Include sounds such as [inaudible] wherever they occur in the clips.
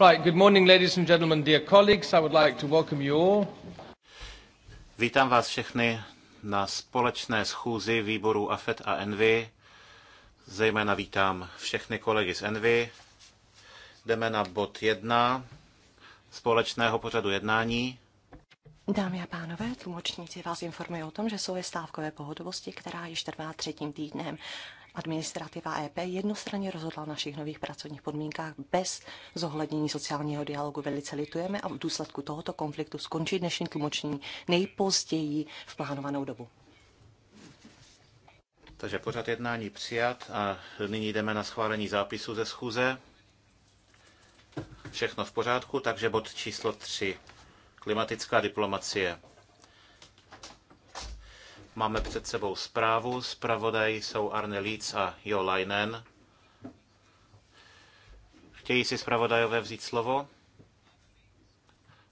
Right, good morning, ladies and gentlemen, dear colleagues. I would like to welcome you all. Vítám vás všechny na společné schůzi výboru AFET a ENVY. Zejména vítám všechny kolegy z ENVY. Jdeme na bod 1 společného pořadu jednání. Dámy a pánové, tlumočníci vás informují o tom, že jsou ve stávkové pohotovosti, která již trvá třetím týdnem administrativa EP jednostranně rozhodla o našich nových pracovních podmínkách bez zohlednění sociálního dialogu. Velice litujeme a v důsledku tohoto konfliktu skončí dnešní tlumočení nejpozději v plánovanou dobu. Takže pořád jednání přijat a nyní jdeme na schválení zápisu ze schůze. Všechno v pořádku, takže bod číslo 3. Klimatická diplomacie. Máme před sebou zprávu. Zpravodají jsou Arne Líc a Jo Leinen. Chtějí si zpravodajové vzít slovo?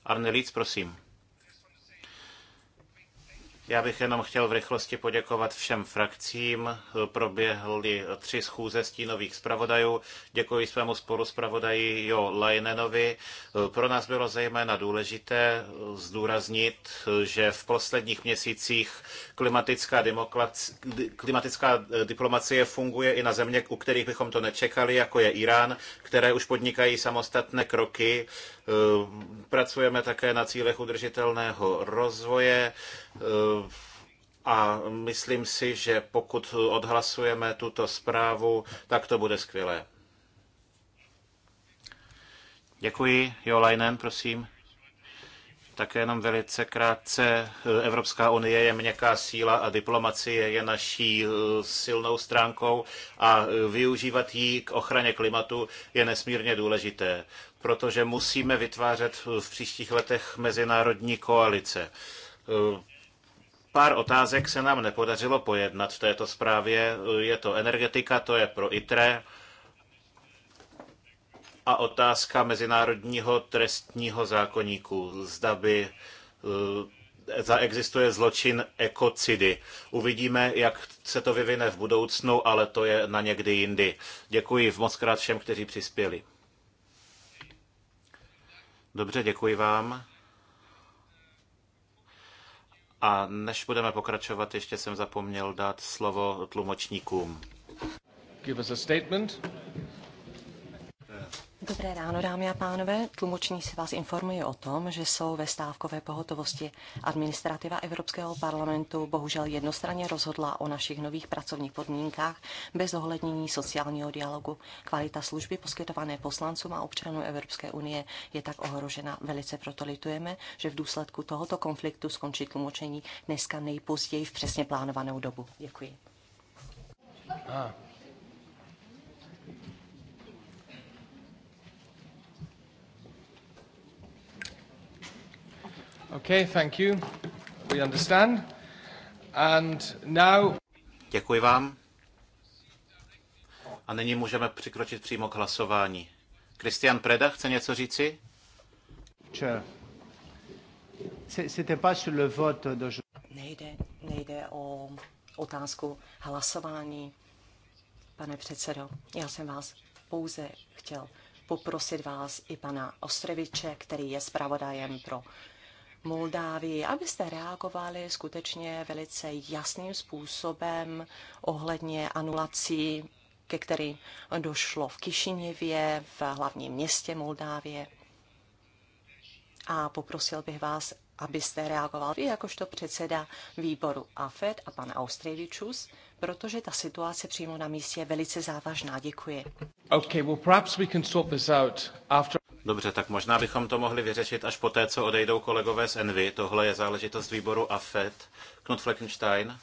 Arne Líc, prosím. Já bych jenom chtěl v rychlosti poděkovat všem frakcím. Proběhly tři schůze stínových zpravodajů. Děkuji svému spoluzpravodaji Jo Lajnenovi. Pro nás bylo zejména důležité zdůraznit, že v posledních měsících klimatická, klimatická eh, diplomacie funguje i na země, u kterých bychom to nečekali, jako je Irán, které už podnikají samostatné kroky. Eh, pracujeme také na cílech udržitelného rozvoje eh, a myslím si, že pokud odhlasujeme tuto zprávu, tak to bude skvělé. Děkuji. Jo, Leinen, prosím. Také jenom velice krátce. Evropská unie je měkká síla a diplomacie je naší eh, silnou stránkou a eh, využívat ji k ochraně klimatu je nesmírně důležité, protože musíme vytvářet v příštích letech mezinárodní koalice eh, Pár otázek se nám nepodařilo pojednat v této zprávě. Je to energetika, to je pro ITRE a otázka Mezinárodního trestního zákoníku. Zda by eh, zaexistuje zločin ekocidy. Uvidíme, jak se to vyvine v budoucnu, ale to je na někdy jindy. Děkuji moc krát všem, kteří přispěli. Dobře, děkuji vám. A než budeme pokračovat, ještě jsem zapomněl dát slovo tlumočníkům. Give us a statement. Dobré ráno, dámy a pánové. Tlumočníci vás informuje o tom, že jsou ve stávkové pohotovosti. Administrativa Evropského parlamentu bohužel jednostranně rozhodla o našich nových pracovních podmínkách bez ohlednění sociálního dialogu. Kvalita služby poskytované poslancům a občanům Evropské unie je tak ohrožena. Velice proto litujeme, že v důsledku tohoto konfliktu skončí tlumočení dneska nejpozději v přesně plánovanou dobu. Děkuji. Ah. Děkuji vám. A nyní můžeme přikročit přímo k hlasování. Christian Preda chce něco říci? Nejde, nejde o otázku hlasování, pane předsedo. Já jsem vás pouze chtěl poprosit vás i pana Ostreviče, který je zpravodajem pro Moldávii, abyste reagovali skutečně velice jasným způsobem ohledně anulací, ke kterým došlo v Kišiněvě, v hlavním městě Moldávie. A poprosil bych vás, abyste reagoval i jakožto předseda výboru AFED a pan Austrievičus, protože ta situace přímo na místě je velice závažná. Děkuji. Okay, well perhaps we can sort this out after... Dobře, tak možná bychom to mohli vyřešit až poté, co odejdou kolegové z Envy. Tohle je záležitost výboru AFED. Knut Fleckenstein.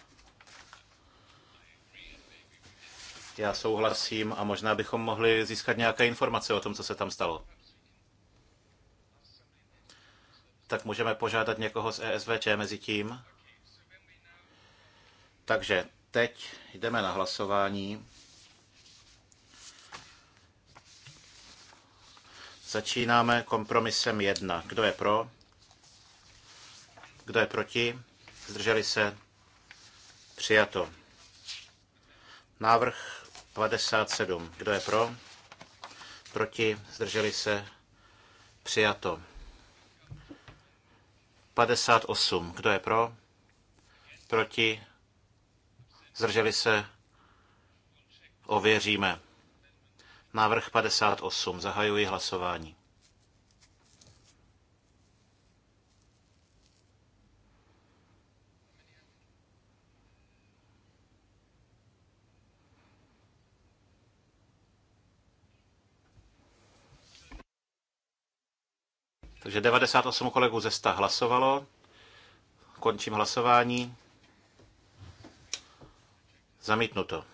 Já souhlasím a možná bychom mohli získat nějaké informace o tom, co se tam stalo. Tak můžeme požádat někoho z ESVČ mezi tím. Takže teď jdeme na hlasování. Začínáme kompromisem 1. Kdo je pro? Kdo je proti? Zdrželi se? Přijato. Návrh 57. Kdo je pro? Proti? Zdrželi se? Přijato. 58. Kdo je pro? Proti? Zdrželi se? Ověříme. Návrh 58. Zahajuji hlasování. Takže 98 kolegů ze 100 hlasovalo. Končím hlasování. Zamítnuto.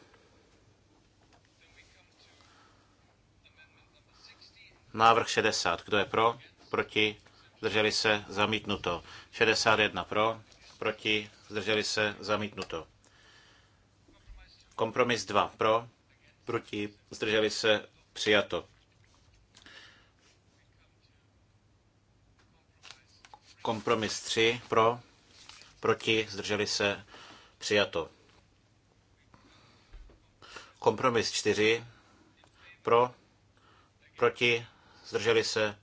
Návrh 60. Kdo je pro? Proti? Zdrželi se? Zamítnuto. 61 pro? Proti? Zdrželi se? Zamítnuto. Kompromis 2 pro? Proti? Zdrželi se? Přijato. Kompromis 3 pro? Proti? Zdrželi se? Přijato. Kompromis 4 pro? Proti? zdrželi se,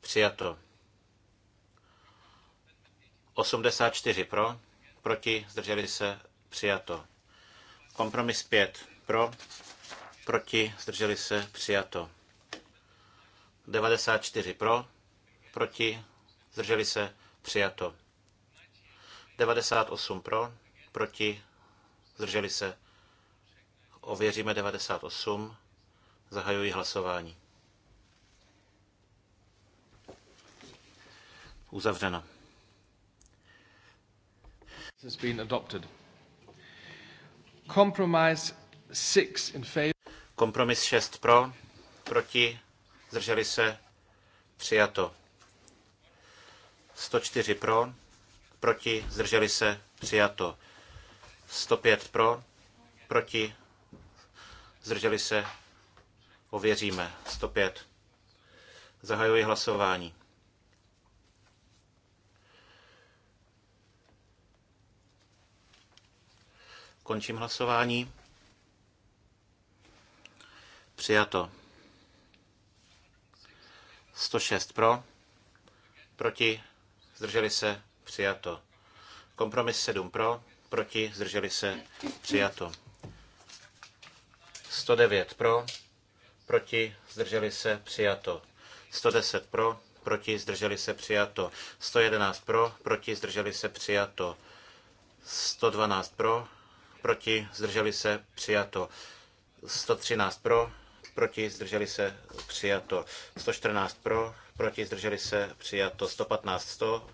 přijato. 84 pro, proti, zdrželi se, přijato. Kompromis 5 pro, proti, zdrželi se, přijato. 94 pro, proti, zdrželi se, přijato. 98 pro, proti, zdrželi se. Ověříme 98. Zahajuji hlasování. Uzavřeno. Kompromis 6 pro, proti, zdrželi se, přijato. 104 pro, proti, zdrželi se, přijato. 105 pro, proti, zdrželi se, ověříme. 105. Zahajuji hlasování. Končím hlasování. Přijato. 106 pro, proti, zdrželi se, přijato. Kompromis 7 pro, proti, zdrželi se, přijato. 109 pro, proti, zdrželi se, přijato. 110 pro, proti, zdrželi se, přijato. 111 pro, proti, zdrželi se, přijato. 112 pro, proti, zdrželi se, přijato. 113 pro, proti, zdrželi se, přijato. 114 pro, proti, zdrželi se, přijato. 115 100,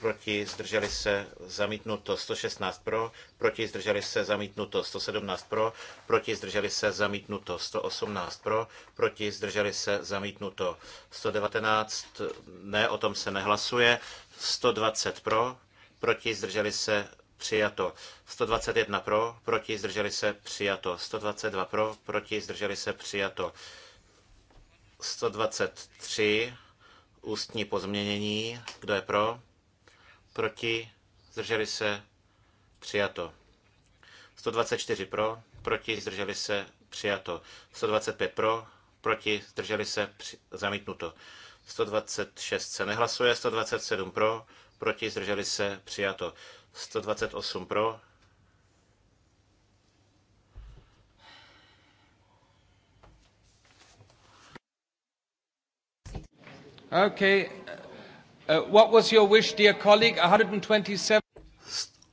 proti, zdrželi se, zamítnuto. 116 pro, proti, zdrželi se, zamítnuto. 117 pro, proti, zdrželi se, zamítnuto. 118 pro, proti, zdrželi se, zamítnuto. 119, ne, o tom se nehlasuje. 120 pro, proti, zdrželi se, přijato. 121 pro, proti, zdrželi se, přijato. 122 pro, proti, zdrželi se, přijato. 123 ústní pozměnění. Kdo je pro? Proti, zdrželi se, přijato. 124 pro, proti, zdrželi se, přijato. 125 pro, proti, zdrželi se, při, zamítnuto. 126 se nehlasuje, 127 pro, proti, zdrželi se, přijato. 128 pro. Okay. Uh, uh, what was your wish, dear colleague? 127.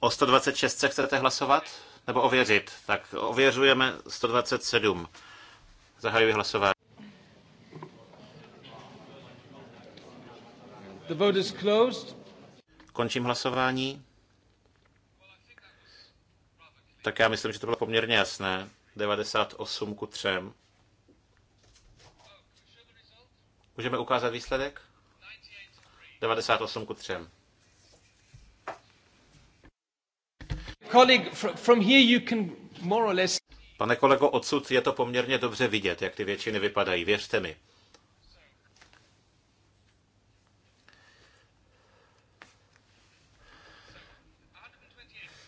O 126 se chcete hlasovat? Nebo ověřit? Tak ověřujeme 127. Zahajuji hlasování. The vote is closed. Končím hlasování tak já myslím, že to bylo poměrně jasné. 98 ku 3. Můžeme ukázat výsledek? 98 ku 3. Pane kolego, odsud je to poměrně dobře vidět, jak ty většiny vypadají, věřte mi.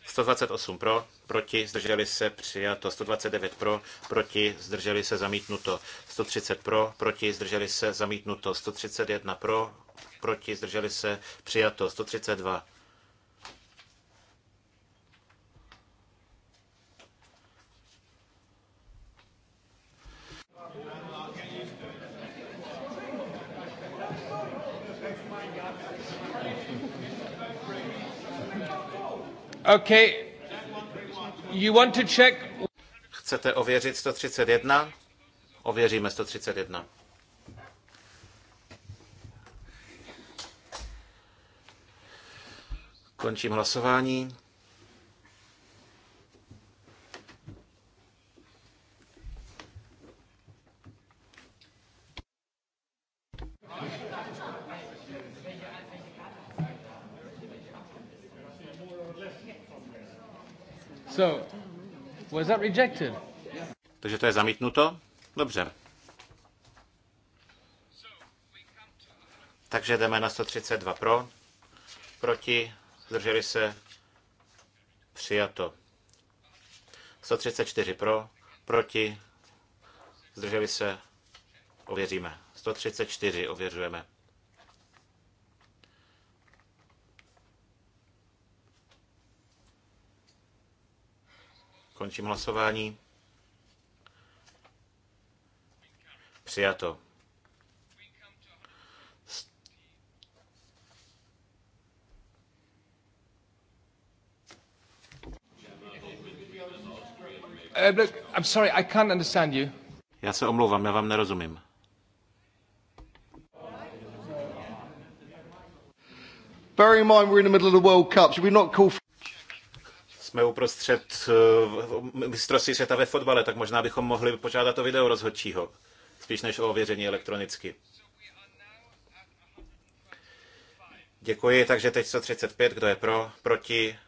Sto dvacet osm pro, proti, zdrželi se, přijato. 129 pro, proti, zdrželi se, zamítnuto. 130 pro, proti, zdrželi se, zamítnuto. 131 pro, proti, zdrželi se, přijato. 132 Okay, Chcete ověřit 131? Ověříme 131. Končím hlasování. So, was that rejected? Takže to je zamítnuto? Dobře. Takže jdeme na 132 pro, proti, zdrželi se, přijato. 134 pro, proti, zdrželi se, ověříme. 134 ověřujeme. Končím hlasování. Přijato. Uh, I'm sorry, I can't understand you. Já se omlouvám, já vám nerozumím. Bear in mind we're in the middle of the World Cup. Should we not call jsme uprostřed eh, mistrovství světa ve fotbale, tak možná bychom mohli požádat o video rozhodčího, spíš než o ověření elektronicky. Děkuji, takže teď 135, kdo je pro, proti,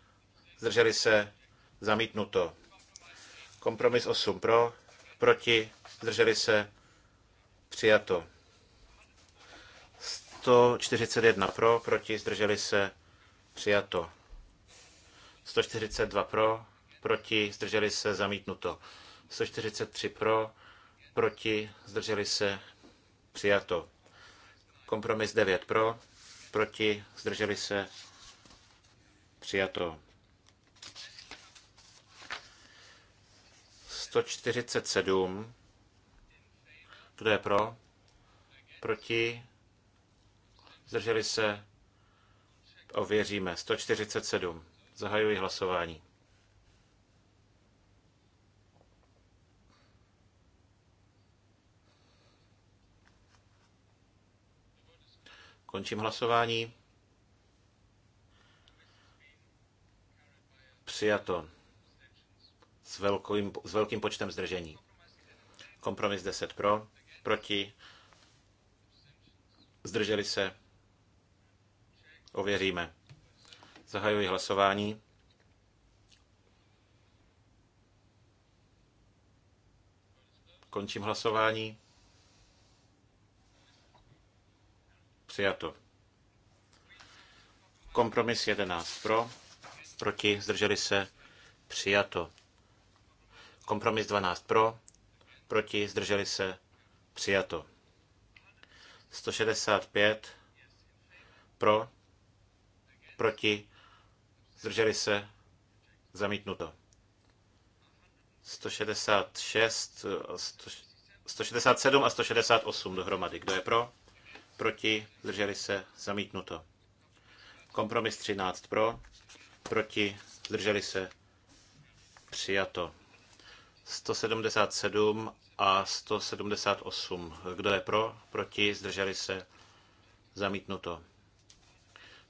zdrželi se, zamítnuto. Kompromis 8 pro, proti, zdrželi se, přijato. 141 pro, proti, zdrželi se, přijato. 142 pro, proti, zdrželi se, zamítnuto. 143 pro, proti, zdrželi se, přijato. Kompromis 9 pro, proti, zdrželi se, přijato. 147. Kdo je pro? Proti? Zdrželi se? Ověříme. 147. Zahajuji hlasování. Končím hlasování. Přijato. S, velkým, s velkým počtem zdržení. Kompromis 10 pro, proti, zdrželi se, ověříme. Zahajuji hlasování. Končím hlasování. Přijato. Kompromis 11 pro, proti, zdrželi se, přijato. Kompromis 12 pro, proti, zdrželi se, přijato. 165 pro, proti, Zdrželi se? Zamítnuto. 166, 167 a 168 dohromady. Kdo je pro? Proti? Zdrželi se? Zamítnuto. Kompromis 13 pro, proti, zdrželi se, přijato. 177 a 178. Kdo je pro, proti, zdrželi se, zamítnuto.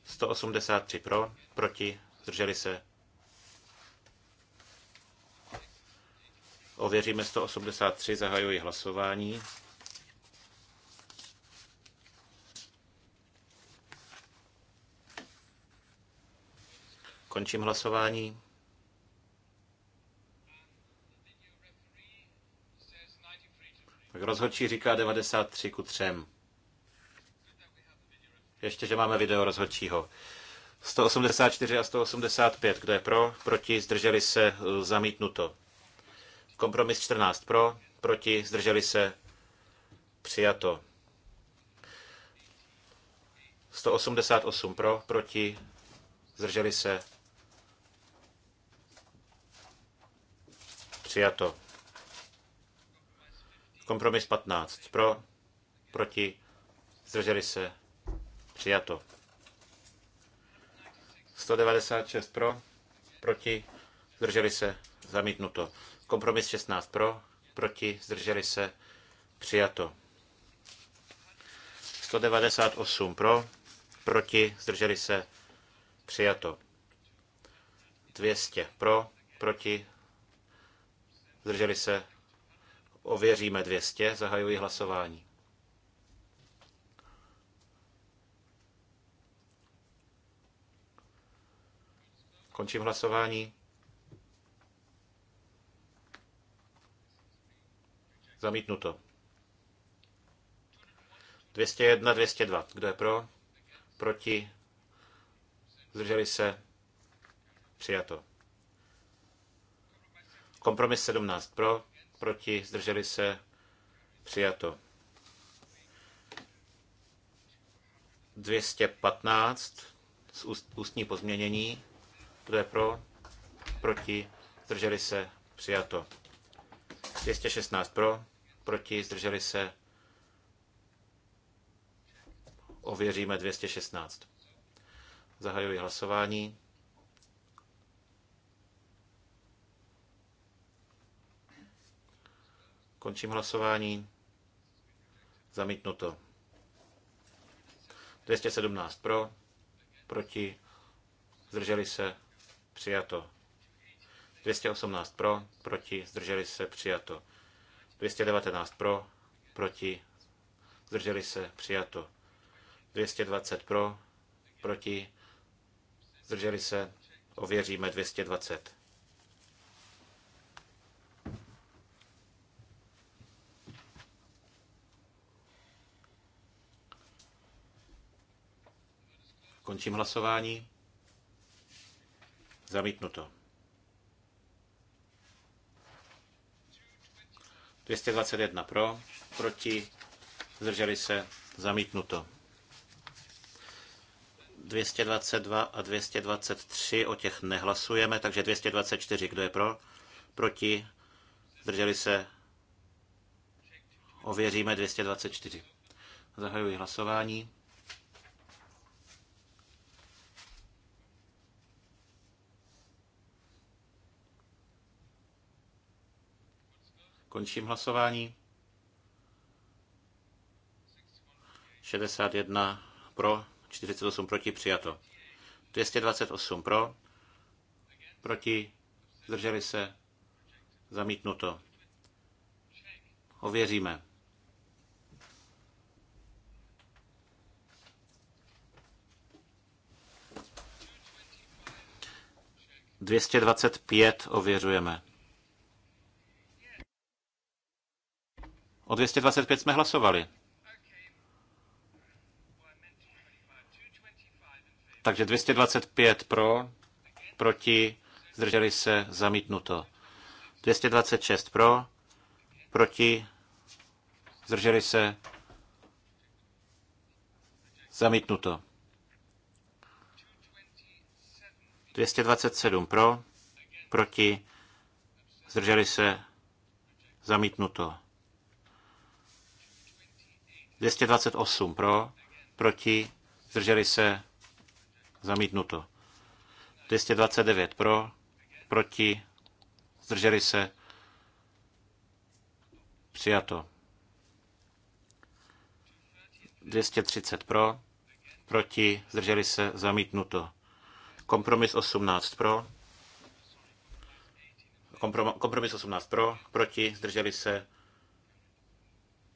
183 pro, proti, Zdrželi se? Ověříme 183, zahajuji hlasování. Končím hlasování. Tak rozhodčí říká 93 ku 3. Ještě, že máme video rozhodčího. 184 a 185. Kdo je pro? Proti? Zdrželi se? Eh, zamítnuto. Kompromis 14 pro, proti, zdrželi se, přijato. 188 pro, proti, zdrželi se, přijato. Kompromis 15 pro, proti, zdrželi se, přijato. 196 pro, proti, zdrželi se, zamítnuto. Kompromis 16 pro, proti, zdrželi se, přijato. 198 pro, proti, zdrželi se, přijato. 200 pro, proti, zdrželi se, ověříme 200, zahajuji hlasování. Končím hlasování. Zamítnuto. 201, 202. Kdo je pro? Proti? Zdrželi se? Přijato. Kompromis 17 pro, proti, zdrželi se, přijato. 215 z ústní pozměnění. Kdo je pro? Proti? Zdrželi se? Přijato. 216 pro? Proti? Zdrželi se? Ověříme 216. Zahajuji hlasování. Končím hlasování. Zamítnuto. 217 pro, proti, zdrželi se, přijato. 218 pro, proti, zdrželi se, přijato. 219 pro, proti, zdrželi se, přijato. 220 pro, proti, zdrželi se, ověříme 220. Končím hlasování. Zamítnuto. 221 pro, proti, zdrželi se, zamítnuto. 222 a 223, o těch nehlasujeme, takže 224, kdo je pro, proti, zdrželi se, ověříme 224. Zahajuji hlasování. Končím hlasování. 61 pro, 48 proti, přijato. 228 pro, proti, zdrželi se, zamítnuto. Ověříme. Dvěstě dvacet pět ověřujeme. O 225 jsme hlasovali. Takže 225 pro, proti, zdrželi se, zamítnuto. 226 pro, proti, zdrželi se, zamítnuto. 227 pro, proti, zdrželi se, zamítnuto. 228 pro, proti, zdrželi se, zamítnuto. 229 pro, proti, zdrželi se, přijato. 230 pro, proti, zdrželi se, zamítnuto. Kompromis 18 pro, kompromis 18 pro, proti, zdrželi se,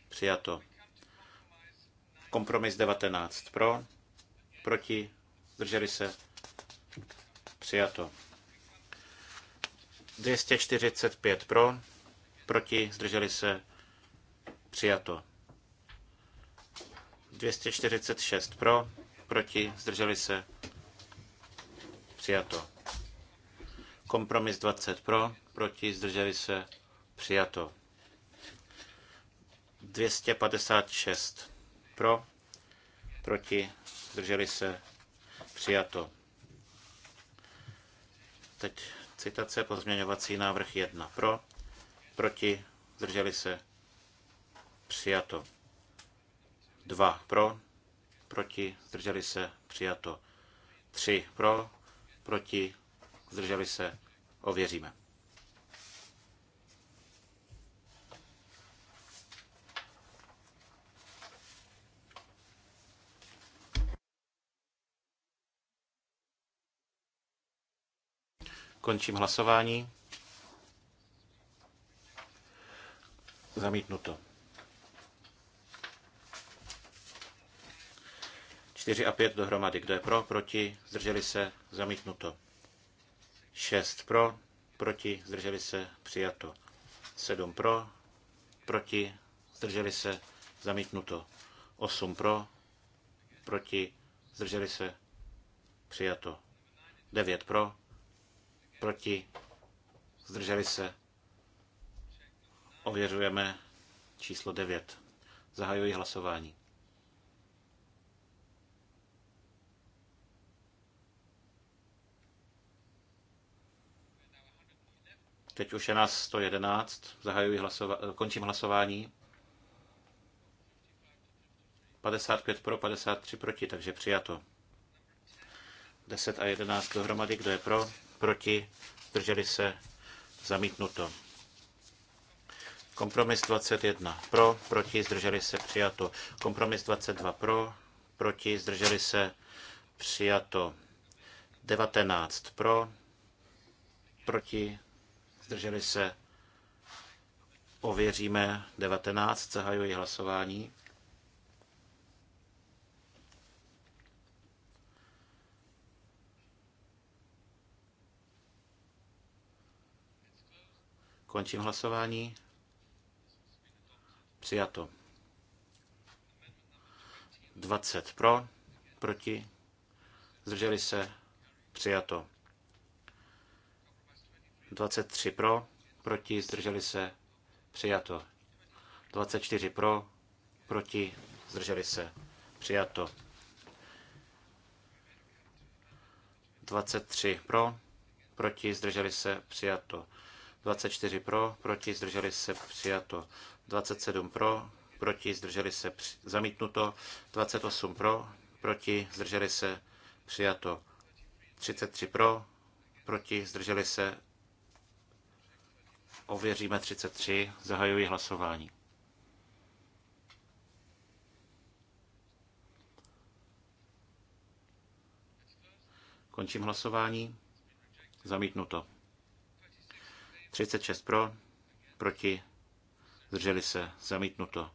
přijato. Kompromis 19 pro, proti, zdrželi se, přijato. 245 pro, proti, zdrželi se, přijato. 246 pro, proti, zdrželi se, přijato. Kompromis 20 pro, proti, zdrželi se, přijato. 256 pro, proti, zdrželi se, přijato. Teď citace, pozměňovací návrh 1. Pro, proti, zdrželi se, přijato. 2. Pro, proti, zdrželi se, přijato. 3. Pro, proti, zdrželi se, ověříme. Končím hlasování. Zamítnuto. 4 a 5 dohromady. Kdo je pro, proti, zdrželi se, zamítnuto. 6 pro, proti, zdrželi se, přijato. 7 pro, proti, zdrželi se, zamítnuto. 8 pro, proti, zdrželi se, přijato. 9 pro, Proti? Zdrželi se? Ověřujeme číslo 9. Zahajuji hlasování. Teď už je nás 111. Zahajuji hlasova- končím hlasování. 55 pro, 53 proti, takže přijato. 10 a 11 dohromady. Kdo je pro? proti, zdrželi se, zamítnuto. Kompromis 21 pro, proti, zdrželi se, přijato. Kompromis 22 pro, proti, zdrželi se, přijato. 19 pro, proti, zdrželi se, ověříme 19, zahajuji hlasování. Končím hlasování. Přijato. 20 pro, proti, zdrželi se, přijato. 23 pro, proti, zdrželi se, přijato. 24 pro, proti, zdrželi se, přijato. 23 pro, proti, zdrželi se, přijato. 24 pro, proti, zdrželi se, přijato. 27 pro, proti, zdrželi se, při... zamítnuto. 28 pro, proti, zdrželi se, přijato. 33 pro, proti, zdrželi se, ověříme 33, zahajuji hlasování. Končím hlasování. Zamítnuto. 36 pro, proti, zdrželi se, zamítnuto.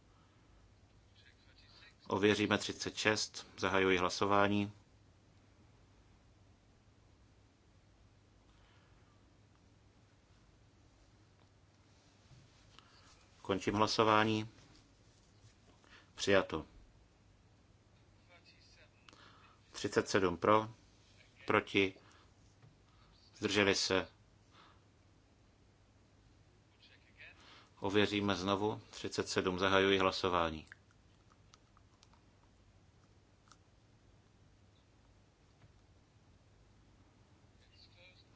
Ověříme 36, zahajuji hlasování. Končím hlasování. Přijato. 37 pro, proti, zdrželi se, Ověříme znovu. 37. Zahajuji hlasování.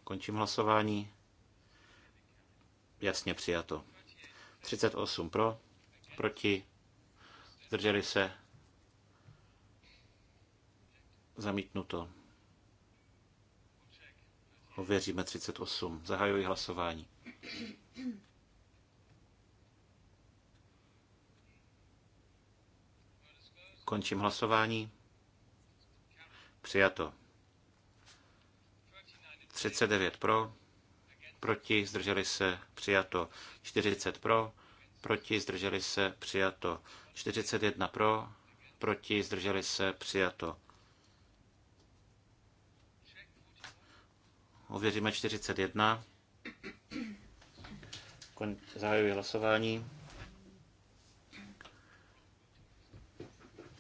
Končím hlasování. Jasně přijato. 38 pro, proti, zdrželi se, zamítnuto. Ověříme 38. Zahajuji hlasování. Končím hlasování. Přijato. 39 pro, proti, zdrželi se, přijato. 40 pro, proti, zdrželi se, přijato. 41 pro, proti, zdrželi se, přijato. Ověříme 41. Zahajuji hlasování.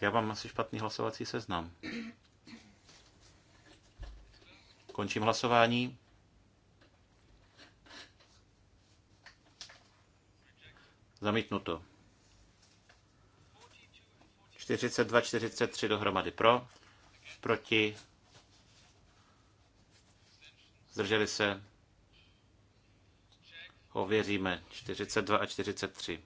Já mám asi špatný hlasovací seznam. Končím hlasování. Zamítnuto. 42, 43 dohromady pro, proti, zdrželi se, ověříme 42 a 43.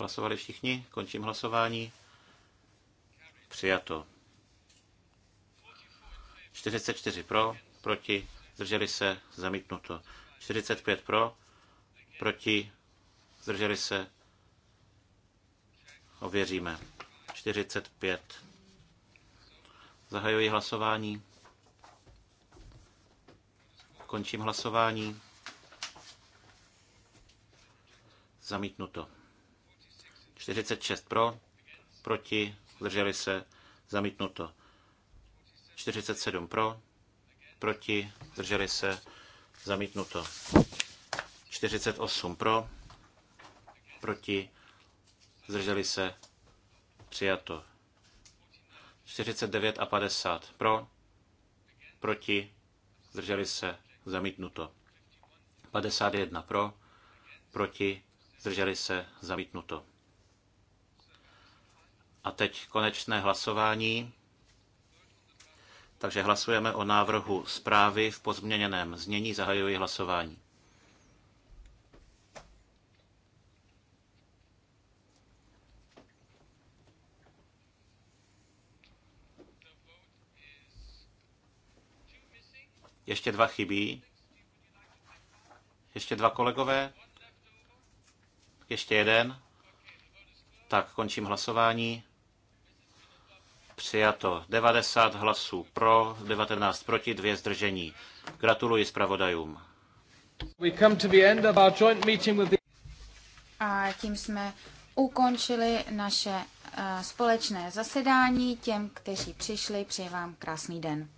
Hlasovali všichni? Končím hlasování. Přijato. 44 pro, proti, zdrželi se, zamítnuto. 45 pro, proti, zdrželi se, ověříme. 45. Zahajuji hlasování. Končím hlasování. Zamítnuto. 46 pro, proti, zdrželi se, zamítnuto. 47 pro, proti, zdrželi se, zamítnuto. 48 pro, proti, zdrželi se, přijato. 49 a 50 pro, proti, zdrželi se, zamítnuto. 51 pro, proti, zdrželi se, zamítnuto. A teď konečné hlasování. Takže hlasujeme o návrhu zprávy v pozměněném znění. Zahajuji hlasování. Ještě dva chybí. Ještě dva kolegové. Ještě jeden. Tak, končím hlasování. Přijato 90 hlasů pro, 19 proti, dvě zdržení. Gratuluji zpravodajům. A tím jsme ukončili naše eh, společné zasedání. Těm, kteří přišli, přeji vám krásný den.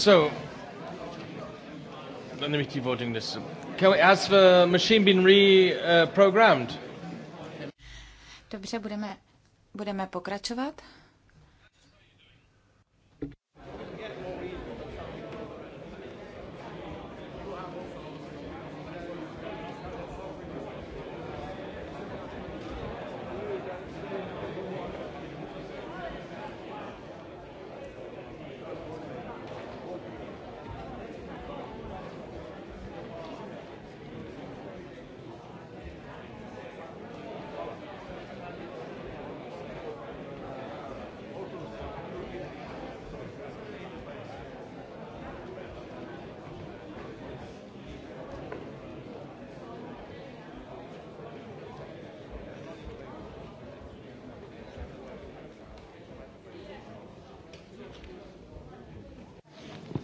So, let me keep Voting this. Can we, ask the machine been reprogrammed? Uh, Dobře, budeme, budeme pokračovat.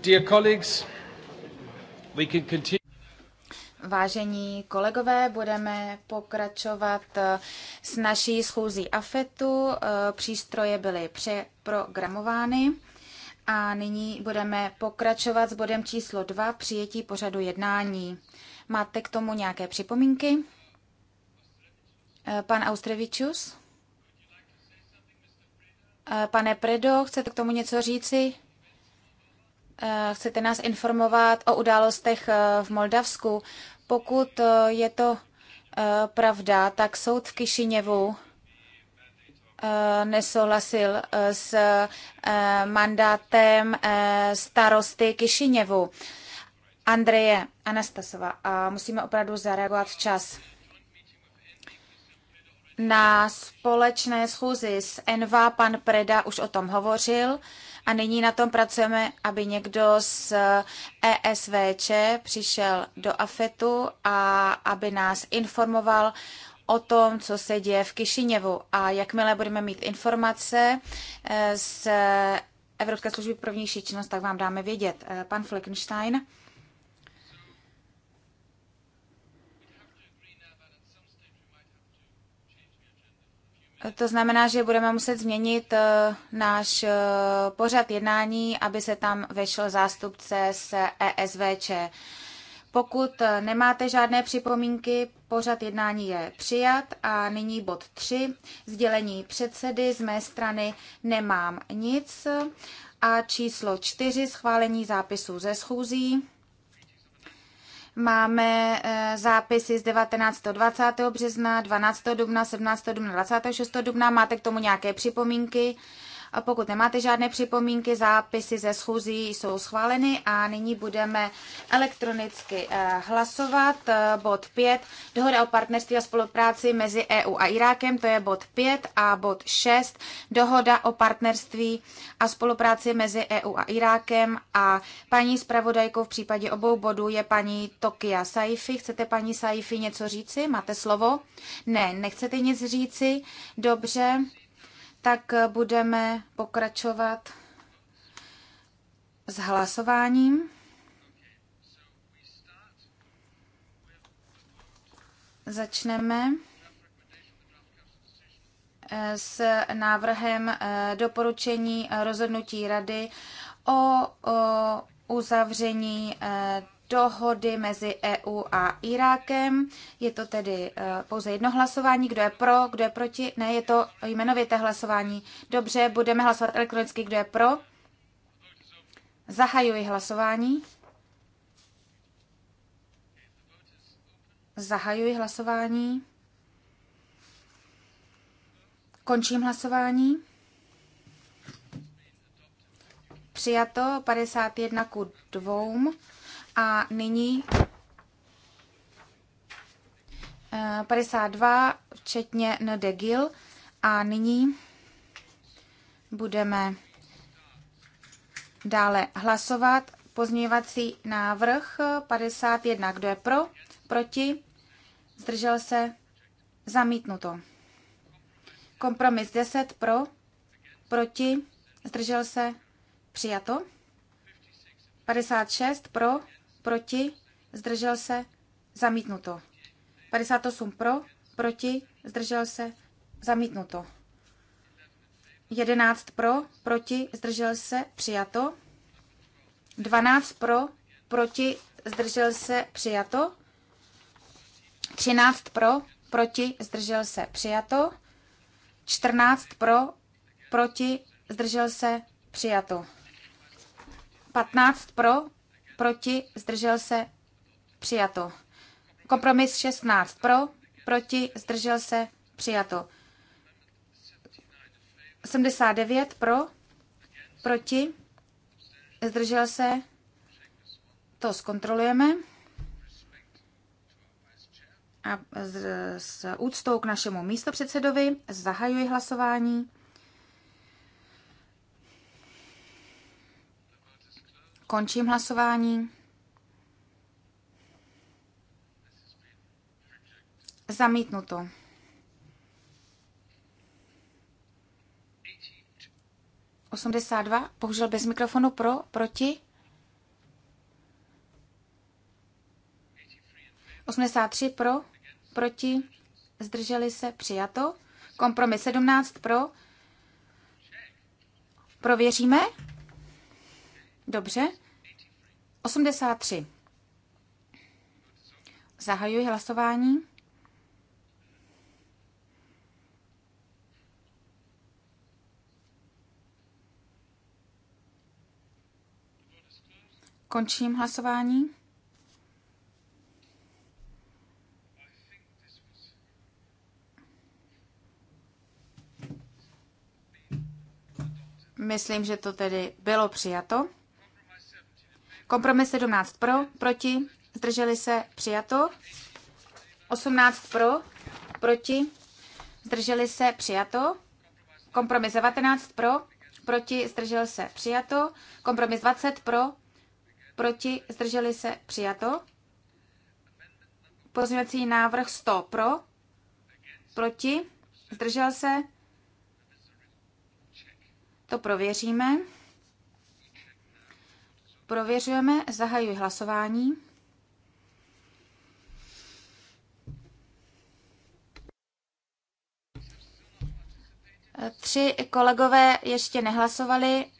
Dear colleagues, we can continue. Vážení kolegové, budeme pokračovat eh, s naší schůzí AFETu. Eh, přístroje byly přeprogramovány a nyní budeme pokračovat s bodem číslo 2 přijetí pořadu jednání. Máte k tomu nějaké připomínky? Eh, pan Austrevičus? Pane Predo, chcete k tomu něco říci? Eh, chcete nás informovat o událostech eh, v Moldavsku. Pokud eh, je to pravda, tak soud v Kišiněvu nesouhlasil s mandátem starosty Kišiněvu. Andreje Anastasova a musíme opravdu zareagovat včas. Na společné schůzi s Enva pan Preda už o tom hovořil a nyní na tom pracujeme, aby někdo z ESVČ přišel do AFETu a aby nás informoval o tom, co se děje v Kišiněvu. A jakmile budeme mít informace eh, z Evropské služby pro vnější činnost, tak vám dáme vědět. Eh, pan Fleckenstein. To znamená, že budeme muset změnit eh, náš eh, pořad jednání, aby se tam vešel zástupce z ESVČ. Pokud eh, nemáte žádné připomínky, pořad jednání je přijat a nyní bod 3, sdělení předsedy, z mé strany nemám nic a číslo 4, schválení zápisů ze schůzí. Máme eh, zápisy z 19. 20. března, 12. dubna, 17. dubna, 26. dubna. Máte k tomu nějaké připomínky? A pokud nemáte žádné připomínky, zápisy ze schůzí jsou schváleny a nyní budeme elektronicky eh, hlasovat. Eh, bod 5, dohoda o partnerství a spolupráci mezi EU a Irákem, to je bod 5 a bod 6, dohoda o partnerství a spolupráci mezi EU a Irákem a paní zpravodajkou v případě obou bodů je paní Tokia Saifi. Chcete paní Saifi něco říci? Máte slovo? Ne, nechcete nic říci? Dobře tak budeme pokračovat s hlasováním. Začneme eh, s návrhem eh, doporučení eh, rozhodnutí Rady o uzavření dohody mezi EU a Irákem. Je to tedy eh, pouze jedno hlasování, kdo je pro, kdo je proti. Ne, je to jmenovité hlasování. Dobře, budeme hlasovat elektronicky, kdo je pro. Zahajuji hlasování. Zahajuji hlasování. Končím hlasování. Přijato 51 ku 2. A nyní 52, eh, včetně Ndegil. A nyní budeme dále hlasovat. Pozměňovací návrh 51. Kdo je pro? Proti? Zdržel se? Zamítnuto. Kompromis 10 pro? Proti? Zdržel se? Přijato. 56 pro? proti, zdržel se, zamítnuto. 58 pro, proti, zdržel se, zamítnuto. 11 pro, proti, zdržel se, přijato. 12 pro, proti, zdržel se, přijato. 13 pro, proti, zdržel se, přijato. 14 pro, proti, zdržel se, přijato. 15 pro, proti, zdržel se, přijato. Kompromis 16 pro, proti, zdržel se, přijato. 79 pro, proti, zdržel se, to zkontrolujeme. A s, s úctou k našemu místopředsedovi zahajuji hlasování. Končím hlasování. Zamítnuto. Osmdesát dva. Bohužel bez mikrofonu pro, proti. 83 pro, proti, zdrželi se, přijato. Kompromis 17 pro. Prověříme? Dobře. 83. Zahajuji hlasování. Končím hlasování. Myslím, že to tedy bylo přijato. Kompromis 17 pro, proti, zdrželi se, přijato. 18 pro, proti, zdrželi se, přijato. Kompromis 19 pro, proti, zdržel se, přijato. Kompromis 20 pro, proti, zdrželi se, přijato. Pozměňovací návrh 100 pro, proti, zdržel se. To prověříme. Prověřujeme, zahajuji hlasování. Tři kolegové ještě nehlasovali.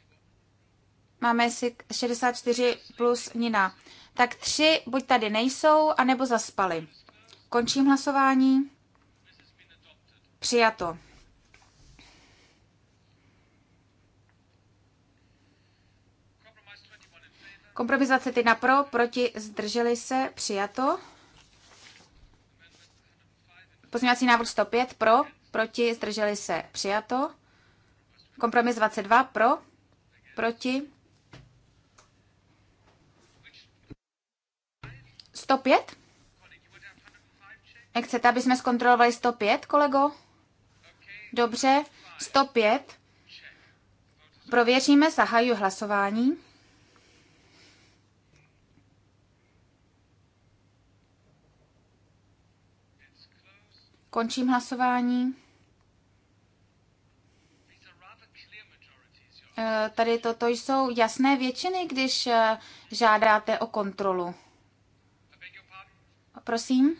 Máme si 64 plus Nina. Tak tři buď tady nejsou, anebo zaspali. Končím hlasování. Přijato. Kompromis na pro, proti, zdrželi se, přijato. Pozměňovací návrh 105 pro, proti, zdrželi se, přijato. Kompromis 22 pro, proti. 105? Jak chcete, aby jsme zkontrolovali 105, kolego? Dobře, 105. Prověříme, zahajuji hlasování. Končím hlasování. Eh, tady toto jsou jasné většiny, když eh, žádáte o kontrolu. Prosím.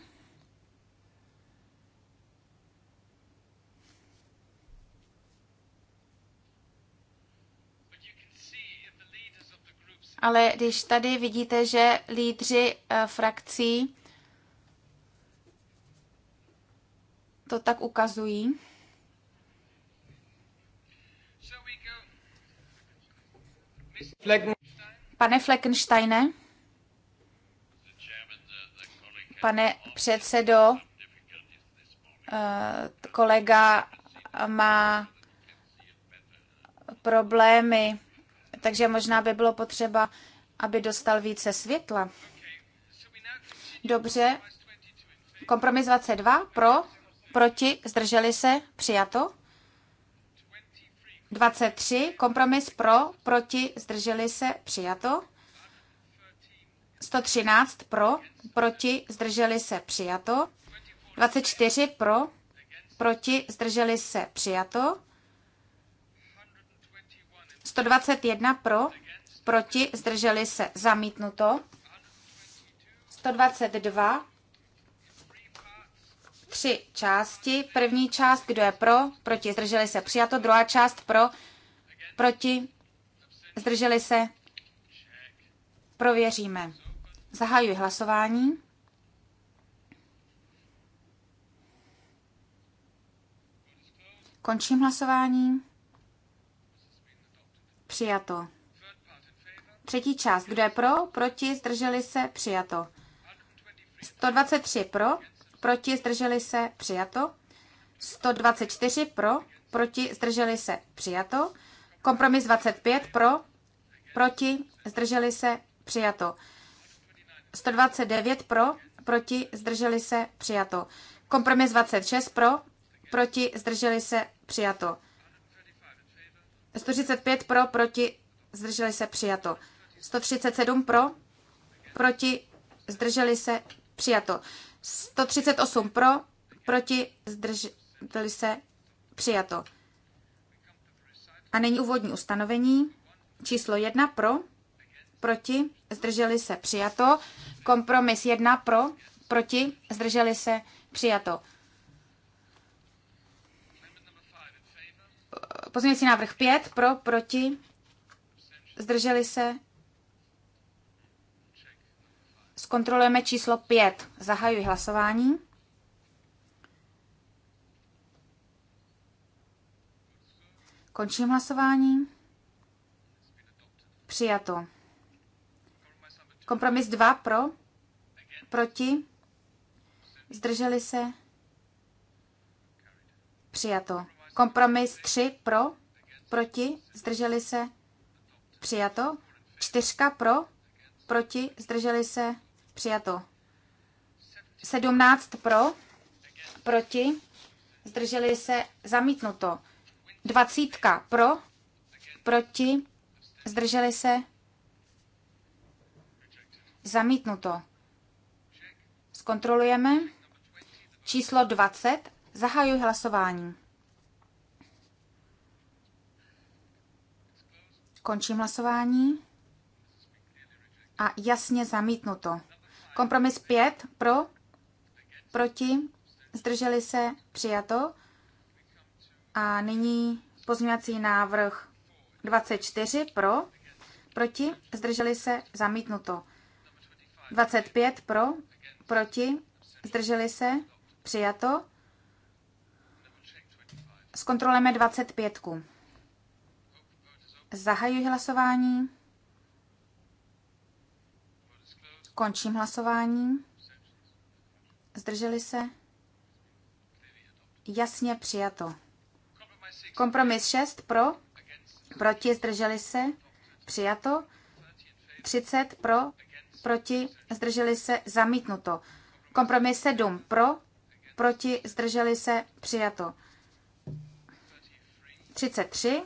Ale když tady vidíte, že lídři eh, frakcí to tak ukazují. Pane Fleckensteine, pane předsedo, eh, kolega má problémy, takže možná by bylo potřeba, aby dostal více světla. Dobře, kompromis 22 pro, proti, zdrželi se, přijato. 23, kompromis pro, proti, zdrželi se, přijato. 113 pro, proti, zdrželi se, přijato. 24 pro, proti, zdrželi se, přijato. 121 pro, proti, zdrželi se, zamítnuto. 122 tři části. První část, kdo je pro, proti, zdrželi se, přijato. Druhá část pro, proti, zdrželi se, prověříme. Zahajuji hlasování. Končím hlasování. Přijato. Třetí část. Kdo je pro? Proti? Zdrželi se? Přijato. 123 pro, proti, zdrželi se, přijato. 124 pro, proti, zdrželi se, přijato. Kompromis 25 pro, proti, zdrželi se, přijato. 129 pro, proti, zdrželi se, přijato. Kompromis 26 pro, proti, zdrželi se, přijato. 135 pro, proti, zdrželi se, přijato. 137 pro, proti, zdrželi se, přijato. 138 pro, proti, zdrželi se, přijato. A není úvodní ustanovení. Číslo 1 pro, proti, zdrželi se, přijato. Kompromis 1 pro, proti, zdrželi se, přijato. Pozměňující návrh 5 pro, proti, zdrželi se, Zkontrolujeme číslo 5. Zahajuji hlasování. Končím hlasování. Přijato. Kompromis 2 pro, proti, zdrželi se, přijato. Kompromis 3 pro, proti, zdrželi se, přijato. Čtyřka pro, proti, zdrželi se, Přijato. 17 pro, proti, zdrželi se, zamítnuto. 20 pro, proti, zdrželi se, zamítnuto. Zkontrolujeme. Číslo 20. Zahajuji hlasování. Končím hlasování. A jasně zamítnuto. Kompromis 5 pro, proti, zdrželi se, přijato. A nyní pozměňovací návrh 24 pro, proti, zdrželi se, zamítnuto. 25 pro, proti, zdrželi se, přijato. Zkontrolujeme 25. Zahajuji hlasování. Končím hlasování. Zdrželi se? Jasně přijato. Kompromis 6 pro, proti zdrželi se, přijato. 30 pro, proti zdrželi se, zamítnuto. Kompromis 7 pro, proti zdrželi se, přijato. 33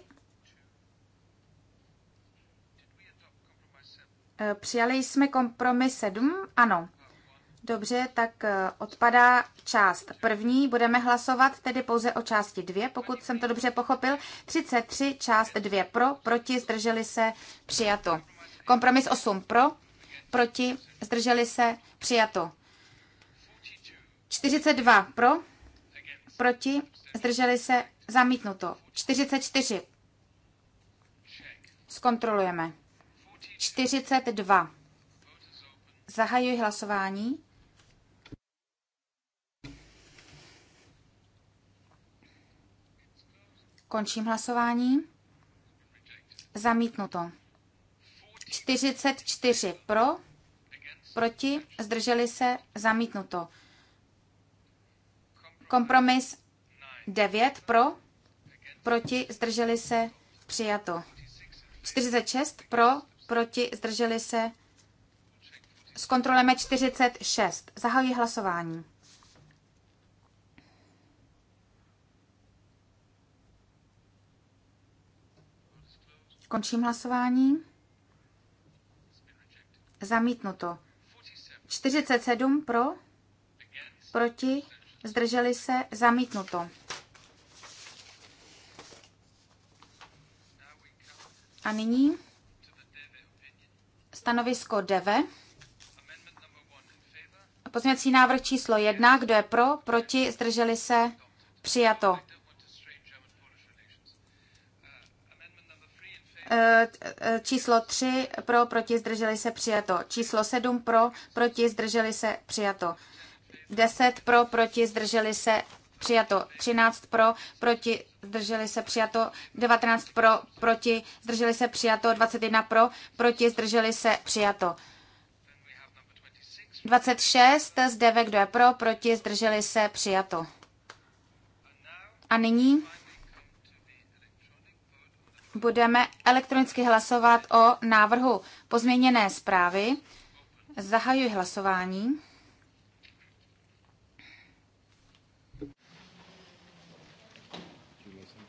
Přijali jsme kompromis 7? Ano. Dobře, tak eh, odpadá část první. Budeme hlasovat tedy pouze o části dvě, pokud jsem to dobře pochopil. 33, část 2 pro, proti, zdrželi se, přijato. Kompromis 8 pro, proti, zdrželi se, přijato. 42 pro, proti, zdrželi se, zamítnuto. 44. Zkontrolujeme. 42. Zahajuji hlasování. Končím hlasování. Zamítnuto. 44 pro, proti, zdrželi se, zamítnuto. Kompromis 9 pro, proti, zdrželi se, přijato. 46 pro, proti, zdrželi se. Zkontrolujeme 46. Zahajuji hlasování. Končím hlasování. Zamítnuto. 47 pro, proti, zdrželi se, zamítnuto. A nyní Stanovisko DEVE. Pozměcí návrh číslo jedna, Kdo je pro? Proti? Zdrželi se? Přijato. Eh, eh, číslo 3 pro, proti, zdrželi se, přijato. Číslo 7 pro, proti, zdrželi se, přijato. 10 pro, proti, zdrželi se, přijato 13 pro, proti, zdrželi se přijato 19 pro, proti, zdrželi se přijato 21 pro, proti, zdrželi se přijato. 26 z ve, kdo je pro, proti, zdrželi se přijato. A nyní budeme elektronicky hlasovat o návrhu pozměněné zprávy. Zahajuji hlasování.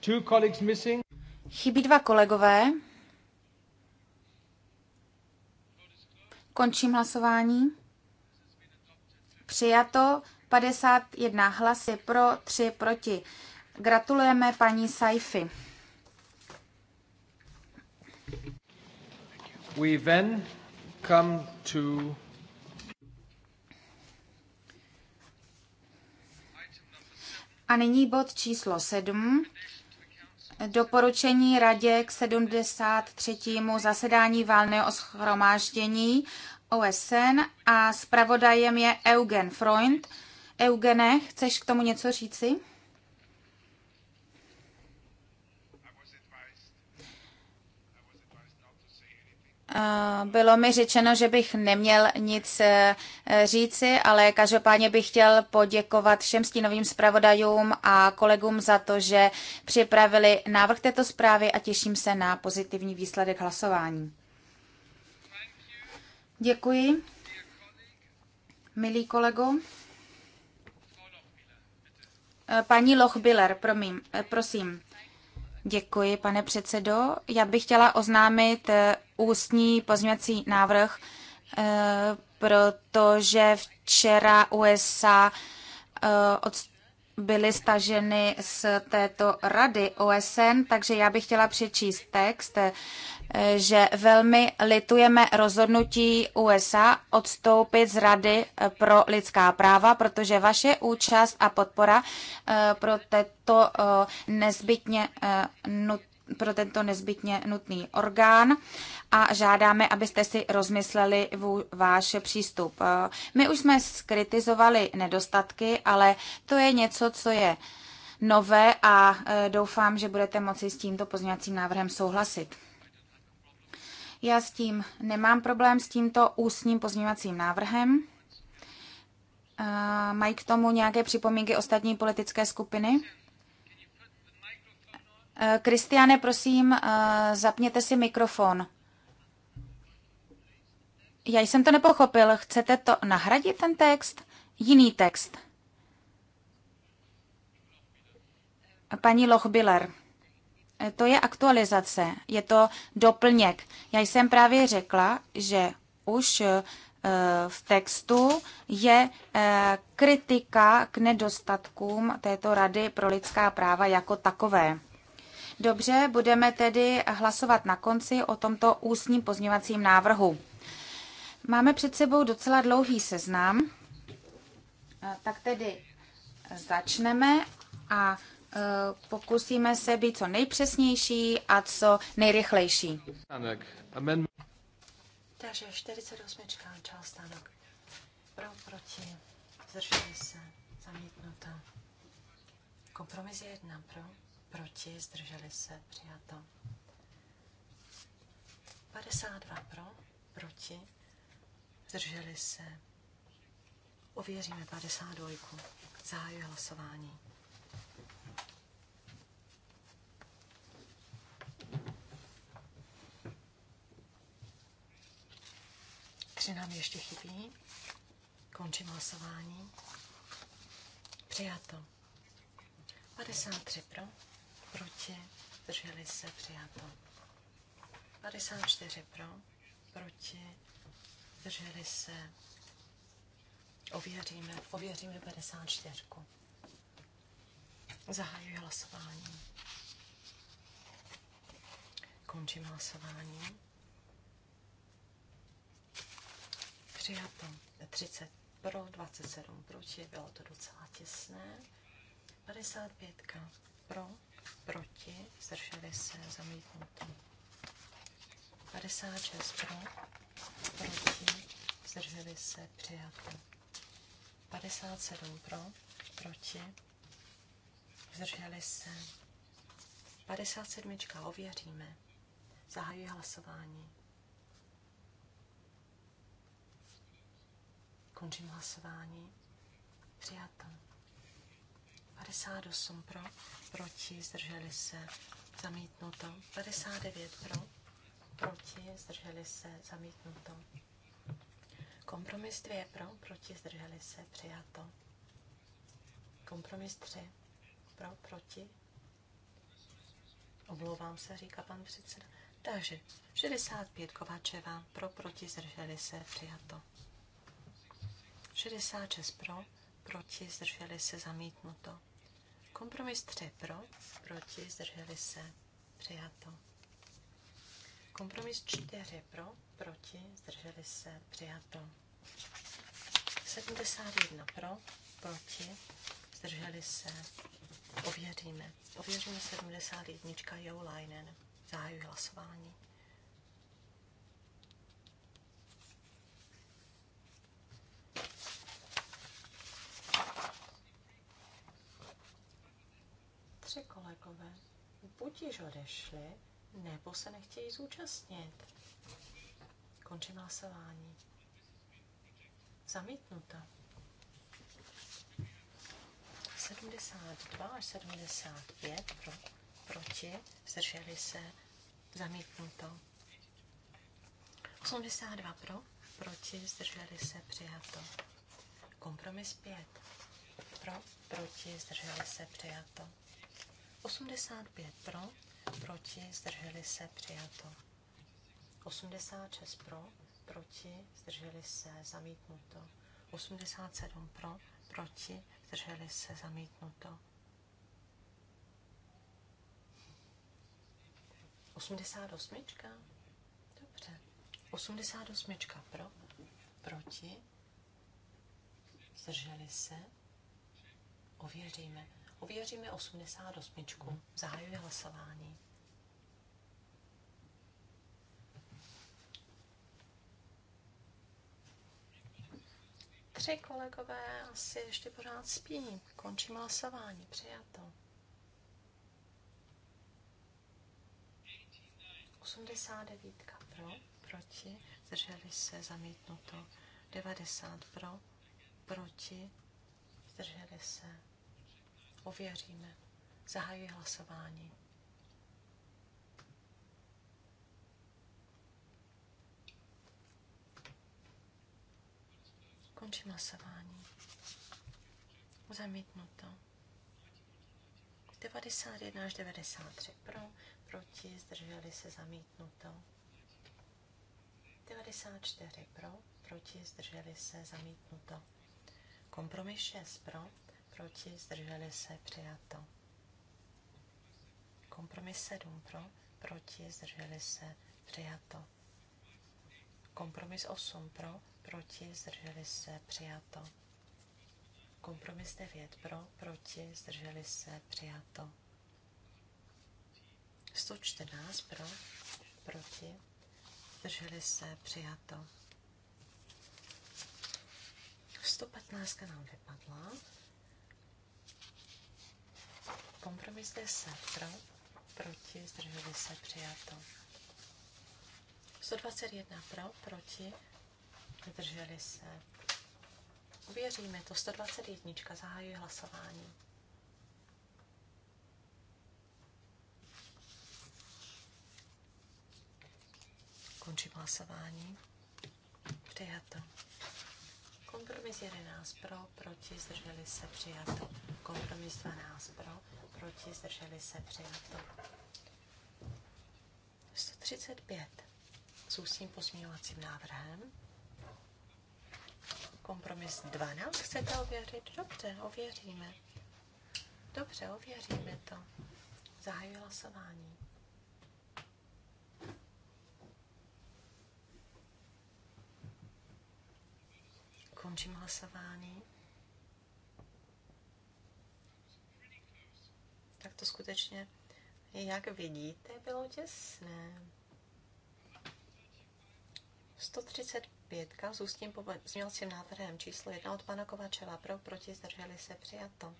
Two colleagues missing. Chybí dva kolegové. Končím hlasování. Přijato 51 hlasy pro, 3 proti. Gratulujeme paní Saifi. We then come to A nyní bod číslo 7 doporučení radě k 73. zasedání válného schromáždění OSN a zpravodajem je Eugen Freund. Eugene, chceš k tomu něco říci? Eh, bylo mi řečeno, že bych neměl nic eh, říci, ale každopádně bych chtěl poděkovat všem stínovým zpravodajům a kolegům za to, že připravili návrh této zprávy a těším se na pozitivní výsledek hlasování. Děkuji. Milý kolego. Eh, paní Lochbiller, promiň, prosím. Děkuji, pane předsedo. Já bych chtěla oznámit eh, ústní pozměňovací návrh, eh, protože včera USA eh, od byly staženy z této rady OSN, takže já bych chtěla přečíst text, eh, že velmi litujeme rozhodnutí USA odstoupit z Rady eh, pro lidská práva, protože vaše účast a podpora eh, pro této nezbytně nutné pro tento nezbytně nutný orgán a žádáme, abyste si rozmysleli váš přístup. Eh, my už jsme skritizovali nedostatky, ale to je něco, co je nové a eh, doufám, že budete moci s tímto pozměňovacím návrhem souhlasit. Já s tím nemám problém, s tímto ústním pozměňovacím návrhem. Eh, mají k tomu nějaké připomínky ostatní politické skupiny? Eh, Kristiane, prosím, eh, zapněte si mikrofon. Já jsem to nepochopil. Chcete to nahradit, ten text? Jiný text. Paní Lochbiller, eh, to je aktualizace, je to doplněk. Já jsem právě řekla, že už v textu je kritika k nedostatkům této Rady pro lidská práva jako takové. Dobře, budeme tedy hlasovat na konci o tomto ústním pozměvacím návrhu. Máme před sebou docela dlouhý seznam, eh, tak tedy začneme a eh, pokusíme se být co nejpřesnější a co nejrychlejší. Takže 48. část stánek. Pro, proti, zdrželi se, zamítnuto. Kompromis je jedna pro proti, zdrželi se, přijato. 52 pro, proti, zdrželi se. Ověříme 52. Zahajuje hlasování. Tři nám ještě chybí. Končím hlasování. Přijato. 53 pro proti, drželi se, přijato. 54 pro, proti, drželi se, ověříme, ověříme 54. Zahajuji hlasování. Končím hlasování. Přijato 30 pro, 27 proti, bylo to docela těsné. 55 pro, proti, zdrželi se, zamítnuto. 56 pro, proti, zdrželi se, přijato. 57 pro, proti, zdrželi se. 57. ověříme. Zahajuji hlasování. Končím hlasování. Přijato. 58 pro, proti, zdrželi se, zamítnuto. 59 pro, proti, zdrželi se, zamítnuto. Kompromis 2 pro, proti, zdrželi se, přijato. Kompromis 3 pro, proti. Omlouvám se, říká pan předseda. Takže 65 Kováčeva pro, proti, zdrželi se, přijato. 66 pro, proti, zdrželi se, zamítnuto. Kompromis 3 pro, proti, zdrželi se, přijato. Kompromis 4 pro, proti, zdrželi se, přijato. 71 pro, proti, zdrželi se, ověříme. Ověříme 71. Joulainen. Zahajuji hlasování. kolegové buď již odešli, nebo se nechtějí zúčastnit. Končím hlasování. Zamítnuta. 72 až 75 pro, proti, zdrželi se, zamítnuto. 82 pro, proti, zdrželi se, přijato. Kompromis 5 pro, proti, zdrželi se, přijato. 85 pro, proti, zdrželi se, přijato. 86 pro, proti, zdrželi se, zamítnuto. 87 pro, proti, zdrželi se, zamítnuto. 88. Dobře. 88 pro, proti, zdrželi se, ověříme. Ověříme 88. Mhm. Zahajuji hlasování. Tři kolegové asi ještě pořád spí. Končím hlasování. Přijato. 89 pro, proti, zdrželi se, zamítnuto. 90 pro, proti, zdrželi se, Ověříme. Zahajuji hlasování. Končím hlasování. Zamítnuto. 91 až 93 pro, proti, zdrželi se zamítnuto. 94 pro, proti, zdrželi se zamítnuto. Kompromis 6 pro, proti, zdrželi se, přijato. Kompromis 7 pro, proti, zdrželi se, přijato. Kompromis 8 pro, proti, zdrželi se, přijato. Kompromis 9 pro, proti, zdrželi se, přijato. 114 pro, proti, zdrželi se, přijato. 115 nám vypadla. Kompromis 10 pro, proti, zdrželi se, přijato. 121 pro, proti, zdrželi se. Uvěříme to, 121, zahajuje hlasování. Končím hlasování. Přijato. Kompromis 11 pro, proti, zdrželi se, přijato. Kompromis 12 pro, proti, zdrželi se, přijato. 135 s ústním posměvacím návrhem. Kompromis 12 chcete ověřit? Dobře, ověříme. Dobře, ověříme to. Zahajuji hlasování. Končím hlasování. Tak to skutečně, jak vidíte, bylo těsné. 135 s tím pozměňovacím návrhem číslo 1 od pana Kovačeva pro, proti, zdrželi se, přijato.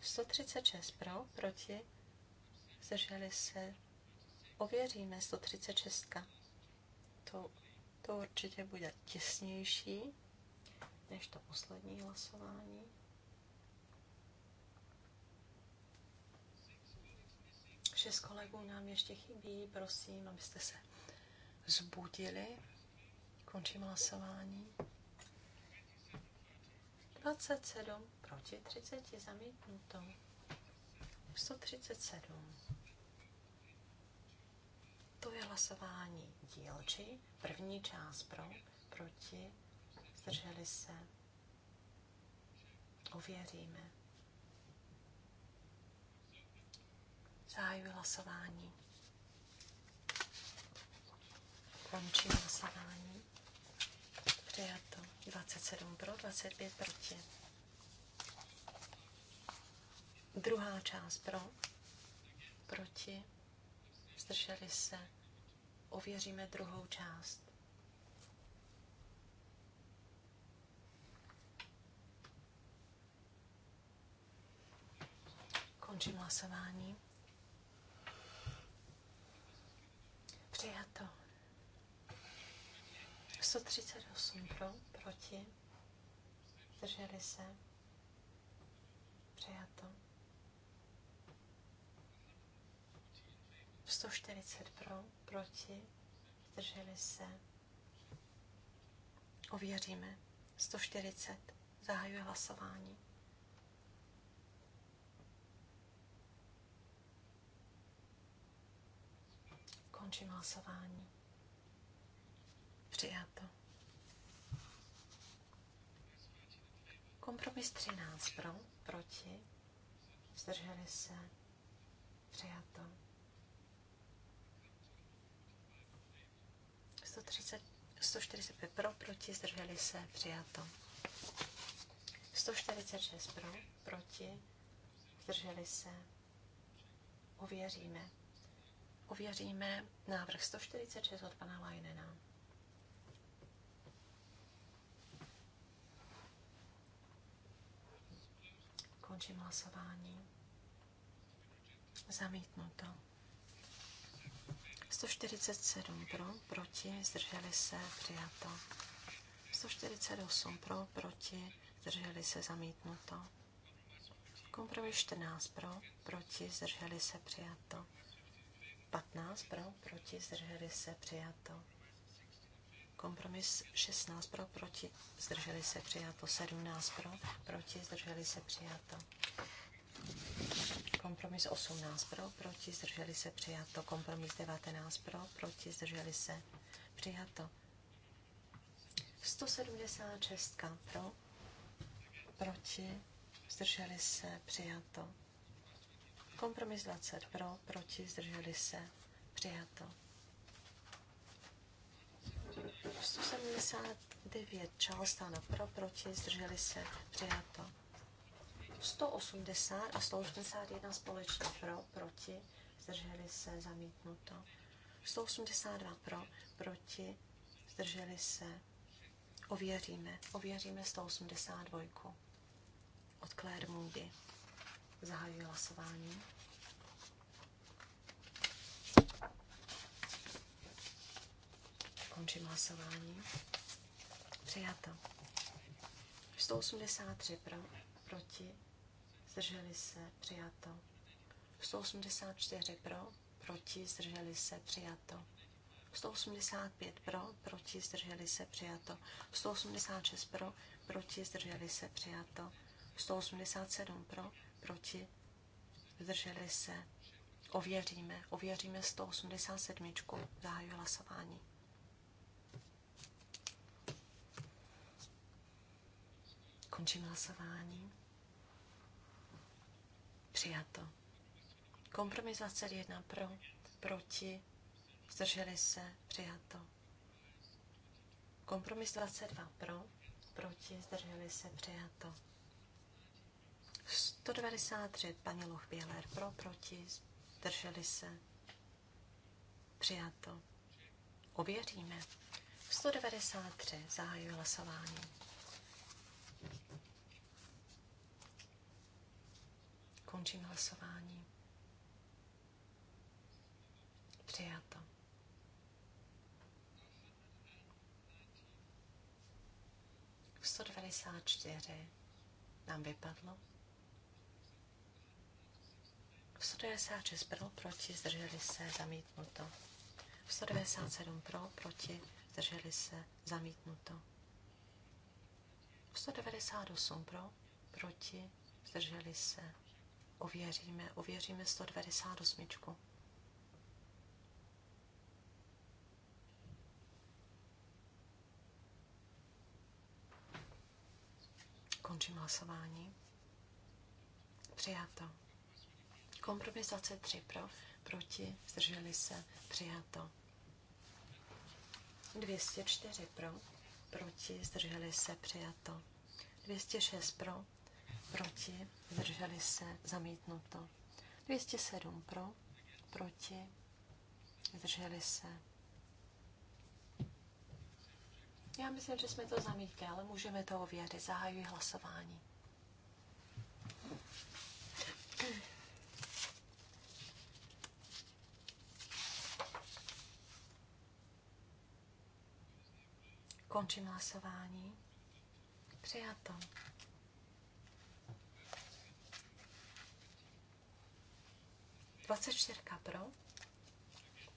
136 pro, proti, zdrželi se, ověříme 136. To, to určitě bude těsnější než to poslední hlasování. Šest kolegů nám ještě chybí, prosím, abyste se zbudili. Končím hlasování. 27 proti 30 zamítnuto. 137. To je hlasování dílčí. První část pro, proti, zdrželi se. Ověříme. Zahajuji hlasování. Končím hlasování. Přijato 27 pro, 25 proti. Druhá část pro, proti, zdrželi se. Ověříme druhou část. Končím hlasování. Přijato. 138 pro, proti, Drželi se, přijato. 140 pro, proti, Drželi se. Ověříme. 140. Zahajuji hlasování. Končím hlasování. Přijato. Kompromis 13 pro, proti, zdrželi se, přijato. 130, 145 pro, proti, zdrželi se, přijato. 146 pro, proti, zdrželi se, ověříme ověříme návrh 146 od pana Lajnena. Končím hlasování. Zamítnuto. 147 pro, proti, zdrželi se, přijato. 148 pro, proti, zdrželi se, zamítnuto. Kompromis 14 pro, proti, zdrželi se, přijato. 15 pro, proti, zdrželi se, přijato. Kompromis 16 pro, proti, zdrželi se, přijato. 17 pro, proti, zdrželi se, přijato. Kompromis 18 pro, proti, zdrželi se, přijato. Kompromis 19 pro, proti, zdrželi se, přijato. 176 pro, proti, zdrželi se, přijato. Kompromis 20 pro, proti, zdrželi se, přijato. 179 Charlestana pro, proti, zdrželi se, přijato. 180 a 181 společně pro, proti, zdrželi se, zamítnuto. 182 pro, proti, zdrželi se, ověříme, ověříme 182 od Claire Moody. Zahajuji hlasování. Končím hlasování. Přijato. 183 pro, proti, zdrželi se, přijato. 184 pro, proti, zdrželi se, přijato. 185 pro, proti, zdrželi se, přijato. 186 pro, proti, zdrželi se, přijato. 187 pro, proti, zdrželi se, ověříme, ověříme 187. Zahajuji hlasování. Končím hlasování. Přijato. Kompromis 21 pro, proti, zdrželi se, přijato. Kompromis 22 pro, proti, zdrželi se, přijato. 193, paní Lochběler, pro, proti, zdrželi se, přijato. Ověříme. 193, zahajuji hlasování. Končím hlasování. Přijato. V 194 nám vypadlo. 196 pro, proti, zdrželi se, zamítnuto. 197 pro, proti, zdrželi se, zamítnuto. 198 pro, proti, zdrželi se. Ověříme, ověříme 198. Končím hlasování. Přijato. Kompromis 23 pro, proti, zdrželi se, přijato. 204 pro, proti, zdrželi se, přijato. 206 pro, proti, zdrželi se, zamítnuto. 207 pro, proti, zdrželi se. Já myslím, že jsme to zamítli, ale můžeme to ověřit. Zahajuji hlasování. Končím hlasování. Přijato. Dvacet čtyřka pro,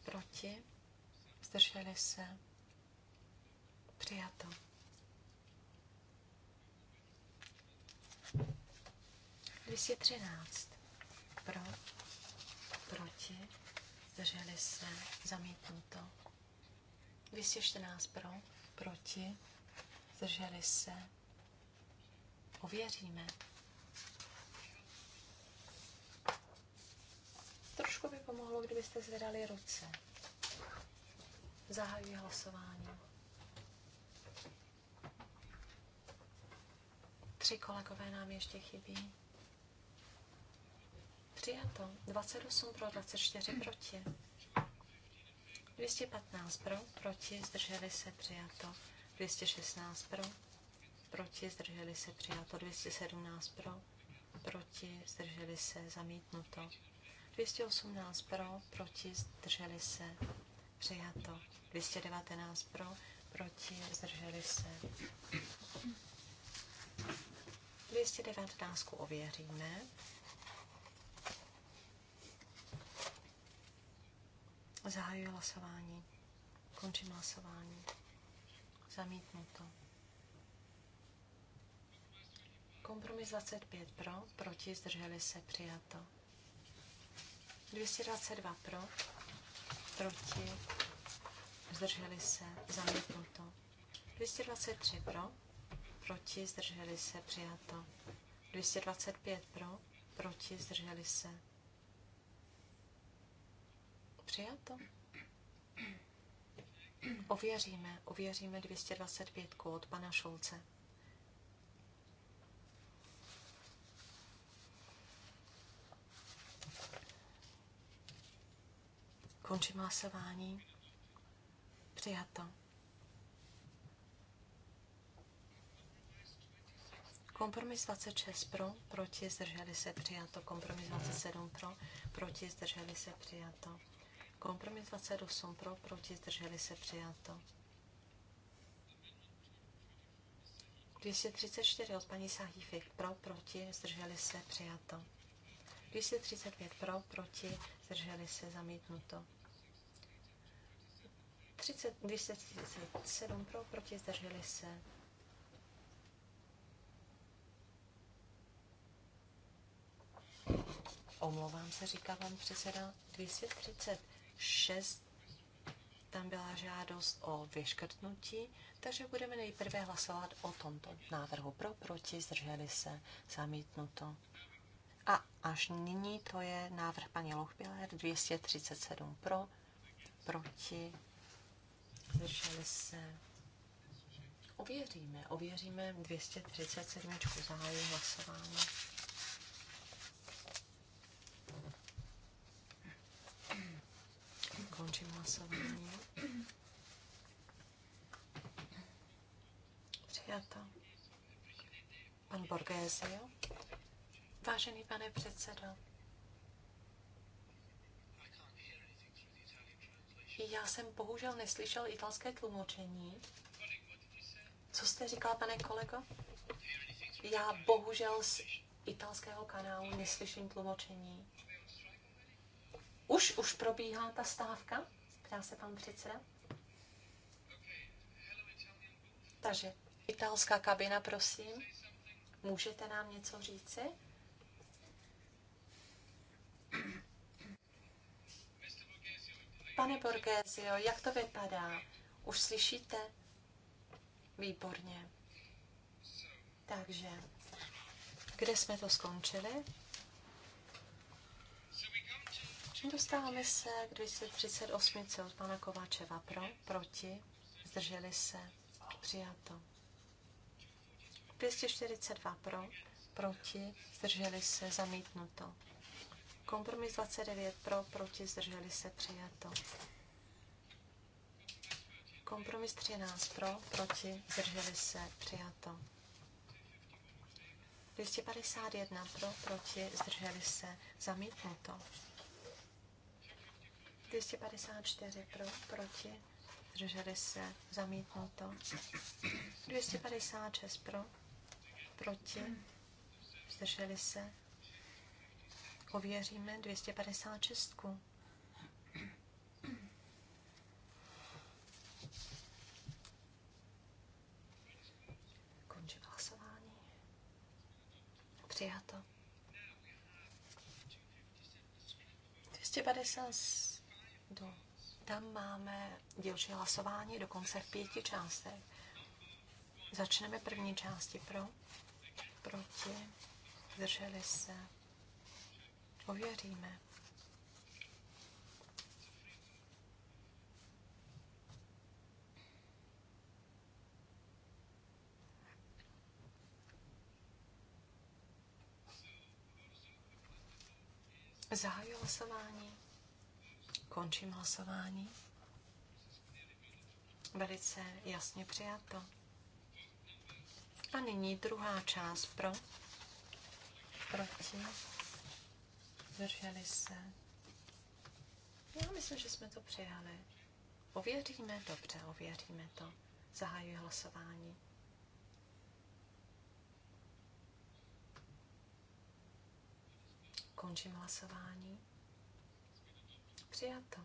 proti, zdrželi se, přijato. Dvěstě třináct pro, proti, zdrželi se, zamítnuto. 214 pro, proti, zdrželi se, ověříme. Trošku by pomohlo, kdybyste zvedali ruce. Zahajuji hlasování. Tři kolegové nám ještě chybí. Přijato. 28 pro 24 proti. 215 pro, proti, zdrželi se, přijato. 216 pro, proti, zdrželi se, přijato. 217 pro, proti, zdrželi se, zamítnuto. 218 pro, proti, zdrželi se, přijato. 219 pro, proti, zdrželi se. 219 ověříme. Zahajuji hlasování. Končím hlasování. to. Kompromis 25 pro, proti, zdrželi se, přijato. 222 pro, proti, zdrželi se, zamítnu to. 223 pro, proti, zdrželi se, přijato. 225 pro, proti, zdrželi se, Přijato. Ověříme, ověříme 225 od pana Šolce. Končím hlasování. Přijato. Kompromis 26 pro, proti zdrželi se přijato. Kompromis 27 pro, proti zdrželi se přijato. Kompromis 28 pro, proti, zdrželi se přijato. 234 od paní Sahifik pro, proti, zdrželi se přijato. 235 pro, proti, zdrželi se zamítnuto. 30, 237 pro, proti, zdrželi se Omlouvám se, říká pan předseda 230. 6 tam byla žádost o vyškrtnutí, takže budeme nejprve hlasovat o tomto návrhu pro, proti, zdrželi se, zamítnuto. A až nyní to je návrh paní Lochbiller 237 pro, proti, zdrželi se. Ověříme, ověříme 237. zahájí hlasování. Končím hlasování. Přijato. Pan Borgésio. Vážený pane předsedo, já jsem bohužel neslyšel italské tlumočení. Co jste říkal, pane kolego? Já bohužel z italského kanálu neslyším tlumočení. Už, už probíhá ta stávka? Ptá se pan předseda. Takže, italská kabina, prosím. Můžete nám něco říci? Pane Borgesio, jak to vypadá? Už slyšíte? Výborně. Takže, kde jsme to skončili? Dostáváme se k 238 od pana Kováčeva pro, proti, zdrželi se, přijato. 242 pro, proti, zdrželi se, zamítnuto. Kompromis 29 pro, proti, zdrželi se, přijato. Kompromis 13 pro, proti, zdrželi se, přijato. 251 pro, proti, zdrželi se, zamítnuto. 254 pro, proti, zdrželi se, to. 256 pro, proti, zdrželi se. Ověříme 256. Končím hlasování. Přijato. 257 do, tam máme dílčí hlasování dokonce v pěti částech. Začneme první části pro, proti, zdrželi se, ověříme. Zahajuji hlasování. Končím hlasování. Velice jasně přijato. A nyní druhá část pro, proti, zdrželi se. Já myslím, že jsme to přijali. Ověříme, dobře, ověříme to. Zahajuji hlasování. Končím hlasování. Přijato.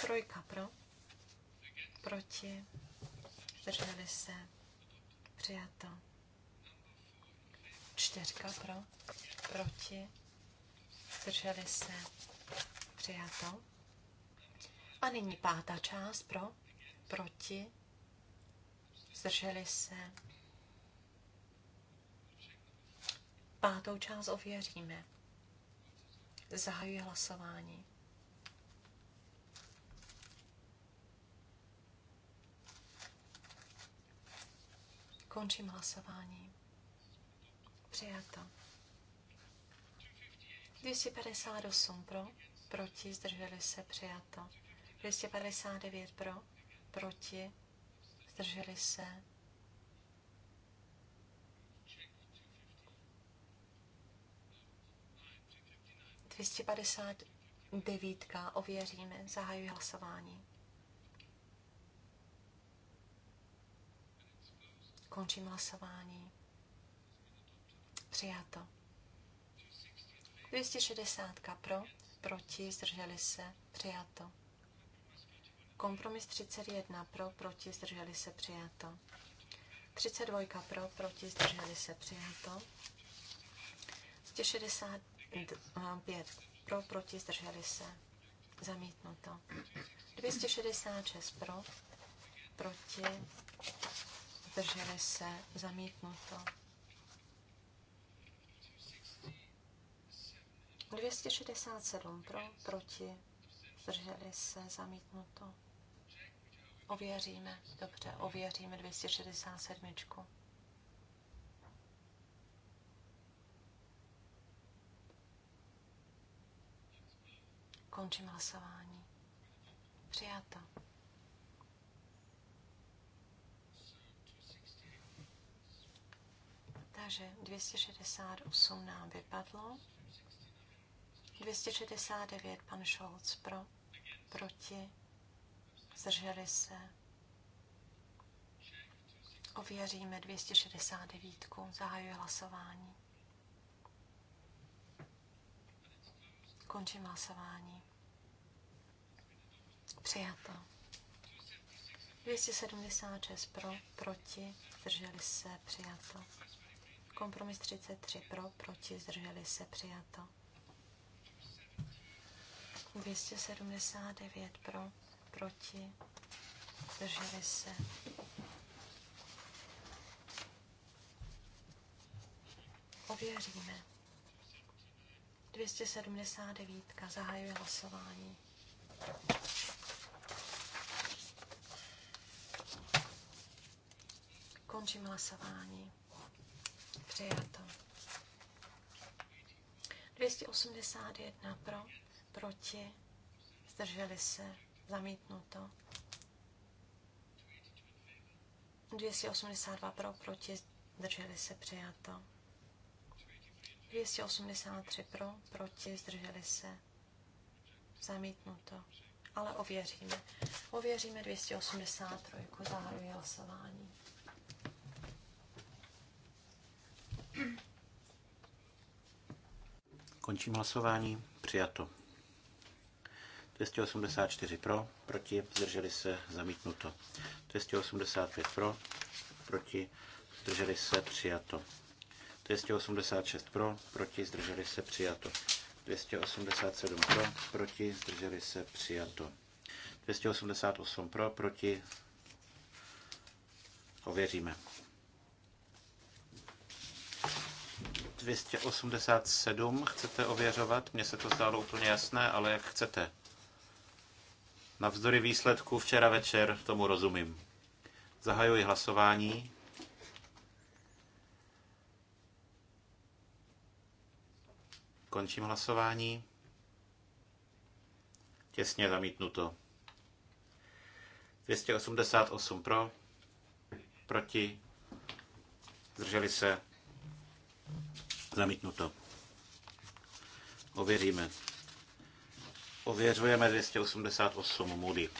Trojka pro. Proti. Zdrželi se. Přijato. Čtyřka pro. Proti. Zdrželi se. Přijato. A nyní pátá část pro. Proti. Zdrželi se. Pátou část ověříme. Zahajuji hlasování. Končím hlasování. Přijato. 258 pro, proti, zdrželi se, přijato. 259 pro, proti, zdrželi se, 259. Ověříme. Zahajuji hlasování. Končím hlasování. Přijato. 260. Pro. Proti. Zdrželi se. Přijato. Kompromis 31. Pro. Proti. Zdrželi se. Přijato. 32. Pro. Proti. Zdrželi se. Přijato. 160 5 pro, proti, zdrželi se. Zamítnuto. 266 pro, proti, zdrželi se. Zamítnuto. 267 pro, proti, zdrželi se. Zamítnuto. Ověříme. Dobře, ověříme 267. Končím hlasování. Přijato. 268 nám vypadlo. 269 pan Scholz pro, proti, zdrželi se. Ověříme 269. Zahajuje hlasování. Končím hlasování. Přijato. 276 pro, proti, zdrželi se, přijato. Kompromis 33 pro, proti, zdrželi se, přijato. 279 pro, proti, zdrželi se. Ověříme. 279. Zahajuje hlasování. Končím hlasování. Přijato. 281 pro, proti, zdrželi se, zamítnuto. 282 pro, proti, zdrželi se, přijato. 283 pro, proti, zdrželi se, zamítnuto. Ale ověříme. Ověříme 283, zahajuji hlasování. Končím hlasování. Přijato. 284 pro, proti, zdrželi se, zamítnuto. 285 pro, proti, zdrželi se, přijato. 286 pro, proti, zdrželi se, přijato. 287 pro, proti, zdrželi se, přijato. 288 pro, proti, ověříme. 287 chcete ověřovat? Mně se to zdálo úplně jasné, ale jak chcete. Navzdory výsledku včera večer tomu rozumím. Zahajuji hlasování. Končím hlasování. Těsně zamítnuto. 288 pro, proti, zdrželi se Zamítnuto. Ověříme. Ověřujeme 288 Moody.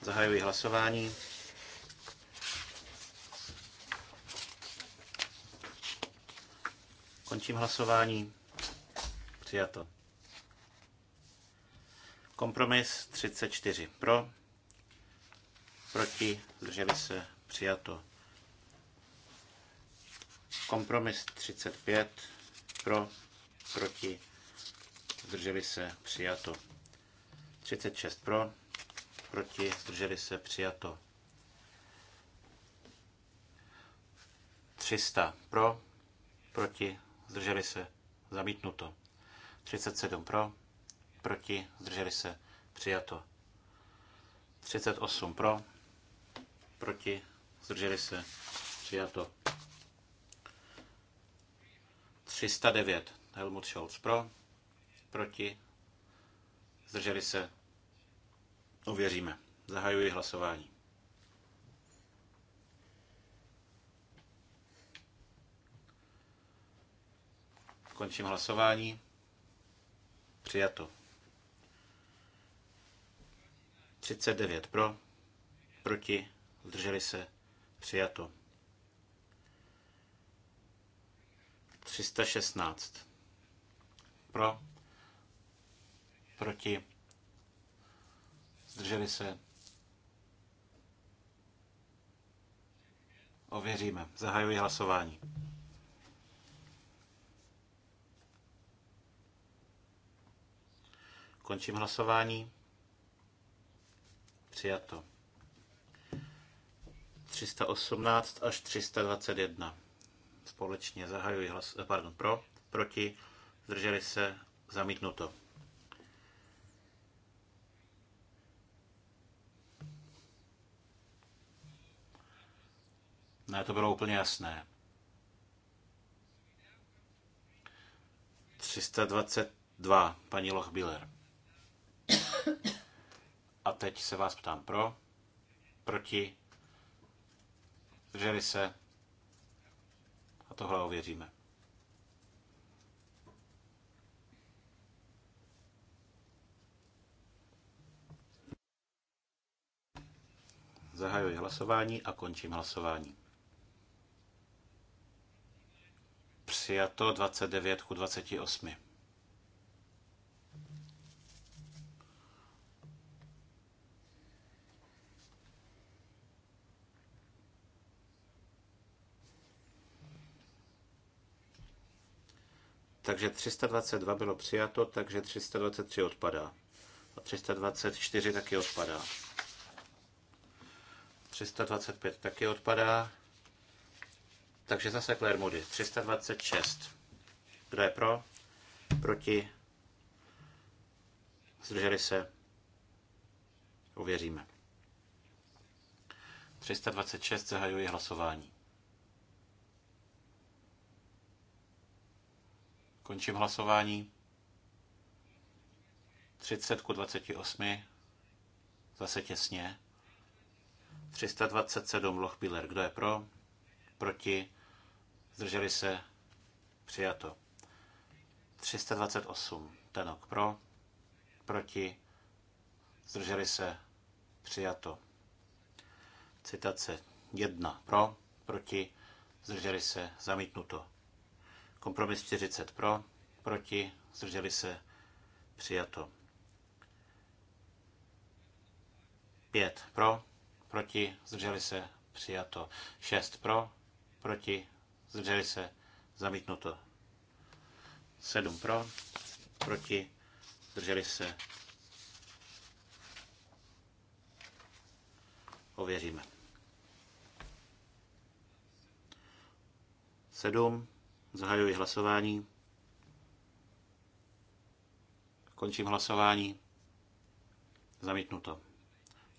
Zahajuji hlasování. Končím hlasování. Přijato. Kompromis 34 pro, proti, zdrželi se, přijato. Kompromis 35 pro, proti, zdrželi se, přijato. 36 pro, proti, zdrželi se, přijato. 300 pro, proti, zdrželi se, zamítnuto. 37 pro, proti, zdrželi se, přijato. 38 pro, proti, zdrželi se, přijato. 309. Helmut Scholz pro, proti, zdrželi se, Uvěříme. Zahajuji hlasování. Končím hlasování. Přijato. 39 pro, proti, zdrželi se, přijato. 316. Pro. Proti. Zdrželi se. Ověříme. Zahajuji hlasování. Končím hlasování. Přijato. 318 až 321 společně zahajuji hlas, pardon, pro, proti, zdrželi se, zamítnuto. Ne, to bylo úplně jasné. 322, paní Lochbiller. A teď se vás ptám pro, proti, zdrželi se, tohle ověříme. Zahajuji hlasování a končím hlasování. Přijato 29 ku 28. Takže 322 bylo přijato, takže 323 odpadá. A 324 taky odpadá. 325 taky odpadá. Takže zase Claire Moody. 326. Kdo je pro? Proti? Zdrželi se? Uvěříme. 326 zahajuji hlasování. Končím hlasování. 30 ku 28. Zase těsně. 327 Lochbiller. Kdo je pro? Proti? Zdrželi se? Přijato. 328 Tenok pro? Proti? Zdrželi se? Přijato. Citace 1 pro? Proti? Zdrželi se? Zamítnuto. Kompromis 40 pro, proti, zdrželi se, přijato. 5 pro, proti, zdrželi se, přijato. 6 pro, proti, zdrželi se, zamítnuto. 7 pro, proti, zdrželi se, ověříme. 7. Zahajuji hlasování. Končím hlasování. Zamítnuto.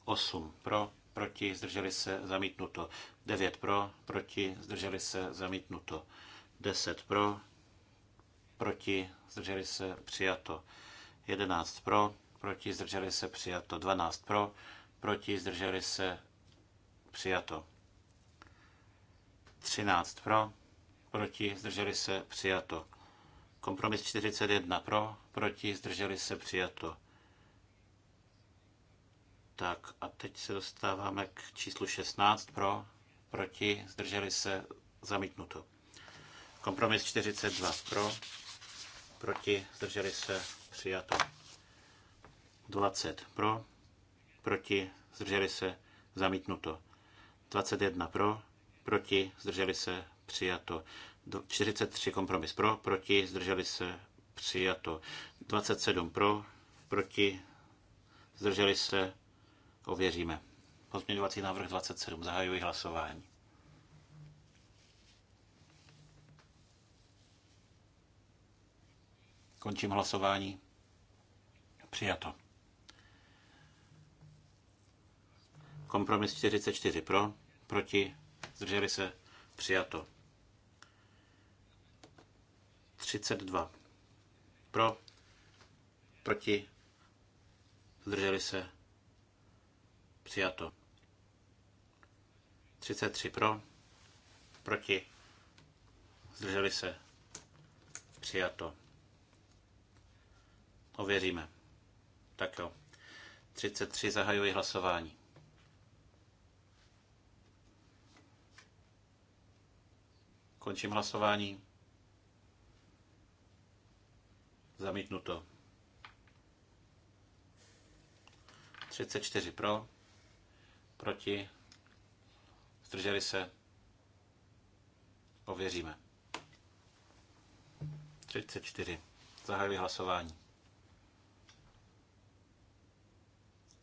8 pro, proti, zdrželi se, zamítnuto. 9 pro, proti, zdrželi se, zamítnuto. 10 pro, proti, zdrželi se, přijato. 11 pro, proti, zdrželi se, přijato. 12 pro, proti, zdrželi se, přijato. 13 pro, proti, zdrželi se, přijato. Kompromis 41 pro, proti, zdrželi se, přijato. Tak a teď se dostáváme k číslu 16 pro, proti, zdrželi se, zamítnuto. Kompromis 42 pro, proti, zdrželi se, přijato. 20 pro, proti, zdrželi se, zamítnuto. 21 pro, proti, zdrželi se, přijato. 43 kompromis pro, proti, zdrželi se, přijato. 27 pro, proti, zdrželi se, ověříme. Pozměňovací návrh 27. Zahajuji hlasování. Končím hlasování. Přijato. Kompromis 44 pro, proti, zdrželi se, přijato. 32. Pro, proti, zdrželi se, přijato. 33 pro, proti, zdrželi se, přijato. Ověříme. Tak jo. 33 zahajuji hlasování. Končím hlasování. Zamítnuto. 34 pro, proti, zdrželi se, ověříme. 34. Zahajuji hlasování.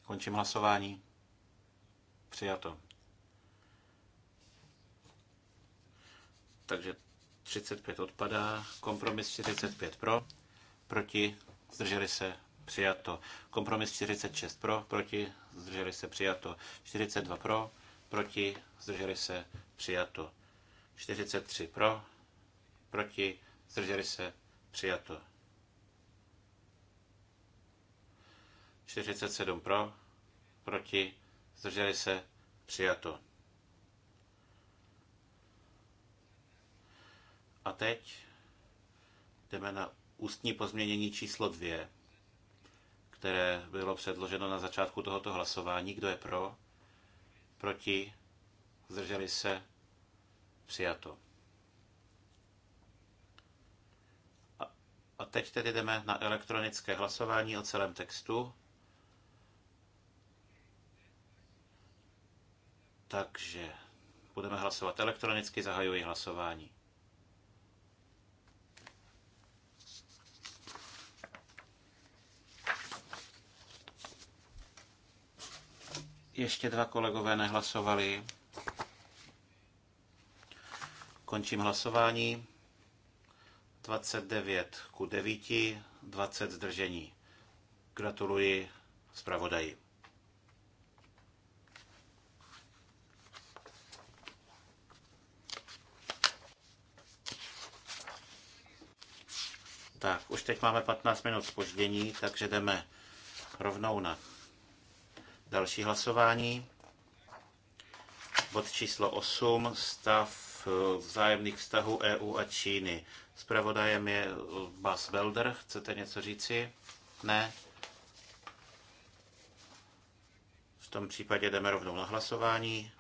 Končím hlasování. Přijato. Takže 35 odpadá, kompromis 45 pro proti, zdrželi se, přijato. Kompromis 46 pro, proti, zdrželi se, přijato. 42 pro, proti, zdrželi se, přijato. 43 pro, proti, zdrželi se, přijato. 47 pro, proti, zdrželi se, přijato. A teď jdeme na ústní pozměnění číslo dvě, které bylo předloženo na začátku tohoto hlasování. Kdo je pro? Proti? Zdrželi se? Přijato. A, a teď tedy jdeme na elektronické hlasování o celém textu. Takže budeme hlasovat elektronicky, zahajuji hlasování. Ještě dva kolegové nehlasovali. Končím hlasování. 29 ku 9, 20 zdržení. Gratuluji zpravodaji. Tak, už teď máme 15 minut spoždění, takže jdeme rovnou na Další hlasování. Bod číslo 8. Stav eh, vzájemných vztahů EU a Číny. Spravodajem je eh, Bas Belder. Chcete něco říci? Ne? V tom případě jdeme rovnou na hlasování.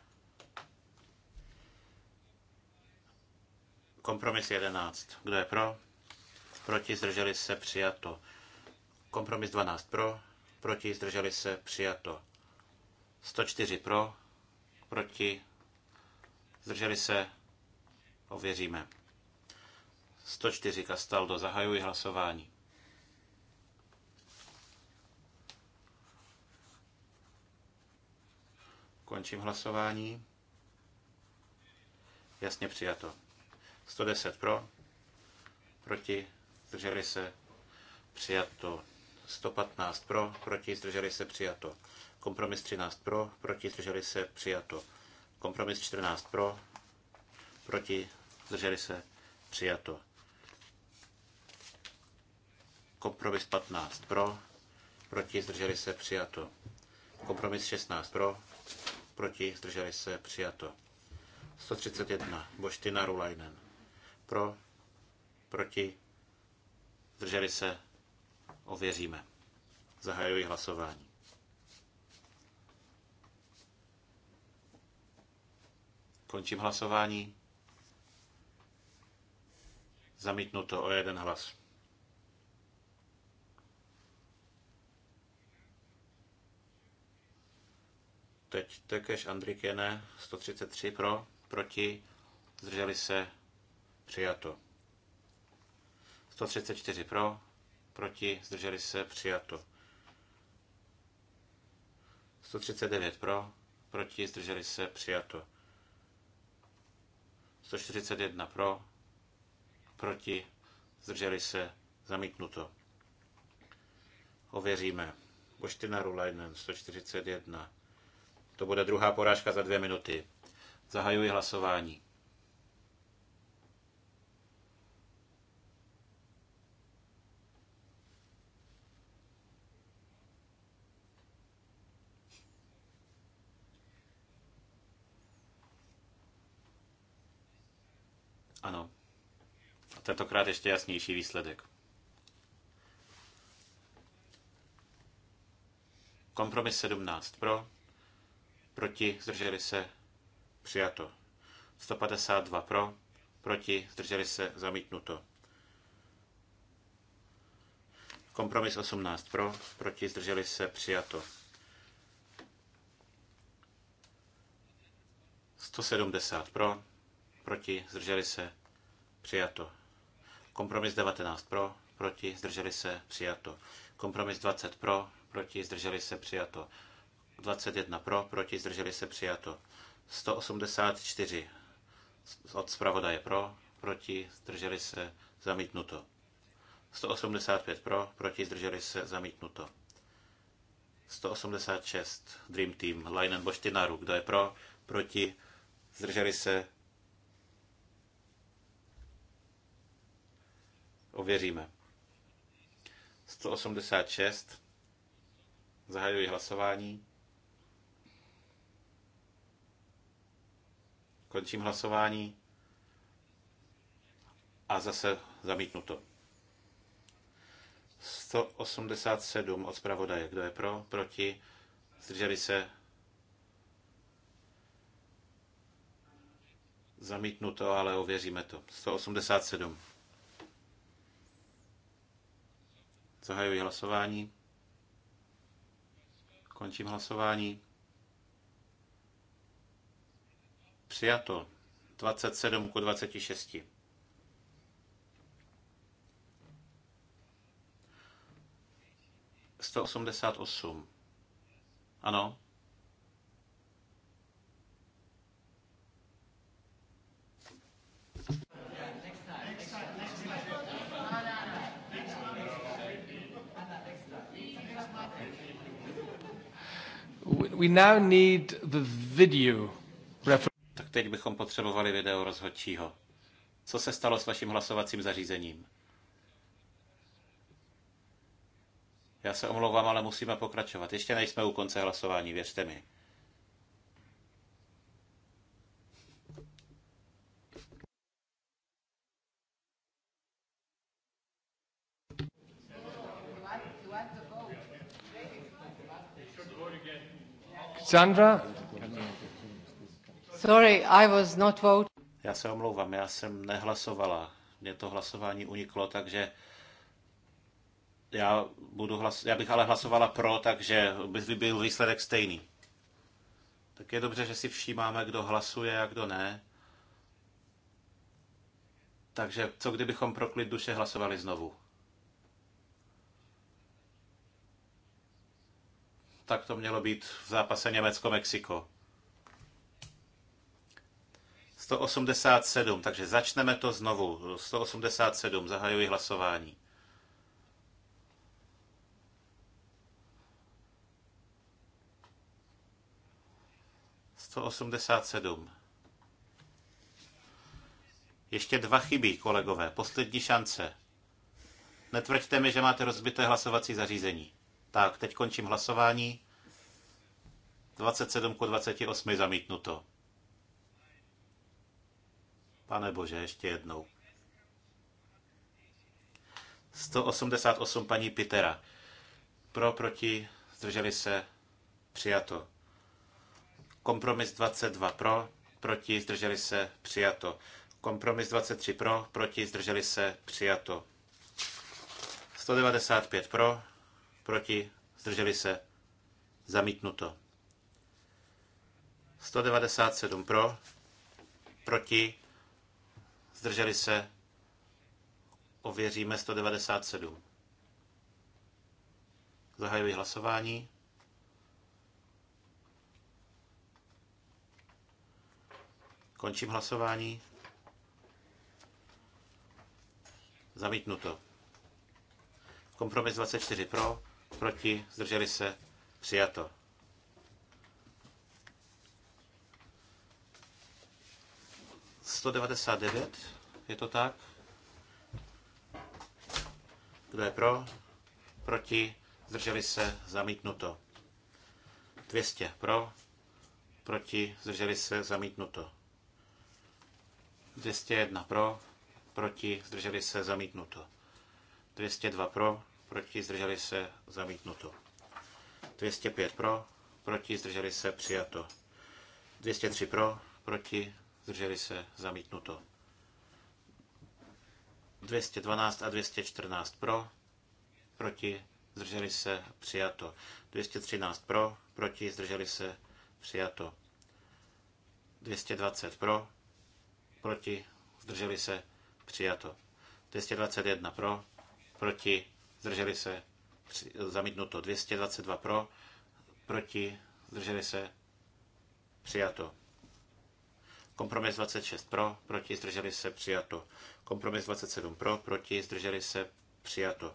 Kompromis 11. Kdo je pro? Proti zdrželi se přijato. Kompromis 12 pro. Proti zdrželi se přijato. 104 pro, proti, zdrželi se, ověříme. 104 Castaldo, zahajuji hlasování. Končím hlasování. Jasně přijato. 110 pro, proti, zdrželi se, přijato. 115 pro, proti, zdrželi se, přijato. Kompromis 13 pro, proti zdrželi se přijato. Kompromis 14 pro, proti zdrželi se přijato. Kompromis 15 pro, proti zdrželi se přijato. Kompromis 16 pro, proti zdrželi se přijato. 131 Boština Rulajnen pro, proti zdrželi se ověříme. Zahajuji hlasování. Končím hlasování. Zamítnuto o jeden hlas. Teď Tekeš Andrikene 133 pro, proti, zdrželi se, přijato. 134 pro, proti, zdrželi se, přijato. 139 pro, proti, zdrželi se, přijato. 141 pro, proti, zdrželi se, zamítnuto. Ověříme. Boština Rulajnen, 141. To bude druhá porážka za dvě minuty. Zahajuji hlasování. Tentokrát ještě jasnější výsledek. Kompromis 17 pro, proti, zdrželi se, přijato. 152 pro, proti, zdrželi se, zamítnuto. Kompromis 18 pro, proti, zdrželi se, přijato. 170 pro, proti, zdrželi se, přijato. Kompromis 19 pro, proti, zdrželi se, přijato. Kompromis 20 pro, proti, zdrželi se, přijato. 21 pro, proti, zdrželi se, přijato. 184 od zpravodaje pro, proti, zdrželi se, zamítnuto. 185 pro, proti, zdrželi se, zamítnuto. 186 Dream Team, Leinen Boštinaru, kdo je pro, proti, zdrželi se, Ověříme. 186. Zahajuji hlasování. Končím hlasování. A zase zamítnuto. 187 od zpravodaje. Kdo je pro? Proti? Zdrželi se? Zamítnuto, ale ověříme to. 187. Zahajuji hlasování. Končím hlasování. Přijato. 27 ku 26. Sto osmdesát osm. Ano. we now need the video tak teď bychom potřebovali video rozhodčího. Co se stalo s vaším hlasovacím zařízením? Já se omlouvám, ale musíme pokračovat. Ještě nejsme u konce hlasování, věřte mi. Sandra? Sorry, I was not vote. Já se omlouvám, já jsem nehlasovala. Mě to hlasování uniklo, takže já, budu hlas, já bych ale hlasovala pro, takže by byl výsledek stejný. Tak je dobře, že si všímáme, kdo hlasuje a kdo ne. Takže co kdybychom pro klid duše hlasovali znovu? tak to mělo být v zápase Německo-Mexiko. 187, takže začneme to znovu. 187, zahajuji hlasování. To 87. Ještě dva chybí, kolegové. Poslední šance. Netvrďte mi, že máte rozbité hlasovací zařízení. Tak, teď končím hlasování. 27 ku 28 zamítnuto. Pane Bože, ještě jednou. 188 paní Pitera. Pro, proti, zdrželi se, přijato. Kompromis 22 pro, proti, zdrželi se, přijato. Kompromis 23 pro, proti, zdrželi se, přijato. 195 pro, proti, zdrželi se, zamítnuto. 197 pro, proti, zdrželi se, ověříme 197. Zahajuji hlasování. Končím hlasování. Zamítnuto. Kompromis 24 pro, proti, zdrželi se, přijato. Sto devadesát devět, je to tak? Kdo je pro? Proti, zdrželi se, zamítnuto. 200 pro, proti, zdrželi se, zamítnuto. 201 pro, proti, zdrželi se, zamítnuto. 202 pro, proti, zdrželi se, zamítnuto. 205 pro, proti, zdrželi se, přijato. 203 pro, proti, zdrželi se, zamítnuto. 212 a 214 pro, proti, zdrželi se, přijato. 213 pro, proti, zdrželi se, přijato. 220 pro, proti, zdrželi se, přijato. 221 pro, proti, zdrželi se, zamítnuto 222 pro, proti, zdrželi se, přijato. Kompromis 26 pro, proti, zdrželi se, přijato. Kompromis 27 pro, proti, zdrželi se, přijato.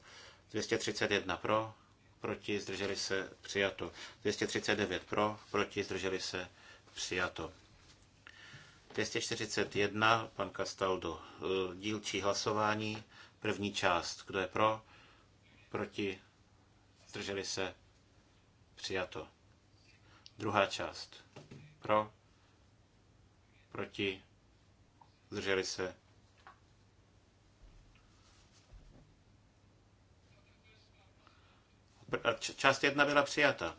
231 pro, proti, zdrželi se, přijato. 239 pro, proti, zdrželi se, přijato. 241, pan Castaldo, eh, dílčí hlasování, první část, kdo je pro, proti, zdrželi se, přijato. Druhá část, pro, proti, zdrželi se. Část jedna byla přijata.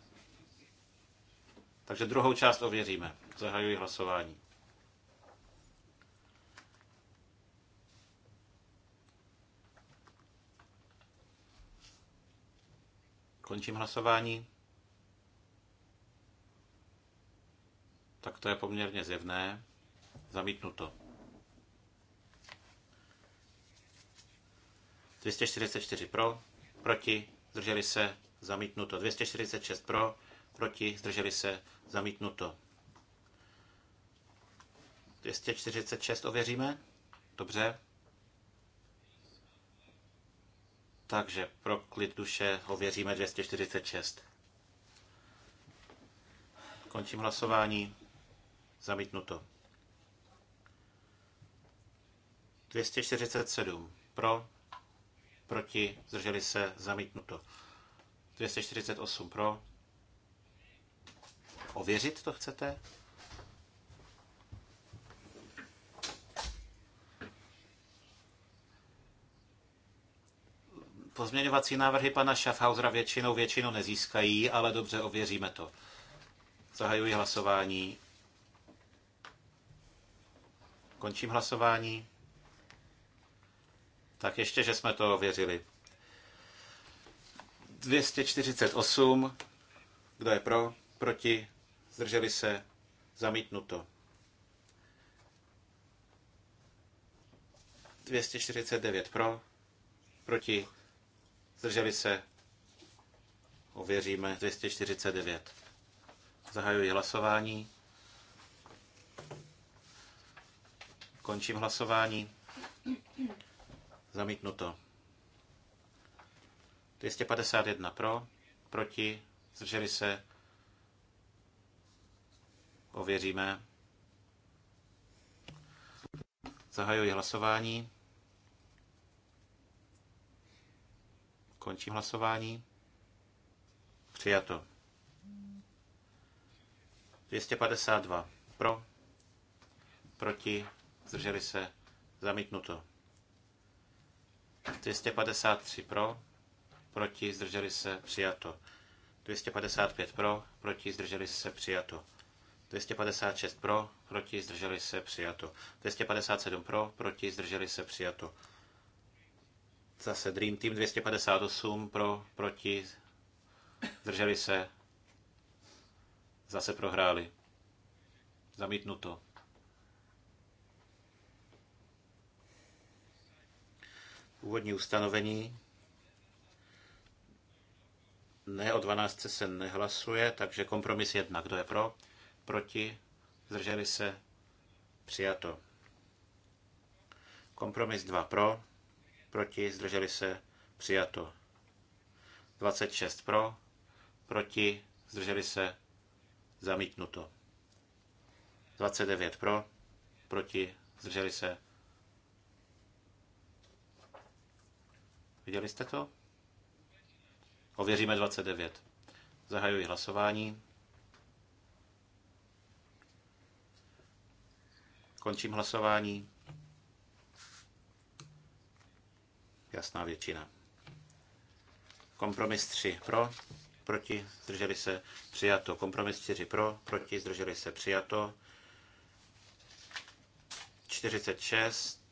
Takže druhou část ověříme. Zahajuji hlasování. Končím hlasování. Tak to je poměrně zjevné. Zamítnuto. 244 pro, proti, zdrželi se, zamítnuto. 246 pro, proti, zdrželi se, zamítnuto. 246 ověříme? Dobře. Takže pro klid duše ověříme 246. Končím hlasování. Zamítnuto. 247. Pro. Proti. Zdrželi se. Zamítnuto. 248. Pro. Ověřit to chcete? Pozměňovací návrhy pana Schaffhausera většinou většinu nezískají, ale dobře, ověříme to. Zahajuji hlasování. Končím hlasování. Tak ještě, že jsme to ověřili. 248. Kdo je pro? Proti? Zdrželi se? Zamítnuto. 249 pro, proti, Zdrželi se? Ověříme 249. Zahajuji hlasování. Končím hlasování. Zamítnuto. 251 pro, proti, zdrželi se, ověříme. Zahajuji hlasování. Končím hlasování. Přijato. 252. Pro. Proti. Zdrželi se. Zamítnuto. 253 pro. Proti. Zdrželi se. Přijato. 255 pro. Proti. Zdrželi se. Přijato. 256 pro. Proti. Zdrželi se. Přijato. 257 pro. Proti. Zdrželi se. Přijato. Zase Dream Team 258 pro, proti, zdrželi se, zase prohráli. Zamítnuto. Úvodní ustanovení. Ne, o 12 se nehlasuje, takže kompromis jedna. Kdo je pro? Proti? Zdrželi se? Přijato. Kompromis 2 pro, proti, zdrželi se, přijato. 26 pro, proti, zdrželi se, zamítnuto. 29 pro, proti, zdrželi se. Viděli jste to? Ověříme 29. Zahajuji hlasování. Končím hlasování. jasná většina. Kompromis 3 pro, proti, zdrželi se, přijato. Kompromis 4 pro, proti, zdrželi se, přijato. 46,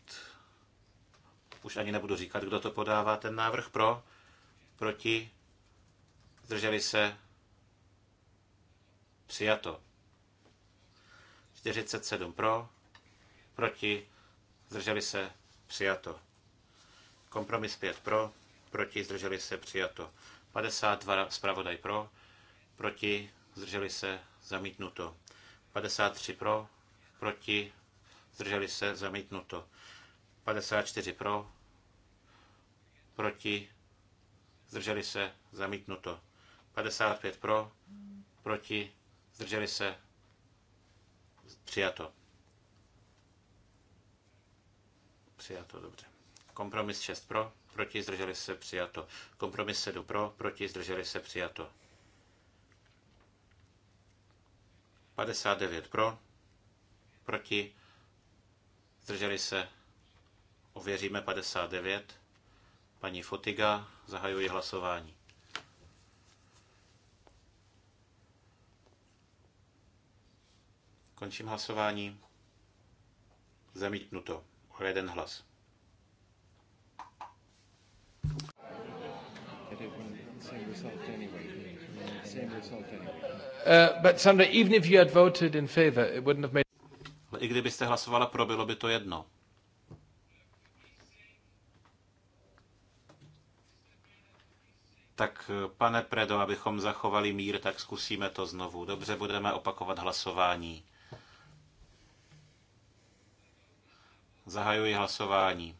už ani nebudu říkat, kdo to podává, ten návrh pro, proti, zdrželi se, přijato. 47 pro, proti, zdrželi se, přijato. Kompromis 5 pro, proti, zdrželi se, přijato. 52 zpravodaj pro, proti, zdrželi se, zamítnuto. 53 pro, proti, zdrželi se, zamítnuto. 54 pro, proti, zdrželi se, zamítnuto. 55 pro, proti, zdrželi se, přijato. Přijato, dobře. Kompromis 6 pro, proti zdrželi se přijato. Kompromis 7 pro, proti zdrželi se přijato. 59 pro, proti zdrželi se. Ověříme 59. Paní Fotiga, zahajuji hlasování. Končím hlasování. Zamítnuto. O jeden hlas. same result anyway. Same result anyway. Uh, but Sandra, even if you had voted in favor, it wouldn't have made... No, I kdybyste hlasovala pro, bylo by to jedno. Tak eh, pane Predo, abychom zachovali mír, tak zkusíme to znovu. Dobře, budeme opakovat hlasování. Zahajuji hlasování.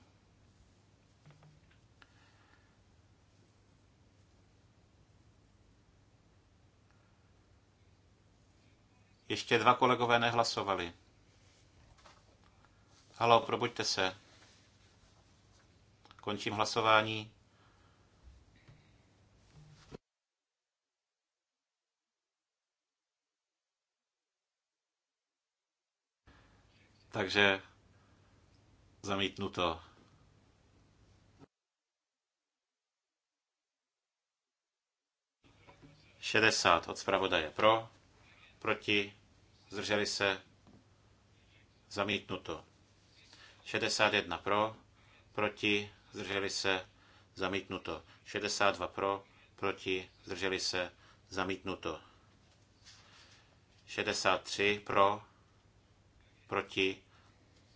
Ještě dva kolegové nehlasovali. Halo, probuďte se. Končím hlasování. Takže zamítnu to. Šedesát od zpravodaje pro, proti, zdrželi se, zamítnuto. 61 pro, proti, zdrželi se, zamítnuto. 62 pro, proti, zdrželi se, zamítnuto. 63 pro, proti,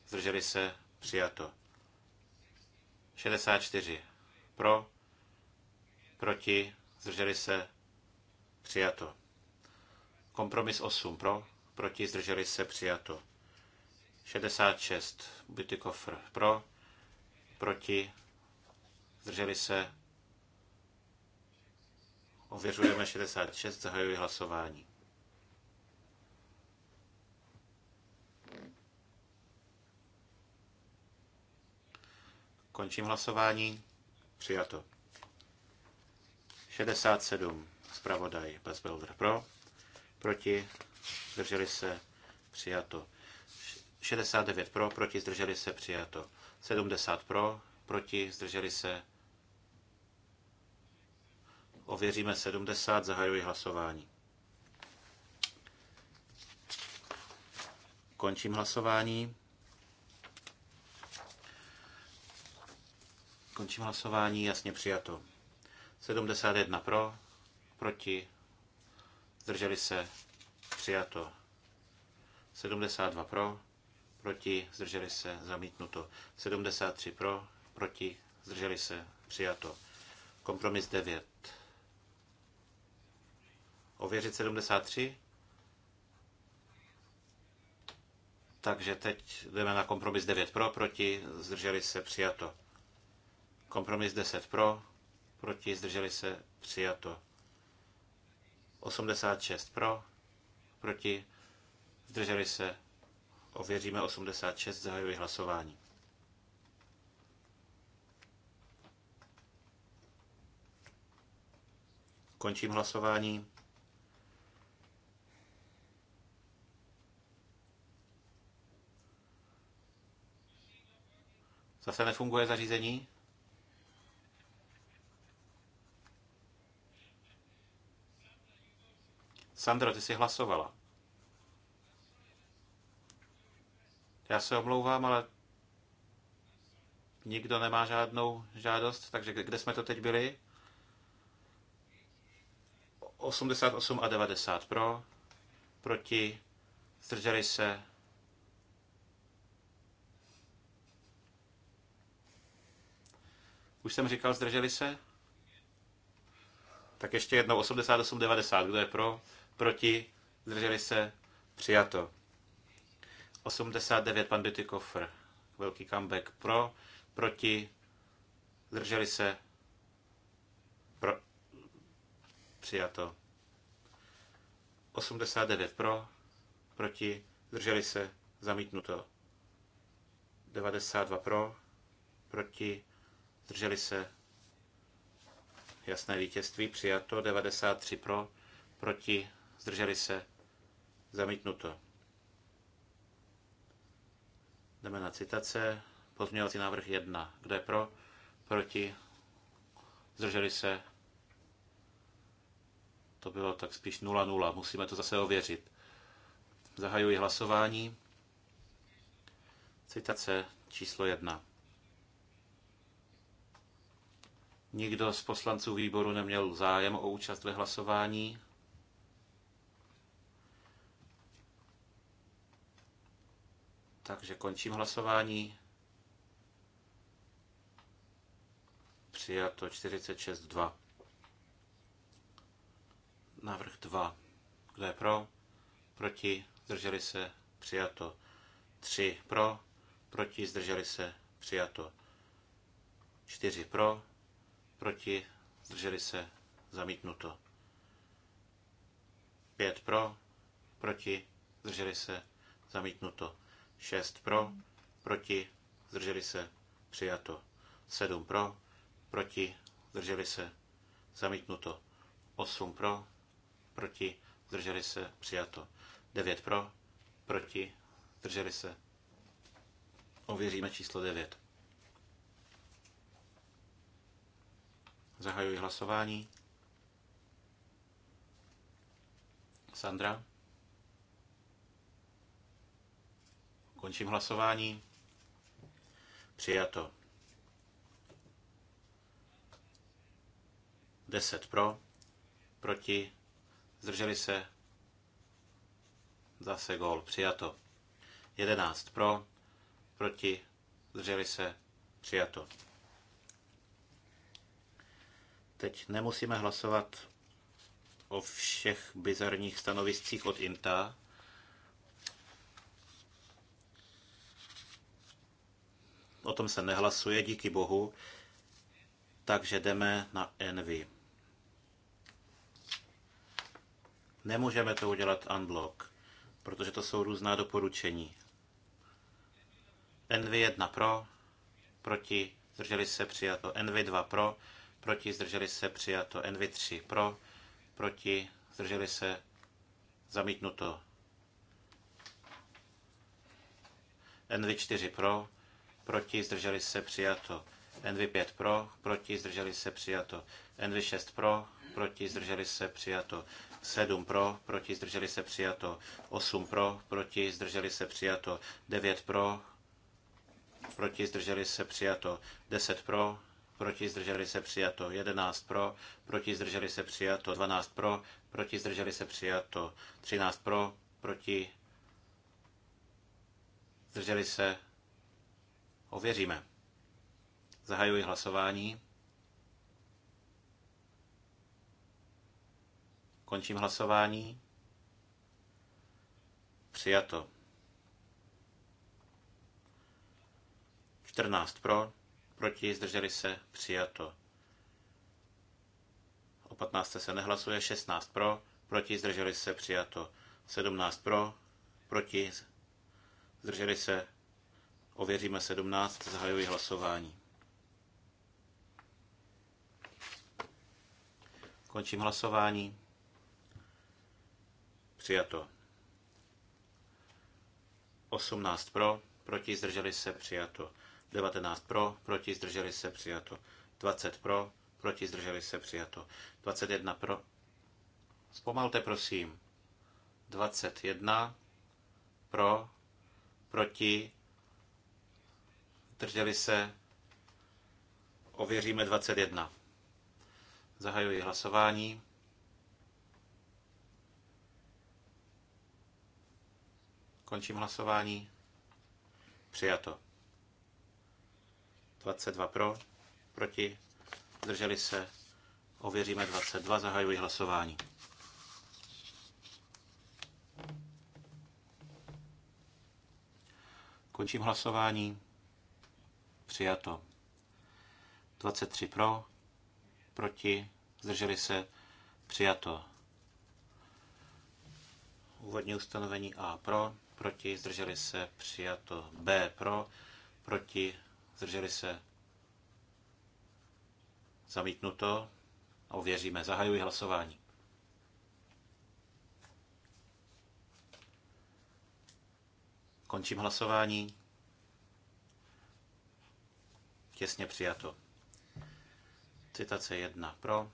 zdrželi se, přijato. 64 pro, proti, zdrželi se, přijato. Kompromis 8 pro, proti, zdrželi se, přijato. 66, byty kofr, pro, proti, zdrželi se, ověřujeme 66, zahajuji hlasování. Končím hlasování. Přijato. 67. Zpravodaj Bezbelder pro. Proti zdrželi se, přijato. 69 pro, proti, zdrželi se, přijato. 70 pro, proti, zdrželi se. Ověříme 70, zahajuji hlasování. Končím hlasování. Končím hlasování, jasně přijato. 71 pro, proti, zdrželi se, Přijato. 72 pro, proti, zdrželi se, zamítnuto. 73 pro, proti, zdrželi se, přijato. Kompromis 9. Ověřit 73? Takže teď jdeme na kompromis 9 pro, proti, zdrželi se, přijato. Kompromis 10 pro, proti, zdrželi se, přijato. 86 pro, proti, zdrželi se, ověříme 86, zahajuji hlasování. Končím hlasování. Zase nefunguje zařízení? Sandro, ty jsi hlasovala. Já se omlouvám, ale nikdo nemá žádnou žádost, takže kde jsme to teď byli? 88 a 90 pro, proti, zdrželi se. Už jsem říkal, zdrželi se? Tak ještě jednou 88, 90, kdo je pro, proti, zdrželi se, přijato. 89 pan Koffer, velký comeback pro, proti, zdrželi se, pro, přijato. 89 pro, proti, zdrželi se, zamítnuto. 92 pro, proti, zdrželi se, jasné vítězství, přijato, 93 pro, proti, zdrželi se, zamítnuto. Jdeme na citace. Pozměňovací návrh 1. Kdo je pro? Proti? Zdrželi se? To bylo tak spíš 0-0. Musíme to zase ověřit. Zahajuji hlasování. Citace číslo 1. Nikdo z poslanců výboru neměl zájem o účast ve hlasování. Takže končím hlasování. Přijato 46.2. Návrh 2. Kdo je pro? Proti? Zdrželi se? Přijato. 3 pro, proti, zdrželi se, přijato. 4 pro, proti, zdrželi se, zamítnuto. 5 pro, proti, zdrželi se, zamítnuto. 6 pro, proti, zdrželi se, přijato. 7 pro, proti, zdrželi se, zamítnuto. 8 pro, proti, zdrželi se, přijato. 9 pro, proti, zdrželi se. Ověříme číslo 9. Zahajuji hlasování. Sandra? Končím hlasování. Přijato. 10 pro, proti, zdrželi se, zase gol, přijato. 11 pro, proti, zdrželi se, přijato. Teď nemusíme hlasovat o všech bizarních stanoviscích od INTA, o tom se nehlasuje, díky bohu, takže jdeme na Envy. Nemůžeme to udělat unblock, protože to jsou různá doporučení. Envy 1 pro, proti, zdrželi se přijato. Envy 2 pro, proti, zdrželi se přijato. Envy 3 pro, proti, zdrželi se zamítnuto. NV4 Pro, proti, zdrželi se přijato. NV5 pro, proti, zdrželi se přijato. NV6 pro, proti, zdrželi se přijato. 7 pro, proti, zdrželi se přijato. 8 pro, proti, zdrželi se přijato. 9 pro, proti, zdrželi se přijato. 10 pro, proti, zdrželi se přijato. 11 pro, proti, zdrželi se přijato. 12 pro, proti, zdrželi se přijato. 13 pro, proti, zdrželi se přijato. Ověříme. Zahajuji hlasování. Končím hlasování. Přijato. 14 pro, proti, zdrželi se, přijato. O 15 se nehlasuje, 16 pro, proti, zdrželi se, přijato. 17 pro, proti, zdrželi se, Ověříme 17, zahajuji hlasování. Končím hlasování. Přijato. 18 pro, proti zdrželi se přijato. 19 pro, proti zdrželi se přijato. 20 pro, proti zdrželi se přijato. 21 pro. Zpomalte prosím. 21 pro, proti Drželi se? Ověříme 21. Zahajuji hlasování. Končím hlasování. Přijato. 22 pro, proti, zdrželi se, ověříme 22, zahajuji hlasování. Končím hlasování přijato. 23 pro, proti, zdrželi se, přijato. Úvodní ustanovení A pro, proti, zdrželi se, přijato. B pro, proti, zdrželi se, zamítnuto. uvěříme, zahajuji hlasování. Končím hlasování. Těsně přijato. Citace 1 pro,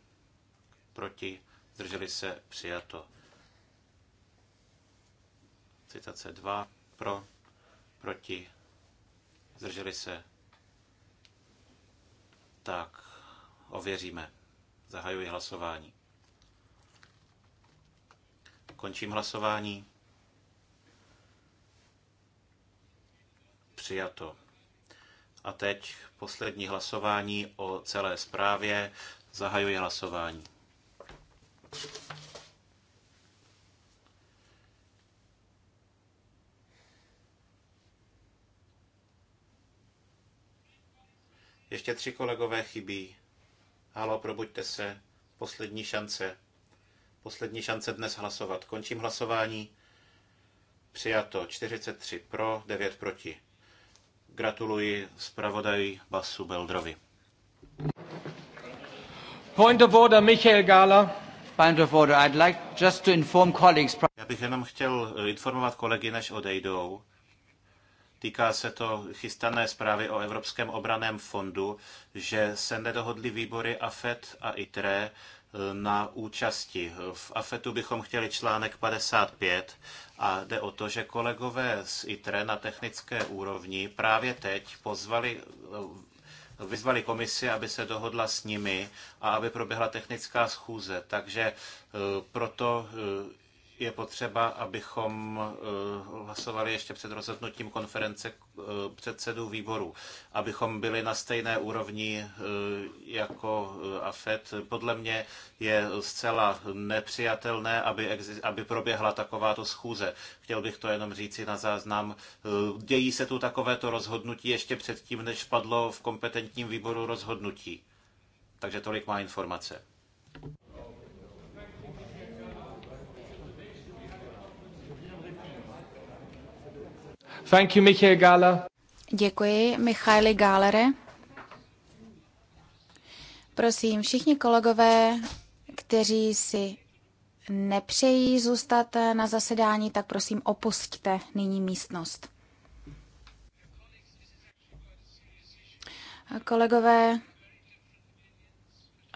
proti, zdrželi se, přijato. Citace 2 pro, proti, zdrželi se. Tak, ověříme. Zahajuji hlasování. Končím hlasování. Přijato. A teď poslední hlasování o celé zprávě. Zahajuji hlasování. Ještě tři kolegové chybí. Halo, probuďte se. Poslední šance. Poslední šance dnes hlasovat. Končím hlasování. Přijato 43 pro, 9 proti. Gratuluji zpravodaji Basu Beldrovi. Point of order, Michael Gala. Point of order, I'd like just to inform colleagues. Já bych jenom chtěl eh, informovat kolegy, než odejdou. Týká se to chystané zprávy o Evropském obraném fondu, že se nedohodly výbory AFET a ITRE na účasti. V AFETu bychom chtěli článek 55 a jde o to, že kolegové z ITRE na technické úrovni právě teď pozvali vyzvali komisi, aby se dohodla s nimi a aby proběhla technická schůze. Takže eh, proto eh, je potřeba, abychom eh, hlasovali ještě před rozhodnutím konference eh, předsedů výborů, abychom byli na stejné úrovni eh, jako AFET. Podle mě je zcela nepřijatelné, aby, aby proběhla takováto schůze. Chtěl bych to jenom říci na záznam. Dějí se tu takovéto rozhodnutí ještě předtím, než padlo v kompetentním výboru rozhodnutí. Takže tolik má informace. Thank you, Michael Gala. Děkuji, Michaili Gálere. Prosím, všichni kolegové, kteří si nepřejí zůstat na zasedání, tak prosím opustíte nyní místnost. Kolegové,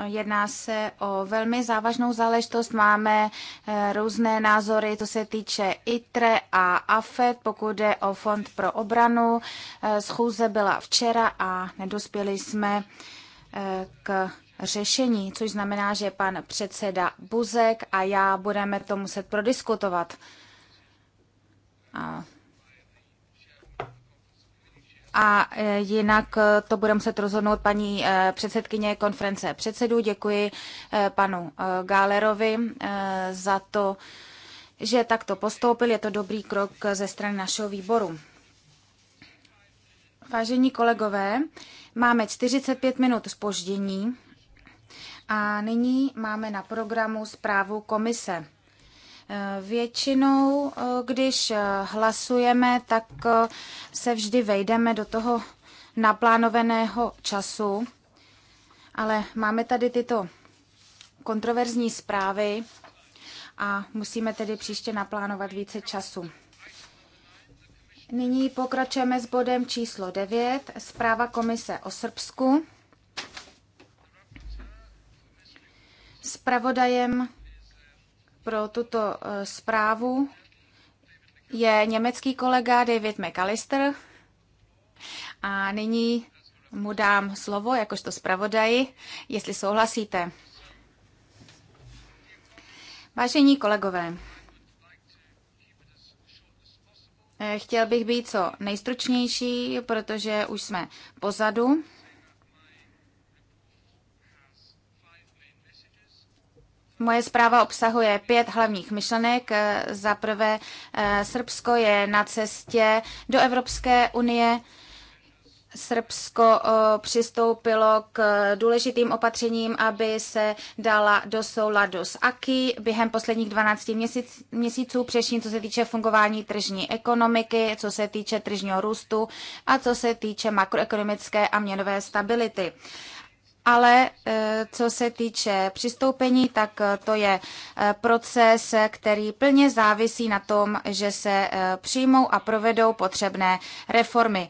Jedná se o velmi závažnou záležitost. Máme eh, různé názory, to se týče ITRE a AFET, pokud jde o Fond pro obranu. Eh, schůze byla včera a nedospěli jsme eh, k řešení, což znamená, že pan předseda Buzek a já budeme to muset prodiskutovat. A a e, jinak e, to bude muset rozhodnout paní e, předsedkyně konference předsedů. Děkuji panu Gálerovi za to, že takto postoupil. Je to dobrý krok ze strany našeho výboru. Vážení kolegové, máme 45 minut spoždění a nyní máme na programu zprávu komise. Většinou, eh, když eh, hlasujeme, tak eh, se vždy vejdeme do toho naplánovaného času, ale máme tady tyto kontroverzní zprávy a musíme tedy příště naplánovat více času. Nyní pokračujeme s bodem číslo 9, zpráva komise o Srbsku. Spravodajem pro tuto eh, zprávu je německý kolega David McAllister. A nyní mu dám slovo jakožto zpravodaji, jestli souhlasíte. Vážení kolegové, eh, chtěl bych být co nejstručnější, protože už jsme pozadu. Moje zpráva obsahuje pět hlavních myšlenek. Eh, za prvé, eh, Srbsko je na cestě do Evropské unie. Srbsko eh, přistoupilo k důležitým opatřením, aby se dala do souladu s AKI během posledních 12 měsíc, měsíců, přeším, co se týče fungování tržní ekonomiky, co se týče tržního růstu a co se týče makroekonomické a měnové stability ale eh, co se týče přistoupení, tak eh, to je eh, proces, který plně závisí na tom, že se přijmou a provedou potřebné reformy.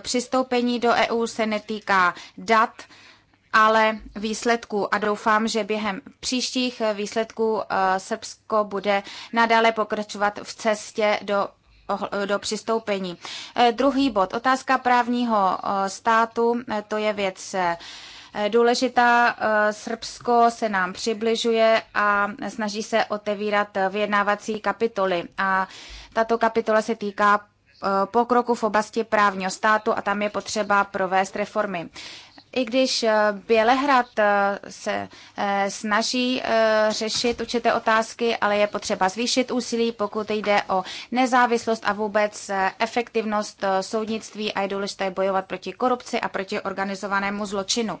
Přistoupení do EU se netýká dat, ale výsledků a doufám, že během příštích výsledků Srbsko bude nadále pokračovat v cestě do do přistoupení. Druhý bod, otázka právního státu, to je věc Eh, důležitá. Eh, Srbsko se nám přibližuje a snaží se otevírat eh, vyjednávací kapitoly. A tato kapitola se týká pokroku v oblasti právního státu a tam je potřeba provést reformy i když eh, Bělehrad eh, se eh, snaží řešit určité otázky, ale je potřeba zvýšit úsilí, pokud jde o nezávislost a vůbec efektivnost soudnictví a je důležité bojovat proti korupci a proti organizovanému zločinu.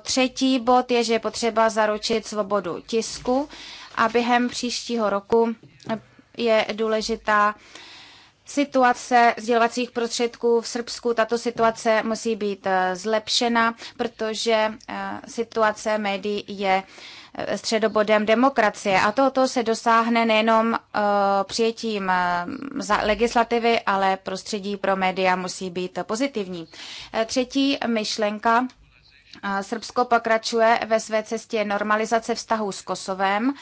Třetí bod je, že je potřeba zaručit svobodu tisku a během příštího roku je důležitá Situace sdělovacích prostředků v Srbsku, tato situace musí být eh, zlepšena, protože eh, situace médií je eh, středobodem demokracie. A toto se dosáhne nejenom přijetím legislativy, ale prostředí pro média musí být pozitivní. Třetí myšlenka. Srbsko pokračuje ve své cestě normalizace vztahů s Kosovem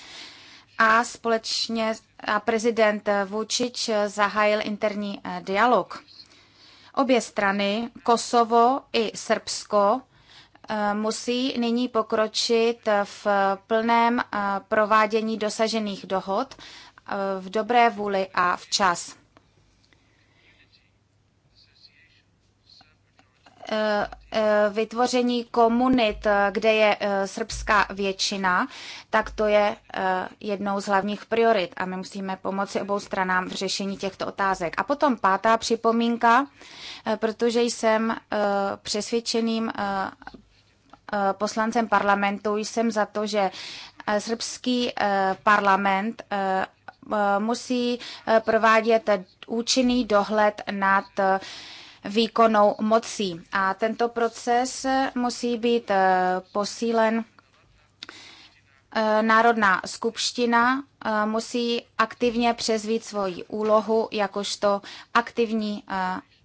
a společně a prezident Vučić zahájil interní eh, dialog. Obě strany, Kosovo i Srbsko, eh, musí nyní pokročit v plném eh, provádění dosažených dohod v dobré vůli a včas. Eh, eh, vytvoření komunit, eh, kde je srbská většina, tak to je jednou z hlavních priorit a my musíme pomoci obou stranám v řešení těchto otázek. A potom pátá připomínka, protože jsem přesvědčeným poslancem parlamentu, jsem za to, že srbský parlament musí provádět účinný dohled nad výkonnou mocí. A tento proces musí být eh, posílen eh, Národná skupština eh, musí aktivně přezvít svoji úlohu jakožto aktivní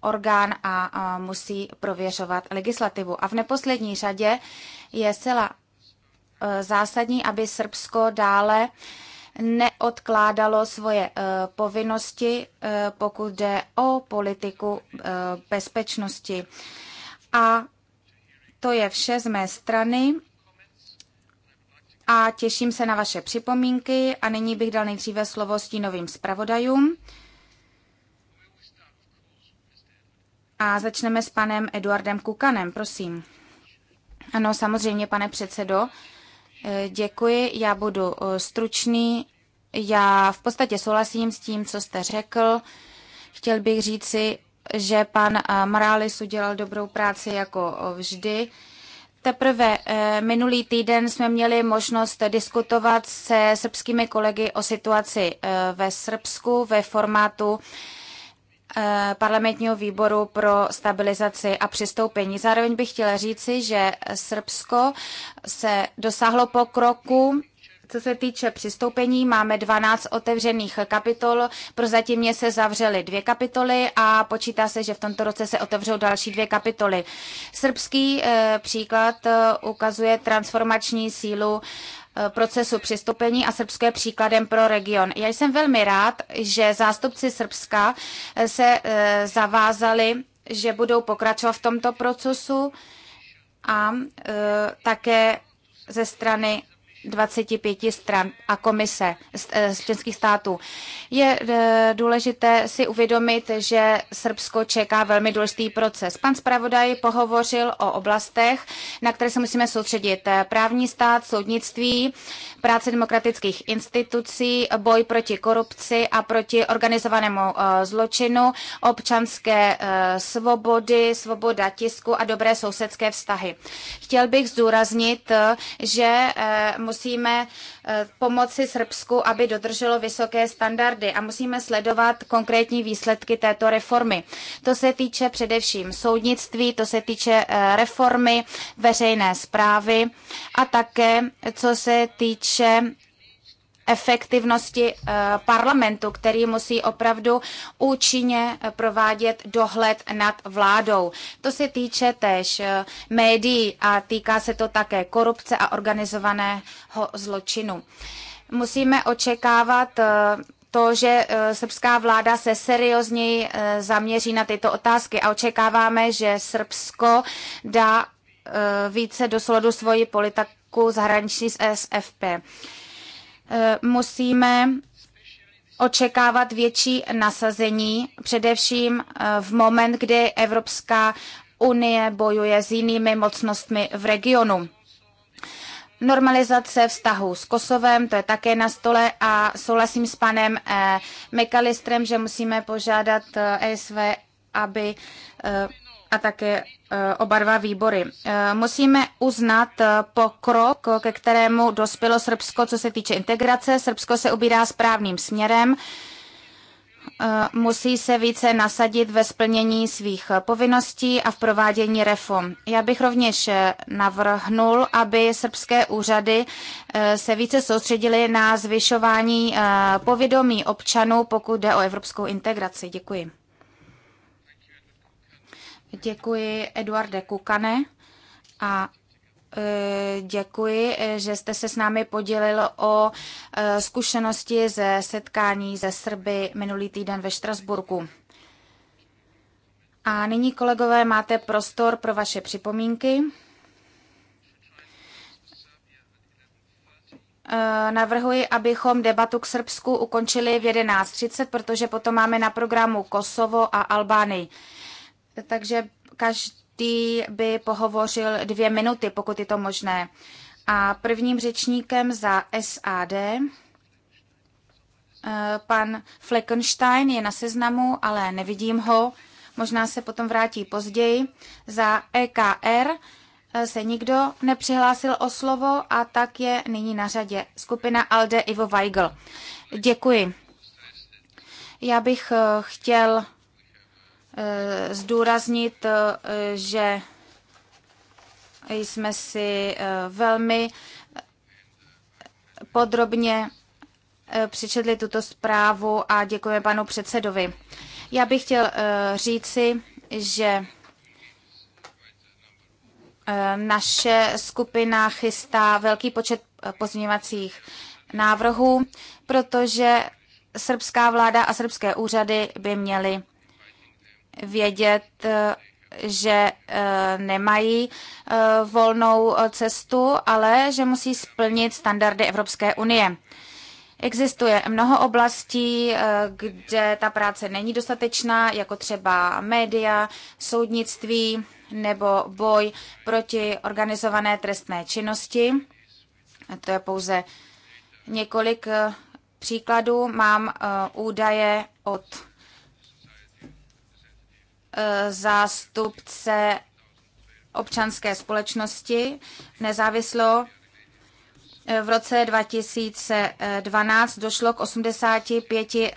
orgán a musí prověřovat legislativu. A v neposlední řadě je zcela zásadní, aby Srbsko dále neodkládalo svoje eh, povinnosti, eh, pokud jde o politiku eh, bezpečnosti. A to je vše z mé strany a těším se na vaše připomínky a nyní bych dal nejdříve slovo stínovým zpravodajům. A začneme s panem Eduardem Kukanem, prosím. Ano, samozřejmě, pane předsedo. Eh, děkuji, já budu eh, stručný. Já v podstatě souhlasím s tím, co jste řekl. Chtěl bych říci, že pan eh, Morales udělal dobrou práci jako vždy. Teprve minulý týden jsme měli možnost diskutovat se srbskými kolegy o situaci ve Srbsku ve formátu Eh, parlamentního výboru pro stabilizaci a přistoupení. Zároveň bych chtěla říci, že Srbsko se dosáhlo pokroku co se týče přistoupení, máme 12 otevřených kapitol. Prozatímně se zavřely dvě kapitoly a počítá se, že v tomto roce se otevřou další dvě kapitoly. Srbský eh, příklad eh, ukazuje transformační sílu procesu přistoupení a Srbsko je příkladem pro region. Já jsem velmi rád, že zástupci Srbska eh, se eh, zavázali, že budou pokračovat v tomto procesu a eh, také ze strany 25 stran a komise z eh, členských států. Je eh, důležité si uvědomit, že Srbsko čeká velmi důležitý proces. Pan zpravodaj pohovořil o oblastech, na které se musíme soustředit. Eh, právní stát, soudnictví, práce demokratických institucí, boj proti korupci a proti organizovanému eh, zločinu, občanské eh, svobody, svoboda tisku a dobré sousedské vztahy. Chtěl bych zdůraznit, eh, že musíme pomoci Srbsku, aby dodrželo vysoké standardy a musíme sledovat konkrétní výsledky této reformy. To se týče především soudnictví, to se týče reformy veřejné zprávy a také, co se týče týče efektivnosti eh, parlamentu, který musí opravdu účinně provádět dohled nad vládou. To se týče též eh, médií a týká se to také korupce a organizovaného zločinu. Musíme očekávat eh, to, že srbská vláda se seriózněji zaměří na tyto otázky a očekáváme, že Srbsko dá více do slodu svoji politiku politiku zahraniční z SFP. Eh, musíme očekávat větší nasazení, především eh, v moment, kdy Evropská unie bojuje s jinými mocnostmi v regionu. Normalizace vztahu s Kosovem, to je také na stole a souhlasím s panem eh, Mekalistrem, že musíme požádat ESV, aby a také e, oba dva výbory. E, musíme uznat e, pokrok, ke kterému dospělo Srbsko, co se týče integrace. Srbsko se ubírá správným směrem musí se více nasadit ve splnění svých povinností a v provádění reform. Já bych rovněž navrhnul, aby srbské úřady se více soustředily na zvyšování povědomí občanů, pokud jde o evropskou integraci. Děkuji. Děkuji, Eduarde Kukane. A e, děkuji, že jste se s námi podělil o e, zkušenosti ze setkání ze Srby minulý týden ve Štrasburku. A nyní, kolegové, máte prostor pro vaše připomínky. E, navrhuji, abychom debatu k Srbsku ukončili v 11.30, protože potom máme na programu Kosovo a Albánii takže každý by pohovořil dvě minuty, pokud je to možné. A prvním řečníkem za SAD eh, pan Fleckenstein je na seznamu, ale nevidím ho. Možná se potom vrátí později. Za EKR eh, se nikdo nepřihlásil o slovo a tak je nyní na řadě skupina Alde Ivo Weigl. Děkuji. Já bych eh, chtěl Eh, zdůraznit, eh, že jsme si eh, velmi podrobně přečetli tuto zprávu a děkujeme panu předsedovi. Já bych chtěl říci, že naše skupina chystá velký počet pozměňovacích návrhů, protože srbská vláda a srbské úřady by měly vědět, eh, že eh, nemají eh, volnou cestu, ale že musí splnit standardy Evropské unie. Existuje mnoho oblastí, kde ta práce není dostatečná, jako třeba média, soudnictví nebo boj proti organizované trestné činnosti. To je pouze několik příkladů. Mám údaje od Eh, zástupce občanské společnosti nezávislo eh, v roce 2012 došlo k 85 eh,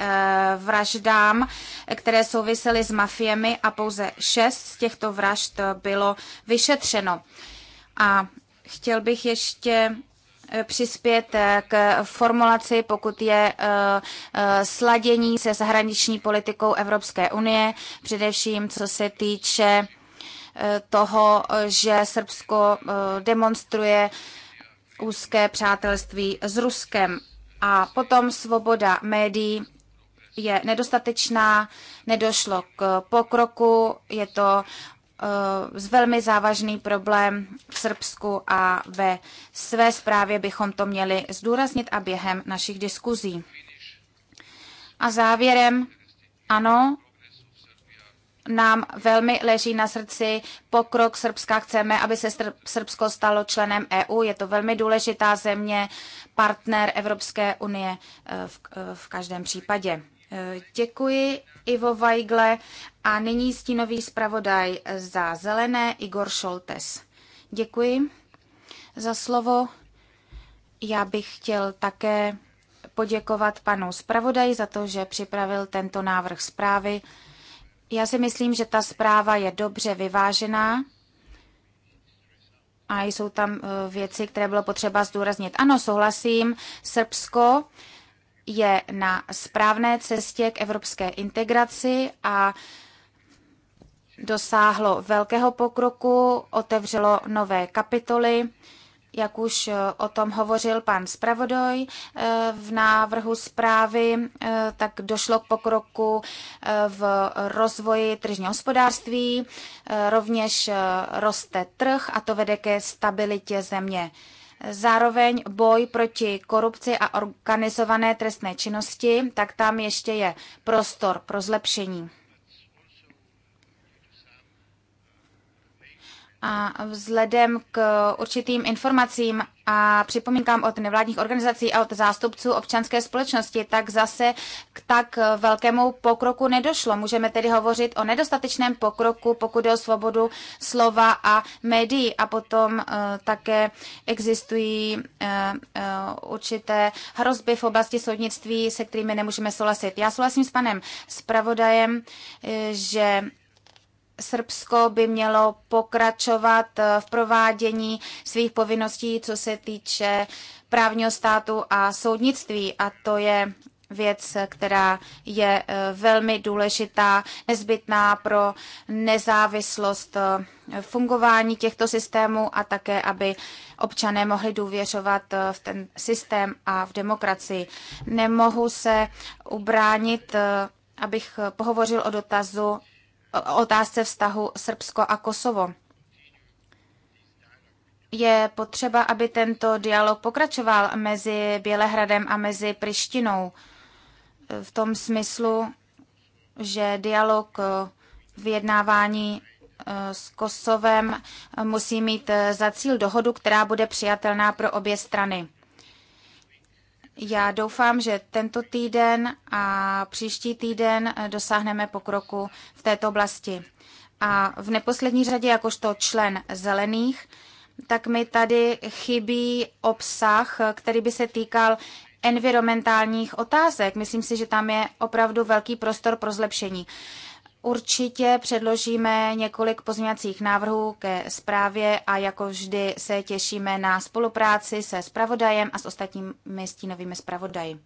vraždám, které souvisely s mafiemi a pouze 6 z těchto vražd bylo vyšetřeno. A chtěl bych ještě přispět eh, k formulaci, pokud je eh, eh, sladění se zahraniční politikou Evropské unie, především co se týče toho, že Srbsko demonstruje úzké přátelství s Ruskem. A potom svoboda médií je nedostatečná, nedošlo k pokroku, je to Eh, z velmi závažný problém v Srbsku a ve své zprávě bychom to měli zdůraznit a během našich diskuzí. A závěrem, ano, nám velmi leží na srdci pokrok Srbska. Chceme, aby se Srbsko stalo členem EU. Je to velmi důležitá země, partner Evropské unie eh, v, eh, v každém případě. Děkuji Ivo Weigle a nyní stínový zpravodaj za zelené Igor Šoltes. Děkuji za slovo. Já bych chtěl také poděkovat panu zpravodaji za to, že připravil tento návrh zprávy. Já si myslím, že ta zpráva je dobře vyvážená a jsou tam eh, věci, které bylo potřeba zdůraznit. Ano, souhlasím, Srbsko je na správné cestě k evropské integraci a dosáhlo velkého pokroku, otevřelo nové kapitoly, jak už eh, o tom hovořil pan zpravodaj eh, v návrhu zprávy, eh, tak došlo k pokroku v rozvoji tržního hospodářství, rovněž roste trh a to vede ke stabilitě země. Zároveň boj proti korupci a organizované trestné činnosti, tak tam ještě je prostor pro zlepšení. A vzhledem k určitým informacím a připomínkám od nevládních organizací a od zástupců občanské společnosti, tak zase k tak velkému pokroku nedošlo. Můžeme tedy hovořit o nedostatečném pokroku, pokud jde o svobodu slova a médií. A potom uh, také existují uh, uh, určité hrozby v oblasti soudnictví, se kterými nemůžeme souhlasit. Já souhlasím s panem zpravodajem, že Srbsko by mělo pokračovat eh, v provádění svých povinností, co se týče právního státu a soudnictví. A to je věc, která je eh, velmi důležitá, nezbytná pro nezávislost eh, fungování těchto systémů a také, aby občané mohli důvěřovat v ten systém a v demokracii. Nemohu se ubránit abych pohovořil o dotazu otázce vztahu Srbsko a Kosovo. Je potřeba, aby tento dialog pokračoval mezi Bělehradem a mezi Prištinou v tom smyslu, že dialog eh, vyjednávání eh, s Kosovem eh, musí mít za cíl dohodu, která bude přijatelná pro obě strany. Já doufám, že tento týden a příští týden eh, dosáhneme pokroku v této oblasti. A v neposlední řadě, jakožto člen zelených, tak mi tady chybí obsah, eh, který by se týkal environmentálních otázek. Myslím si, že tam je opravdu velký prostor pro zlepšení. Určitě předložíme několik pozměňovacích návrhů ke zprávě a jako vždy se těšíme na spolupráci se spravodajem a s ostatními stínovými spravodaji.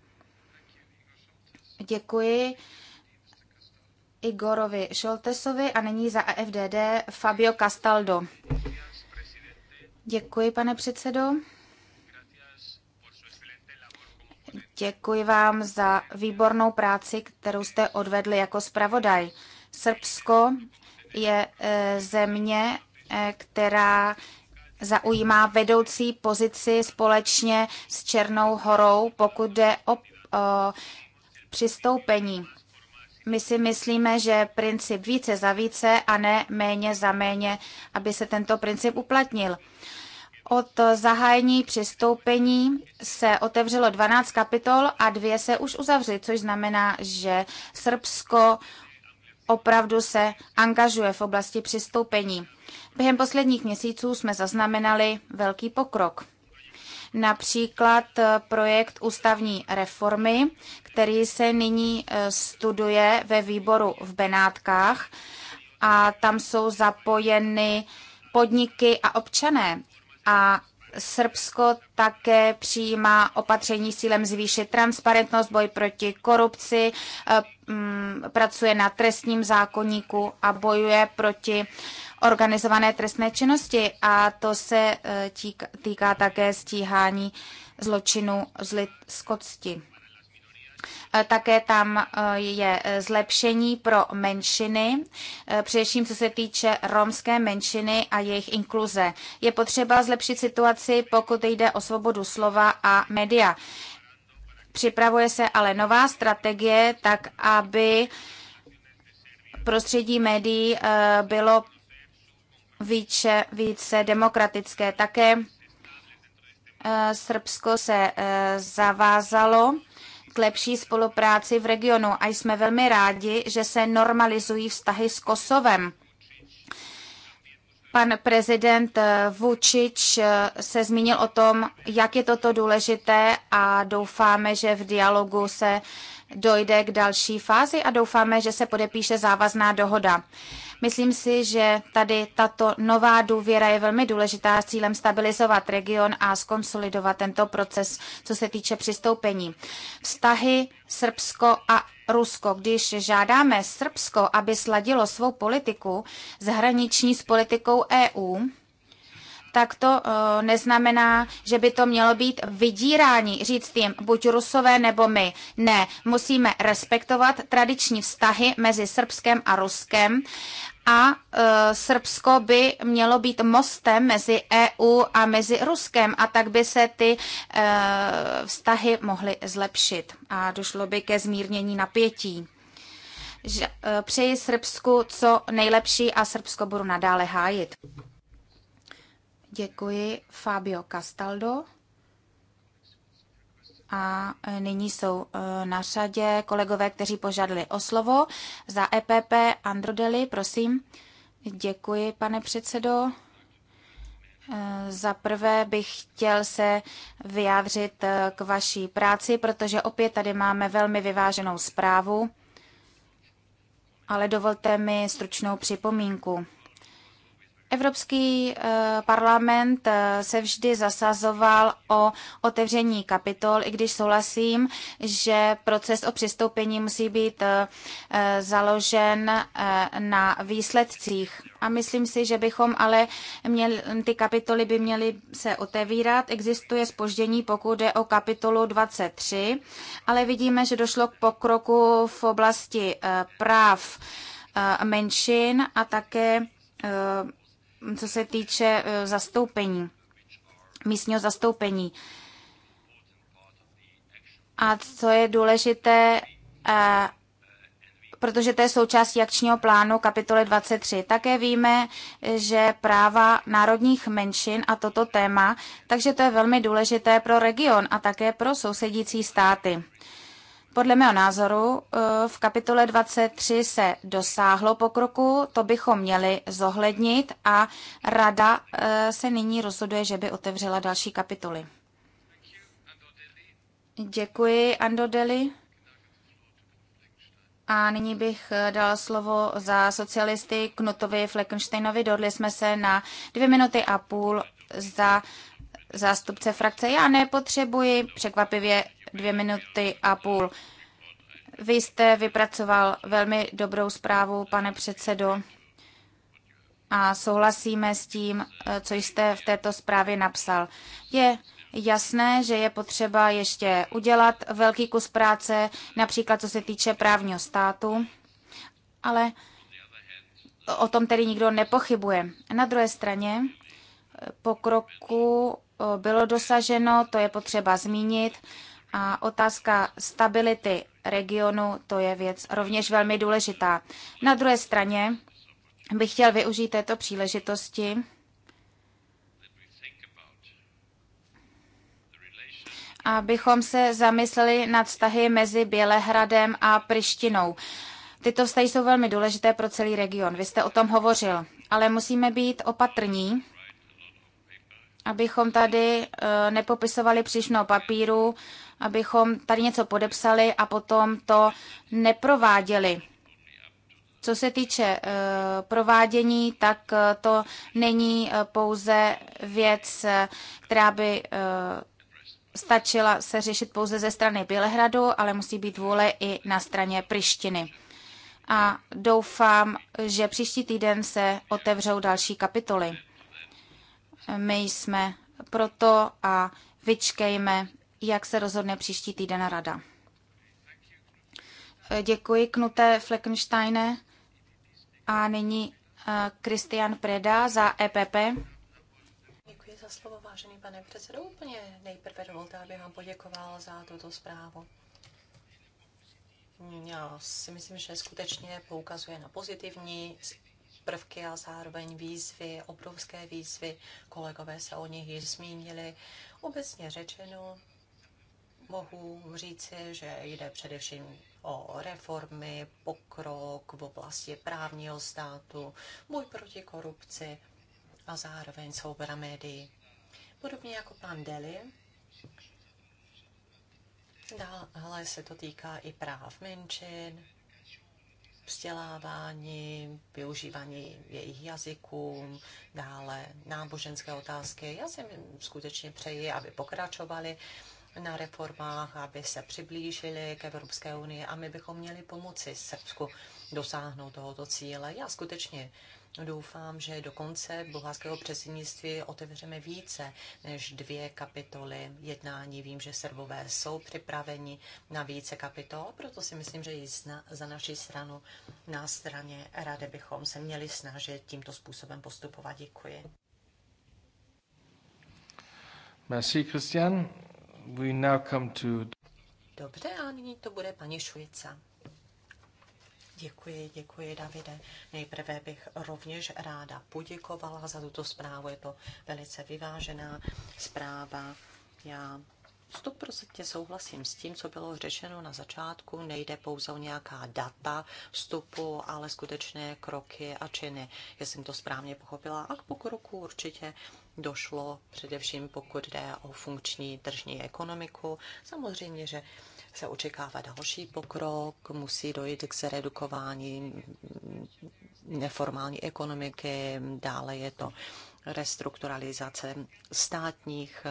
Děkuji Igorovi Šoltesovi a nyní za AFDD e Fabio Castaldo. Děkuji, pane předsedo. Děkuji vám za výbornou práci, kterou jste odvedli jako zpravodaj. Srbsko je e, země, e, která zaujímá vedoucí pozici společně s Černou horou, pokud jde o, o přistoupení. My si myslíme, že princip více za více a ne méně za méně, aby se tento princip uplatnil. Od zahájení přistoupení se otevřelo 12 kapitol a dvě se už uzavřely, což znamená, že Srbsko opravdu se angažuje v oblasti přistoupení. Během posledních měsíců jsme zaznamenali velký pokrok. Například eh, projekt ústavní reformy, který se nyní eh, studuje ve výboru v Benátkách a tam jsou zapojeny podniky a občané. A Srbsko také přijímá opatření s cílem zvýšit transparentnost, boj proti korupci, eh, mm, pracuje na trestním zákonníku a bojuje proti organizované trestné činnosti. A to se eh, týká, také stíhání zločinu z lidskosti. Eh, také tam eh, je eh, zlepšení pro menšiny, především co se týče romské menšiny a jejich inkluze. Je potřeba zlepšit situaci, pokud jde o svobodu slova a média. Připravuje se ale nová strategie, tak aby prostředí médií bylo více, více demokratické. Také Srbsko se zavázalo k lepší spolupráci v regionu a jsme velmi rádi, že se normalizují vztahy s Kosovem. Pan prezident Vučič se zmínil o tom, jak je toto důležité a doufáme, že v dialogu se uh, dojde k další fázi a doufáme, že se podepíše závazná dohoda. Myslím si, že tady tato nová důvěra je velmi důležitá s cílem stabilizovat region a skonsolidovat tento proces, co se týče přistoupení. Vztahy Srbsko a Rusko. Když žádáme Srbsko, aby sladilo svou politiku zahraniční s politikou EU, tak to eh, neznamená, že by to mělo být vydírání, říct jim buď rusové nebo my. Ne, musíme respektovat tradiční vztahy mezi Srbskem a Ruskem a e, Srbsko by mělo být mostem mezi EU a mezi Ruskem a tak by se ty e, vztahy mohly zlepšit a došlo by ke zmírnění napětí. Že, e, přeji Srbsku co nejlepší a Srbsko budu nadále hájit. Děkuji Fabio Castaldo. A e, nyní jsou e, na řadě kolegové, kteří požádali o slovo. Za EPP Androdeli, prosím. Děkuji, pane předsedo. E, za prvé bych chtěl se vyjádřit k vaší práci, protože opět tady máme velmi vyváženou zprávu, ale dovolte mi stručnou připomínku. Evropský eh, parlament eh, se vždy zasazoval o otevření kapitol, i když souhlasím, že proces o přistoupení musí být eh, založen na výsledcích. A myslím si, že bychom ale měli, ty kapitoly by měly se otevírat. Existuje spoždění, pokud jde o kapitolu 23, ale vidíme, že došlo k pokroku v oblasti práv menšin a také co se týče e, zastoupení, místního zastoupení. A co je důležité, e, protože to je součástí akčního plánu kapitoly 23. Také víme, že práva národních menšin a toto téma, takže to je velmi důležité pro region a také pro sousedící státy. Podle mého názoru eh, v kapitole 23 se dosáhlo pokroku, to bychom měli zohlednit a rada eh, se nyní rozhoduje, že by otevřela další kapitoly. Děkuji, Andodeli. A nyní bych eh, dala slovo za socialisty Knutovi Fleckensteinovi. Dohodli jsme se na dvě minuty a půl za zástupce frakce. Já nepotřebuji překvapivě dvě minuty a půl. Vy jste vypracoval velmi dobrou zprávu, pane předsedo, a souhlasíme s tím, eh, co jste v této zprávě napsal. Je jasné, že je potřeba ještě udělat velký kus práce, například co se týče právního státu, ale o tom tedy nikdo nepochybuje. Na druhé straně eh, pokroku eh, bylo dosaženo, to je potřeba zmínit. A otázka stability regionu, to je věc rovněž velmi důležitá. Na druhé straně bych chtěl využít této příležitosti abychom se zamysleli nad vztahy mezi Bělehradem a Prištinou. Tyto vztahy jsou velmi důležité pro celý region. Vy jste o tom hovořil, ale musíme být opatrní abychom tady eh, nepopisovali příšnou papíru, abychom tady něco podepsali a potom to neprováděli. Co se týče eh, provádění, tak eh, to není pouze věc, která by stačila se řešit pouze ze strany Bělehradu, ale musí být vůle i na straně Prištiny. A doufám, že příští týden se otevřou další kapitoly. My jsme proto a vyčkejme, jak se rozhodne příští týden rada. Děkuji, Knuté Fleckensteine. A nyní eh, Christian Preda za EPP. Děkuji za slovo, vážený pane předsedo. Úplně nejprve dovolte, abych vám poděkoval za tuto zprávu. Já si myslím, že skutečně poukazuje na pozitivní prvky a zároveň výzvy, obrovské výzvy. Kolegové se o nich již zmínili. Obecně řečeno, mohu říci, že jde především o reformy, pokrok v oblasti právního státu, boj proti korupci a zároveň svoboda médií. Podobně jako pan Deli, dále se to týká i práv menšin, vzdělávání, využívání jejich jazyků, dále náboženské otázky. Já si skutečně přeji, aby pokračovali na reformách, aby se přiblížili k Evropské unii a my bychom měli pomoci Srbsku dosáhnout tohoto cíle. Já skutečně Doufám, že do konce bulharského předsednictví otevřeme více než dvě kapitoly jednání. Vím, že Srbové jsou připraveni na více kapitol, proto si myslím, že i za naši stranu, na straně Rady bychom se měli snažit tímto způsobem postupovat. Děkuji. Merci, Christian. We now come to... Dobře, a nyní to bude paní Šujica. Děkuji, děkuji, Davide. Nejprve bych rovněž ráda poděkovala za tuto zprávu. Je to velice vyvážená zpráva. Já stoprocentně souhlasím s tím, co bylo řešeno na začátku. Nejde pouze o nějaká data vstupu, ale skutečné kroky a činy, jestli jsem to správně pochopila. A k pokroku určitě došlo, především pokud jde o funkční tržní ekonomiku. Samozřejmě, že se očekává další pokrok, musí dojít k zredukování neformální ekonomiky, dále je to restrukturalizace státních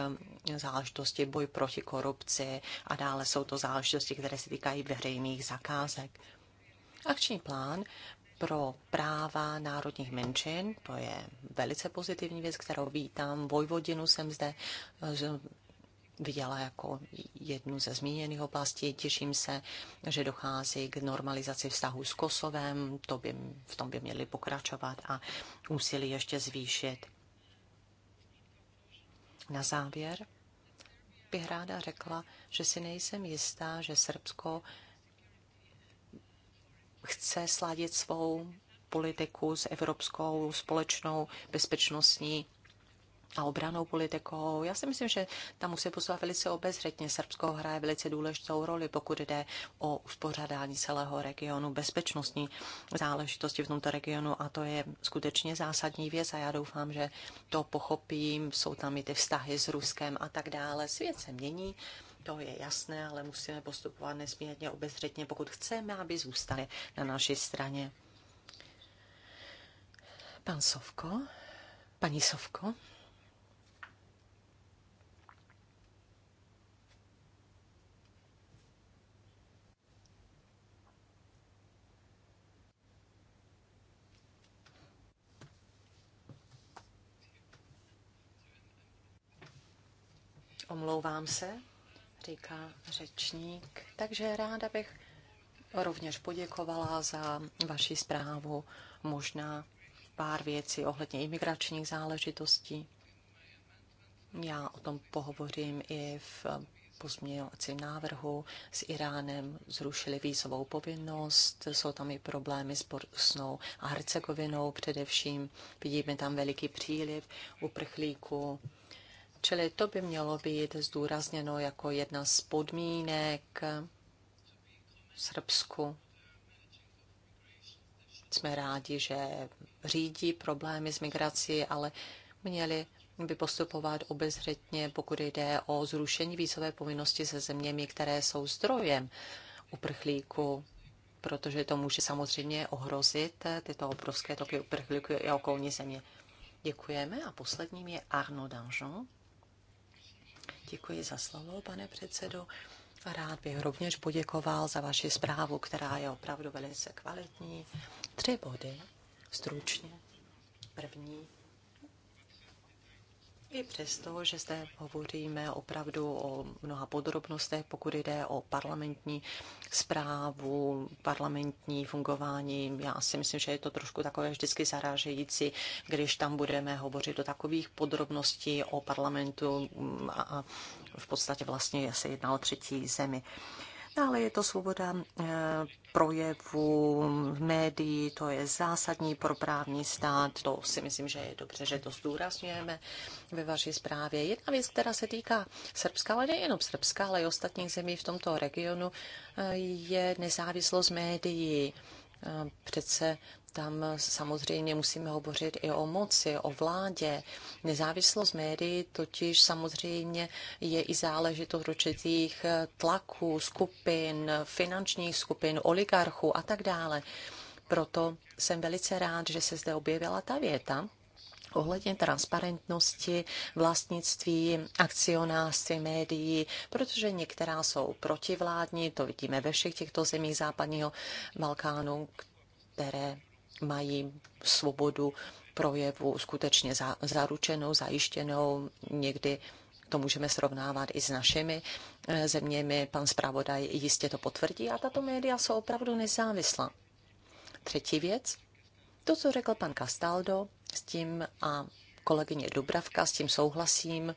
eh, záležitostí, boj proti korupci a dále jsou to záležitosti, které se týkají veřejných zakázek. Akční plán pro práva národních menšin. To je velice pozitivní věc, kterou vítám. Vojvodinu jsem zde viděla jako jednu ze zmíněných oblastí. Těším se, že dochází k normalizaci vztahu s Kosovem. To by, v tom by měli pokračovat a úsilí ještě zvýšit. Na závěr bych ráda řekla, že si nejsem jistá, že Srbsko chce sladit svou politiku s evropskou společnou bezpečnostní a obranou politikou. Já si myslím, že tam musí postupovat velice obezřetně. Srbsko hraje velice důležitou roli, pokud jde o uspořádání celého regionu, bezpečnostní záležitosti v tomto regionu a to je skutečně zásadní věc a já doufám, že to pochopím. Jsou tam i ty vztahy s Ruskem a tak dále. Svět se mění, to je jasné, ale musíme postupovat nesmírně obezřetně, pokud chceme, aby zůstali na naší straně. Pan Sovko, paní Sovko. Omlouvám se říká řečník. Takže ráda bych rovněž poděkovala za vaši zprávu, možná pár věcí ohledně imigračních záležitostí. Já o tom pohovořím i v pozměňovacím návrhu. S Iránem zrušili výzovou povinnost, jsou tam i problémy s Bosnou a Hercegovinou především. Vidíme tam veliký příliv uprchlíků Čili to by mělo být zdůrazněno jako jedna z podmínek Srbsku. Jsme rádi, že řídí problémy s migrací, ale měli by postupovat obezřetně, pokud jde o zrušení výzové povinnosti se zeměmi, které jsou zdrojem uprchlíků, protože to může samozřejmě ohrozit tyto obrovské toky uprchlíků i okolní země. Děkujeme a posledním je Arnaud Danjon. Děkuji za slovo, pane předsedo. Rád bych rovněž poděkoval za vaši zprávu, která je opravdu velice kvalitní. Tři body, stručně. První i přesto, že zde hovoříme opravdu o mnoha podrobnostech, pokud jde o parlamentní zprávu, parlamentní fungování, já si myslím, že je to trošku takové vždycky zarážející, když tam budeme hovořit o takových podrobností o parlamentu mm, a v podstatě vlastně se jedná o třetí zemi. Dále je to svoboda eh, projevu v médií, to je zásadní pro právní stát. To si myslím, že je dobře, že to zdůrazňujeme ve vaší zprávě. Jedna věc, která se týká Srbska, ale nejenom Srbska, ale i ostatních zemí v tomto regionu, eh, je nezávislost médií přece tam samozřejmě musíme hovořit i o moci, o vládě. Nezávislost médií totiž samozřejmě je i záležitost určitých tlaků, skupin, finančních skupin, oligarchů a tak dále. Proto jsem velice rád, že se zde objevila ta věta, ohledně transparentnosti vlastnictví, akcionářství médií, protože některá jsou protivládní, to vidíme ve všech těchto zemích západního Balkánu, které mají svobodu projevu skutečně za, zaručenou, zajištěnou, někdy to můžeme srovnávat i s našimi eh, zeměmi. Pan zpravodaj jistě to potvrdí a tato média jsou opravdu nezávislá. Třetí věc, to, co řekl pan Castaldo, s tím a kolegyně Dubravka, s tím souhlasím,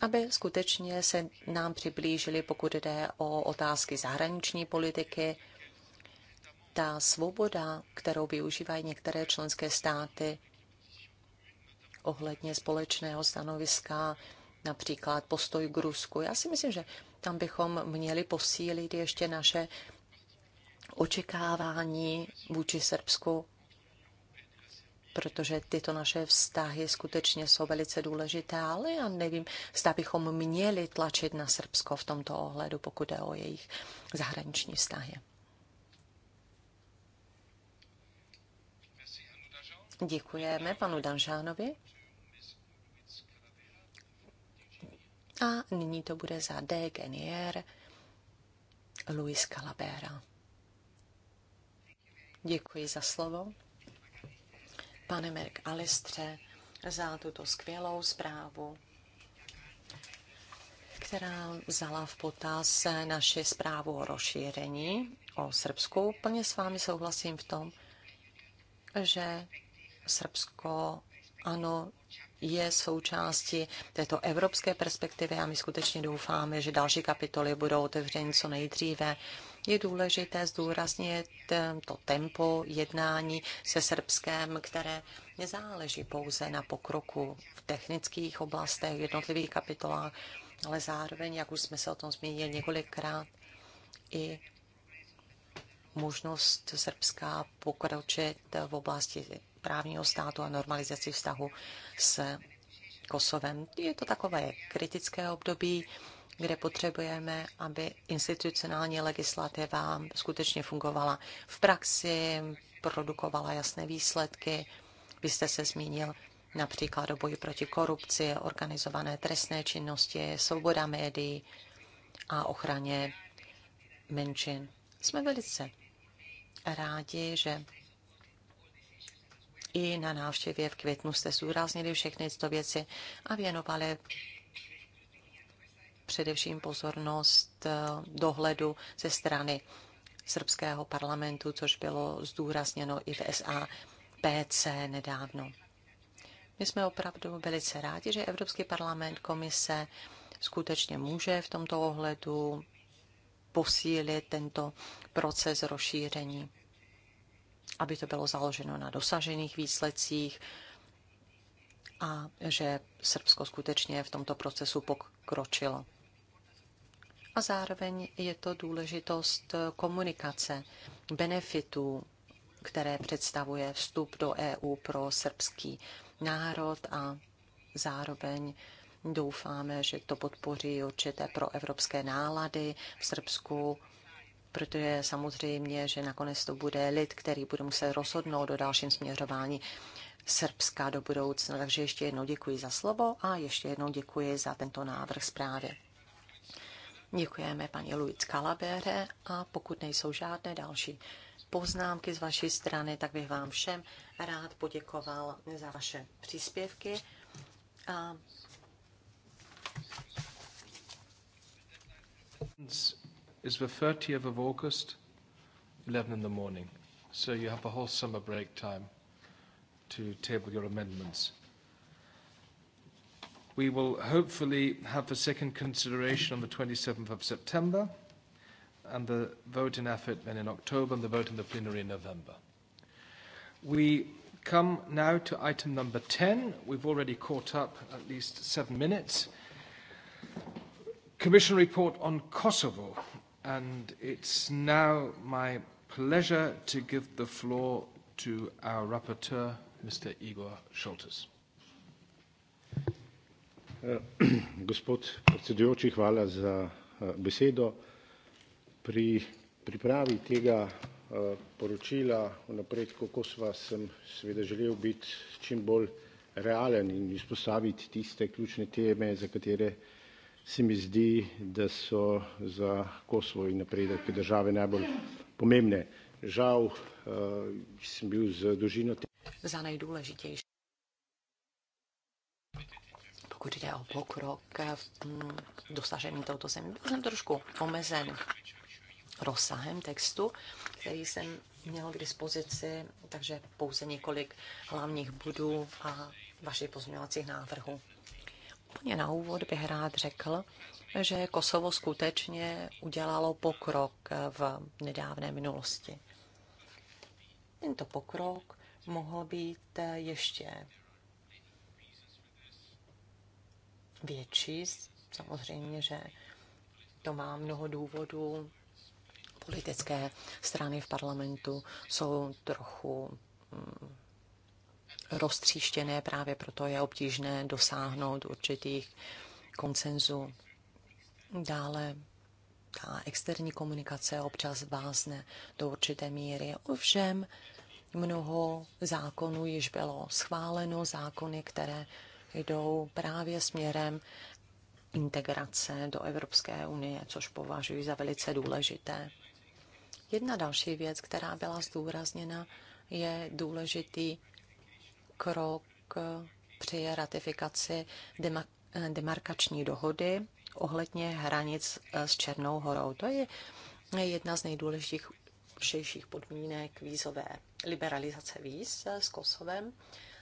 aby skutečně se nám přiblížili, pokud jde o otázky zahraniční politiky, ta svoboda, kterou využívají některé členské státy ohledně společného stanoviska, například postoj k Rusku. Já si myslím, že tam bychom měli posílit ještě naše očekávání vůči Srbsku protože tyto naše vztahy skutečně jsou velice důležité, ale já nevím, zda bychom měli tlačit na Srbsko v tomto ohledu, pokud jde o jejich zahraniční vztahy. Děkujeme panu Danžánovi. A nyní to bude za D. Genier Luis Calabera. Děkuji za slovo pane Merk Alistře, za tuto skvělou zprávu, která vzala v potaz naši zprávu o rozšíření o Srbsku. Plně s vámi souhlasím v tom, že Srbsko, ano, je součástí této evropské perspektivy a my skutečně doufáme, že další kapitoly budou otevřeny co nejdříve je důležité zdůraznit eh, to tempo jednání se Srbskem, které nezáleží pouze na pokroku v technických oblastech, v jednotlivých kapitolách, ale zároveň, jak už jsme se o tom zmínili několikrát, i možnost Srbska pokročit v oblasti právního státu a normalizaci vztahu s Kosovem. Je to takové kritické období kde potřebujeme, aby institucionální legislativa skutečně fungovala v praxi, produkovala jasné výsledky. Vy jste se zmínil například o boji proti korupci, organizované trestné činnosti, svoboda médií a ochraně menšin. Jsme velice rádi, že i na návštěvě v květnu jste zúraznili všechny tyto věci a věnovali především pozornost eh, dohledu ze strany srbského parlamentu, což bylo zdůrazněno i v SAPC nedávno. My jsme opravdu velice rádi, že Evropský parlament, komise skutečně může v tomto ohledu posílit tento proces rozšíření, aby to bylo založeno na dosažených výsledcích a že Srbsko skutečně v tomto procesu pokročilo a zároveň je to důležitost komunikace, benefitů, které představuje vstup do EU pro srbský národ a zároveň doufáme, že to podpoří určité proevropské nálady v Srbsku, protože samozřejmě, že nakonec to bude lid, který bude muset rozhodnout o dalším směřování Srbska do budoucna. Takže ještě jednou děkuji za slovo a ještě jednou děkuji za tento návrh zprávy. Děkujeme paní Luiz Kalabere a pokud nejsou žádné další poznámky z vaší strany, tak bych vám všem rád poděkoval za vaše příspěvky. A is the 30th of August, 11 in the morning. So you have a whole summer break time to table your amendments. We will hopefully have the second consideration on the 27th of September and the vote in AFIT then in October and the vote in the plenary in November. We come now to item number 10. We've already caught up at least seven minutes. Commission report on Kosovo. And it's now my pleasure to give the floor to our rapporteur, Mr. Igor Scholtes. Eh, [clears throat] gospod predsedujoči, hvala za eh, besedo. Pri pripravi tega eh, poročila o napredku Kosova sem seveda želel biti čim bolj realen in izpostaviti tiste ključne teme, za katere se mi zdi, da so za Kosovo in napredek države najbolj pomembne. Žal sem bil z dolžino dožinou. Za nejdůležitější pokud jde o pokrok mm, dosažení tohoto zemí. Byl jsem trošku omezen rozsahem textu, který jsem měl k dispozici, takže pouze několik hlavních budů a vašich pozměňovacích návrhů. Úplně na úvod bych rád řekl, že Kosovo skutečně udělalo pokrok v nedávné minulosti. Tento pokrok mohl být ještě větší. Samozřejmě, že to má mnoho důvodů. Politické strany v parlamentu jsou trochu mm, roztříštěné, právě proto je obtížné dosáhnout určitých koncenzů. Dále ta externí komunikace občas vázne do určité míry. Ovšem mnoho zákonů již bylo schváleno, zákony, které jdou právě směrem integrace do Evropské unie, což považuji za velice důležité. Jedna další věc, která byla zdůrazněna, je důležitý krok při ratifikaci demarkační dohody ohledně hranic s Černou horou. To je jedna z nejdůležitějších podmínek vízové liberalizace víz s Kosovem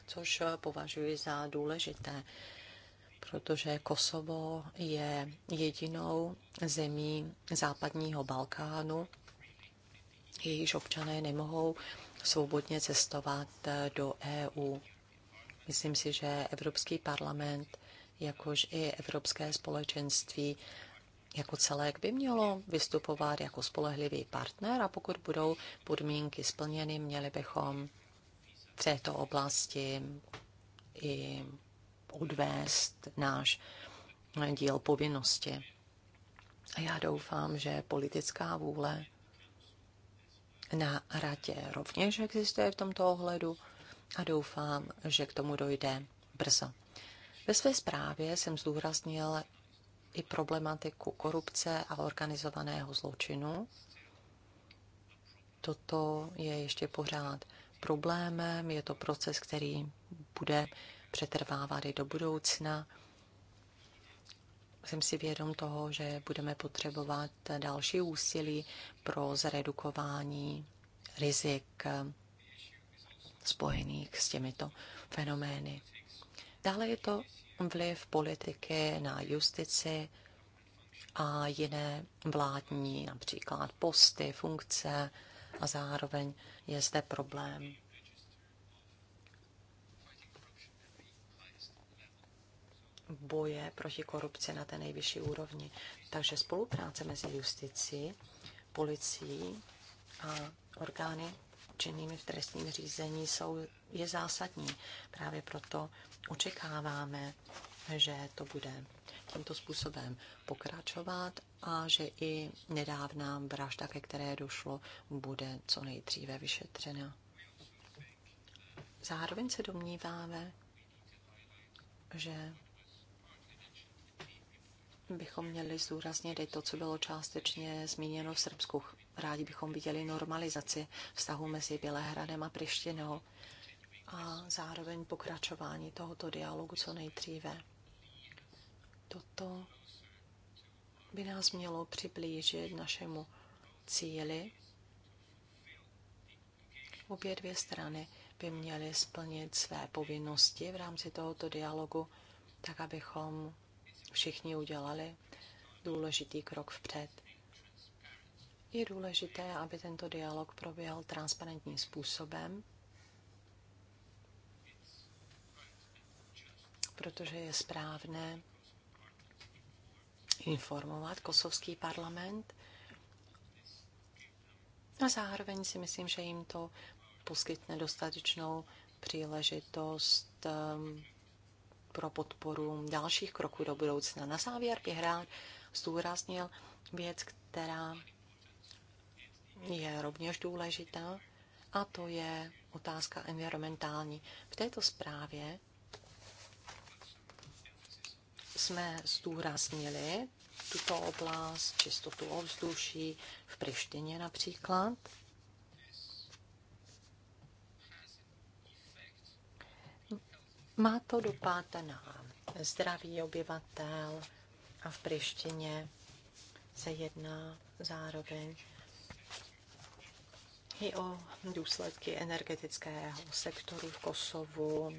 což eh, považuji za důležité, protože Kosovo je jedinou zemí západního Balkánu, jejíž občané nemohou svobodně cestovat eh, do EU. Myslím si, že Evropský parlament, jakož i Evropské společenství jako celek by mělo vystupovat jako spolehlivý partner a pokud budou podmínky splněny, měli bychom této oblasti i odvést náš díl povinnosti. A já doufám, že politická vůle na radě rovněž existuje v tomto ohledu a doufám, že k tomu dojde brzo. Ve své zprávě jsem zdůraznil i problematiku korupce a organizovaného zločinu. Toto je ještě pořád problémem, je to proces, který bude přetrvávat i do budoucna. Jsem si vědom toho, že budeme potřebovat další úsilí pro zredukování rizik spojených s těmito fenomény. Dále je to vliv politiky na justici a jiné vládní, například posty, funkce a zároveň je zde problém. boje proti korupci na té nejvyšší úrovni. Takže spolupráce mezi justicí, policií a orgány činnými v trestním řízení jsou, je zásadní. Právě proto očekáváme že to bude tímto způsobem pokračovat a že i nedávná vražda, ke které došlo, bude co nejdříve vyšetřena. Zároveň se domníváme, že bychom měli zdůraznit i to, co bylo částečně zmíněno v Srbsku. Rádi bychom viděli normalizaci vztahu mezi Bělehradem a Prištinou a zároveň pokračování tohoto dialogu co nejdříve. Toto by nás mělo přiblížit našemu cíli. Obě dvě strany by měly splnit své povinnosti v rámci tohoto dialogu, tak abychom všichni udělali důležitý krok vpřed. Je důležité, aby tento dialog proběhl transparentním způsobem, protože je správné, informovat kosovský parlament. A zároveň si myslím, že jim to poskytne dostatečnou příležitost ehm, pro podporu dalších kroků do budoucna. Na závěr bych rád zdůraznil věc, která je rovněž důležitá, a to je otázka environmentální. V této zprávě jsme zdůraznili tuto oblast, čistotu ovzduší v Prištině například. Má to dopad na zdraví obyvatel a v Prištině se jedná zároveň i o důsledky energetického sektoru v Kosovu.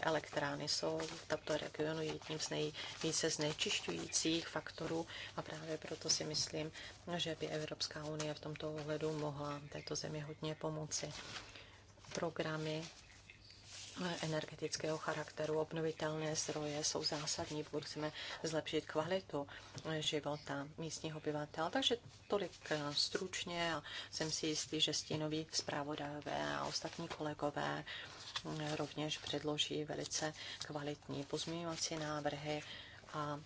Elektrárny jsou v tomto regionu jedním z nejvíce znečišťujících faktorů a právě proto si myslím, že by Evropská unie v tomto ohledu mohla této zemi hodně pomoci. Programy energetického charakteru, obnovitelné zdroje jsou zásadní, pokud chceme zlepšit kvalitu života místních obyvatel. Takže tolik eh, stručně a jsem si jistý, že stínoví zprávodajové a ostatní kolegové mm, rovněž předloží velice kvalitní pozměňovací návrhy a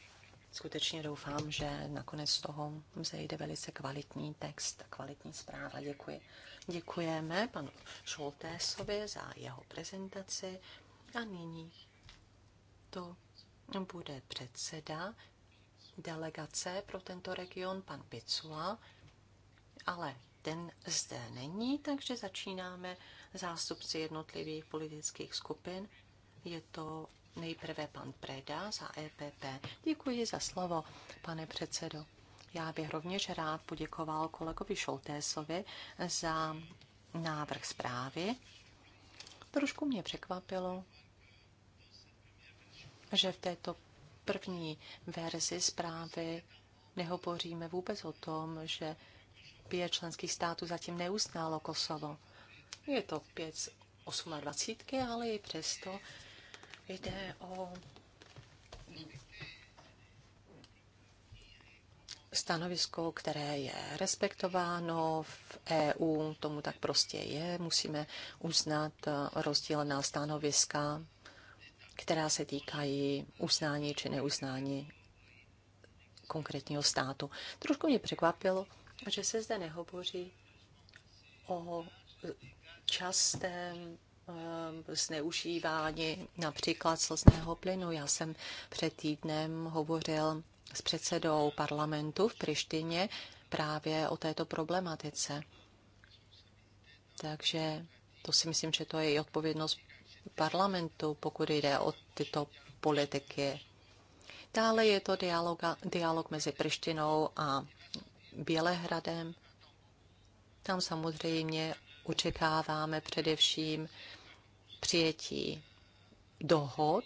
skutečně doufám, že nakonec z toho vzejde velice kvalitní text a kvalitní zpráva. Děkuji. Děkujeme panu Šoltésovi za jeho prezentaci a nyní to bude předseda delegace pro tento region, pan Picula, ale ten zde není, takže začínáme zástupci jednotlivých politických skupin. Je to nejprve pan Preda za EPP. Děkuji za slovo, pane předsedo. Já bych rovněž rád poděkoval kolegovi Šoltésovi za návrh zprávy. Trošku mě překvapilo, že v této první verzi zprávy nehovoříme vůbec o tom, že pět členských států zatím neuznalo Kosovo. Je to pět z 28, ale i přesto jde o stanovisko, které je respektováno v EU, tomu tak prostě je. Musíme uznat eh, rozdílená stanoviska, která se týkají uznání či neuznání konkrétního státu. Trošku mě překvapilo, že se zde nehovoří o častém eh, zneužívání například slzného plynu. Já jsem před týdnem hovořil s předsedou parlamentu v Prištině právě o této problematice. Takže to si myslím, že to je i odpovědnost parlamentu, pokud jde o tyto politiky. Dále je to dialog, dialog mezi Prištinou a Bělehradem. Tam samozřejmě očekáváme především přijetí dohod,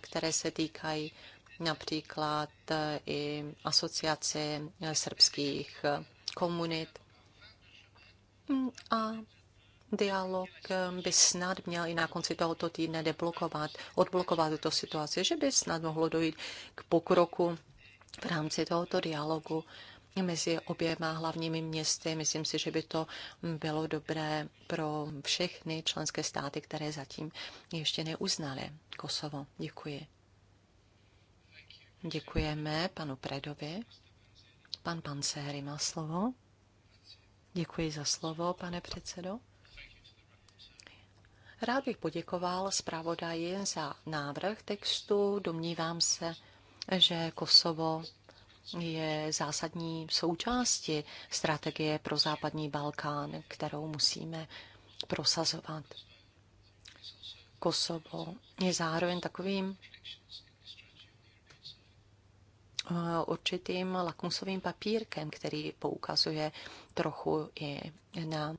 které se týkají například e, i asociaci e, srbských e, komunit. Mm, a dialog by snad měl i na konci tohoto týdne deblokovat, odblokovat tuto situaci, že by snad mohlo dojít k pokroku v rámci tohoto dialogu mezi oběma hlavními městy. Myslím si, že by to bylo dobré pro všechny členské státy, které zatím ještě neuznaly Kosovo. Děkuji. Děkujeme panu Predovi. Pan Pancéry má slovo. Děkuji za slovo, pane předsedo. Rád bych poděkoval zpravodaji za návrh textu. Domnívám se, že Kosovo je zásadní součástí strategie pro západní Balkán, kterou musíme prosazovat. Kosovo je zároveň takovým Eh, určitým lakmusovým papírkem, který poukazuje trochu i na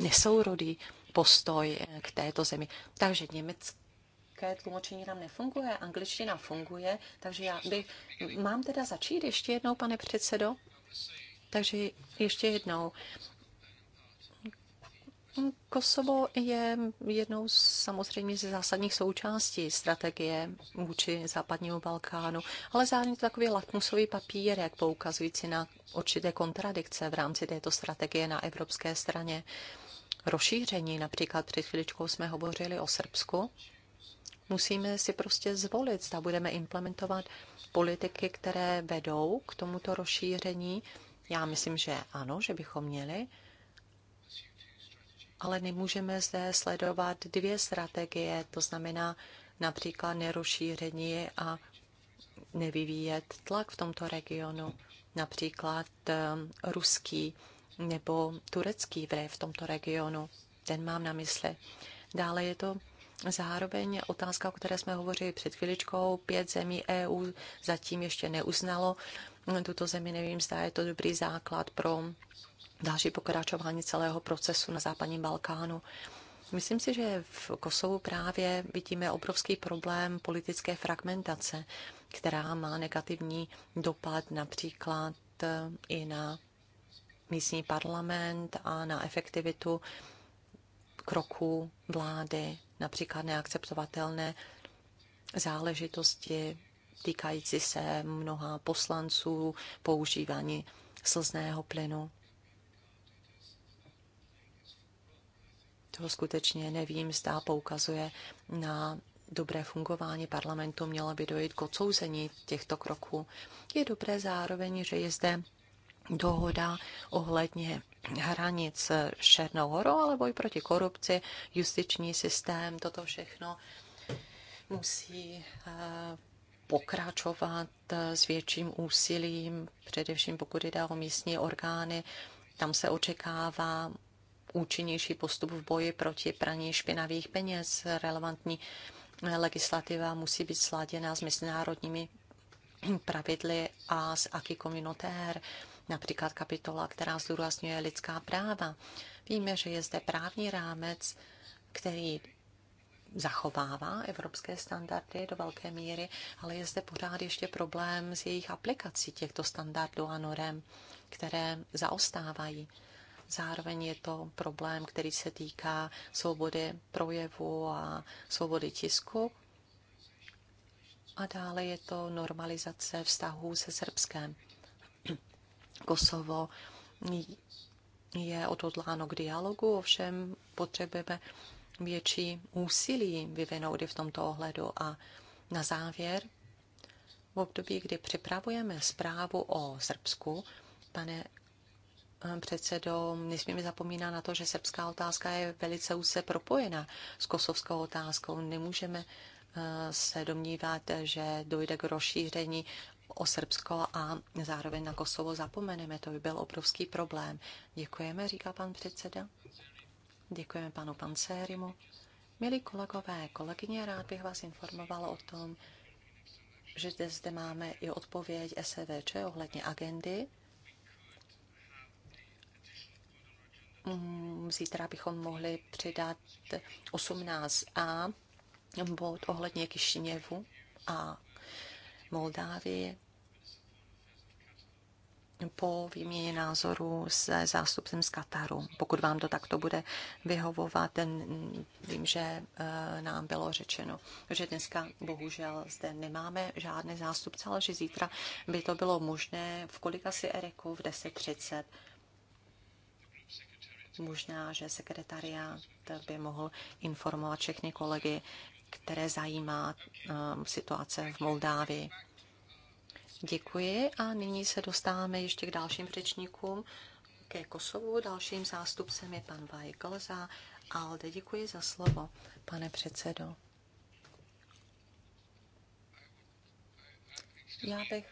nesourodý postoj k této zemi. Takže německé tlumočení nám nefunguje, angličtina funguje, takže já bych... Mám teda začít ještě jednou, pane předsedo? Takže ještě jednou. Kosovo je jednou z, samozřejmě ze zásadních součástí strategie vůči západnímu Balkánu, ale zároveň to takový latmusový jak poukazující na určité kontradikce v rámci této strategie na evropské straně. Rozšíření, například před chvíličkou jsme hovořili o Srbsku, musíme si prostě zvolit, zda budeme implementovat politiky, které vedou k tomuto rozšíření. Já myslím, že ano, že bychom měli ale nemůžeme zde sledovat dvě strategie, to znamená například nerozšíření a nevyvíjet tlak v tomto regionu, například ehm, ruský nebo turecký vliv v tomto regionu. Ten mám na mysli. Dále je to zároveň otázka, o které jsme hovořili před chvíličkou. Pět zemí EU zatím ještě neuznalo tuto zemi. Nevím, zda je to dobrý základ pro další pokračování celého procesu na západním Balkánu. Myslím si, že v Kosovu právě vidíme obrovský problém politické fragmentace, která má negativní dopad například eh, i na místní parlament a na efektivitu kroků vlády, například neakceptovatelné záležitosti týkající se mnoha poslanců, používání slzného plynu toho skutečně nevím, zdá poukazuje na dobré fungování parlamentu, mělo by dojít k odsouzení těchto kroků. Je dobré zároveň, že je zde dohoda ohledně hranic s Černou horou, ale boj proti korupci, justiční systém, toto všechno musí eh, pokračovat eh, s větším úsilím, především pokud jde o místní orgány. Tam se očekává účinnější postup v boji proti praní špinavých peněz. Relevantní legislativa musí být sladěna s mezinárodními pravidly a s aky communautaire, například kapitola, která zdůrazňuje lidská práva. Víme, že je zde právní rámec, který zachovává evropské standardy do velké míry, ale je zde pořád ještě problém s jejich aplikací těchto standardů a norem, které zaostávají. Zároveň je to problém, který se týká svobody projevu a svobody tisku. A dále je to normalizace vztahů se Srbskem. Kosovo je odhodláno k dialogu, ovšem potřebujeme větší úsilí vyvinout i v tomto ohledu. A na závěr, v období, kdy připravujeme zprávu o Srbsku, pane předsedo, nesmíme zapomínat na to, že srbská otázka je velice úzce propojena s kosovskou otázkou. Nemůžeme eh, se domnívat, že dojde k rozšíření o Srbsko a zároveň na Kosovo zapomeneme. To by byl obrovský problém. Děkujeme, říká pan předseda. Děkujeme panu Pancérimu. Milí kolegové, kolegyně, rád bych vás informovala o tom, že zde, zde máme i odpověď SVČ ohledně agendy Mm, zítra bychom mohli přidat 18a bod ohledně Kišiněvu a Moldávie po výměně názoru se zástupcem z Kataru. Pokud vám to takto bude vyhovovat, ten, vím, že eh, nám bylo řečeno, že dneska bohužel zde nemáme žádné zástupce, ale že zítra by to bylo možné v kolik asi Ereku v Možná, že sekretariát by mohl informovat všechny kolegy, které zajímá um, situace v Moldávii. Děkuji a nyní se dostáváme ještě k dalším řečníkům ke Kosovu. Dalším zástupcem je pan Vajkl za ALDE. Děkuji za slovo, pane předsedo. Já bych...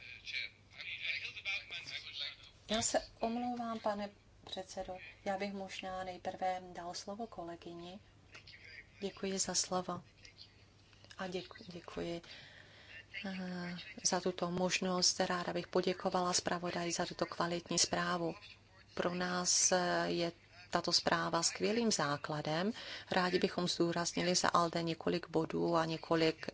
Já se omlouvám, pane předsedo. Já bych možná nejprve dal slovo kolegyni. Děkuji za slovo. A děkuji, děkuji eh, za tuto možnost. Ráda bych poděkovala zpravodaji za tuto kvalitní zprávu. Pro nás eh, je tato zpráva skvělým základem. Rádi bychom zdůraznili za ALDE několik bodů a několik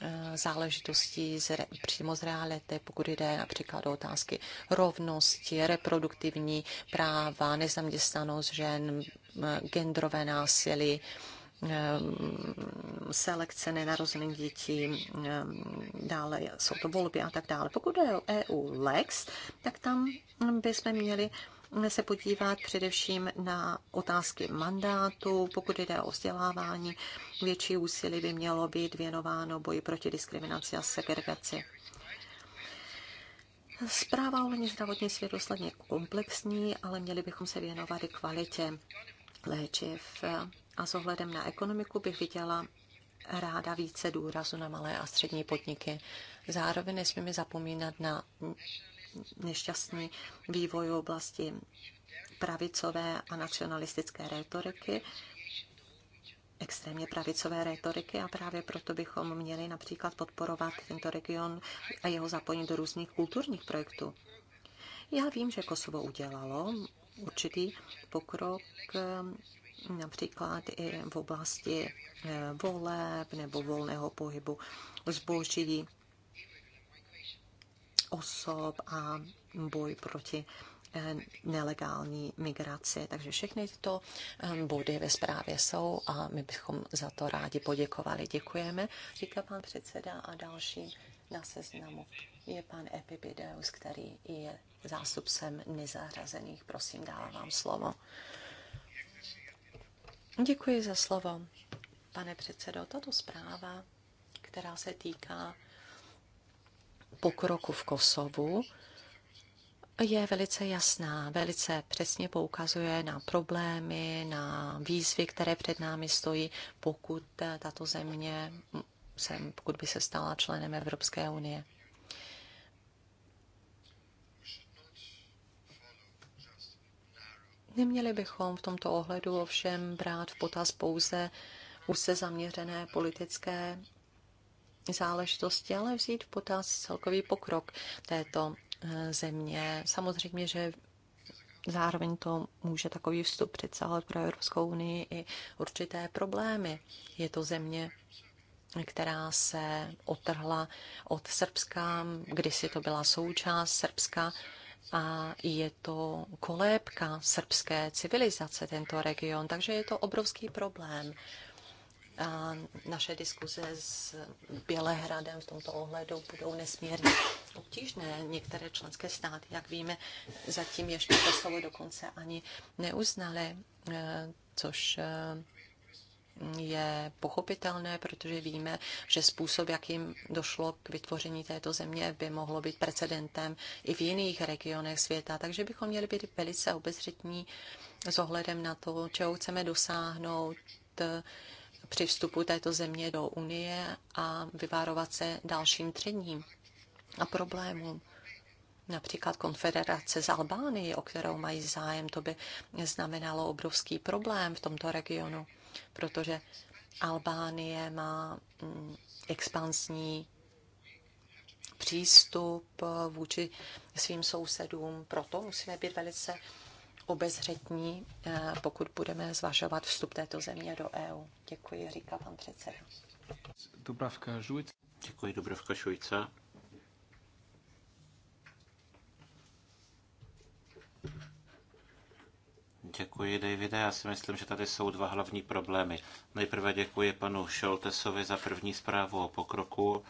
Eh, záležitostí z, přímo z reality, pokud jde například o otázky rovnosti, reproduktivní práva, nezaměstnanost žen, genderové násilí, eh, selekce nenarozených dětí, eh, dále jsou to volby a tak dále. Pokud je o EU Lex, tak tam bychom měli se podívat především na otázky mandátu. Pokud jde o vzdělávání, větší úsilí by mělo být věnováno boji proti diskriminaci a segregaci. Zpráva o zdravotní je důsledně komplexní, ale měli bychom se věnovat i kvalitě léčiv. A s ohledem na ekonomiku bych viděla ráda více důrazu na malé a střední podniky. Zároveň nesmíme zapomínat na nešťastný vývoj v oblasti pravicové a nacionalistické rétoriky, extrémně pravicové rétoriky a právě proto bychom měli například podporovat tento region a jeho zapojení do různých kulturních projektů. Já vím, že Kosovo udělalo určitý pokrok například i v oblasti eh, voleb nebo volného pohybu zboží osob a boj proti eh, nelegální migraci. Takže všechny tyto eh, body ve zprávě jsou a my bychom za to rádi poděkovali. Děkujeme, říká pan předseda a další na seznamu je pan Epipideus, který je zástupcem nezahrazených. Prosím, dávám slovo. Děkuji za slovo, pane předsedo. Tato zpráva, která se týká pokroku v Kosovu je velice jasná, velice přesně poukazuje na problémy, na výzvy, které před námi stojí, pokud tato země, sem, pokud by se stala členem Evropské unie. Neměli bychom v tomto ohledu ovšem brát v potaz pouze už se zaměřené politické záležitosti, ale vzít v potaz celkový pokrok této eh, země. Samozřejmě, že zároveň to může takový vstup představovat pro Evropskou unii i určité problémy. Je to země, která se otrhla od Srbska, kdysi to byla součást Srbska a je to kolébka srbské civilizace, tento region, takže je to obrovský problém naše diskuze s Bělehradem v tomto ohledu budou nesmírně obtížné. Některé členské státy, jak víme, zatím ještě to slovo dokonce ani neuznali, e, což e, je pochopitelné, protože víme, že způsob, jakým došlo k vytvoření této země, by mohlo být precedentem i v jiných regionech světa. Takže bychom měli být velice obezřetní s ohledem na to, čeho chceme dosáhnout, při vstupu této země do Unie a vyvarovat se dalším třením a problémům. Například konfederace z Albánii, o kterou mají zájem, to by znamenalo obrovský problém v tomto regionu, protože Albánie má mm, expansní přístup eh, vůči svým sousedům. Proto musíme být velice obezřetní, eh, pokud budeme zvažovat vstup této země do EU. Děkuji, říká pan předseda. Dubravka Šujca. Děkuji, Dubravka Šujca. Děkuji, Davide. Já si myslím, že tady jsou dva hlavní problémy. Nejprve děkuji panu Šoltesovi za první zprávu o pokroku.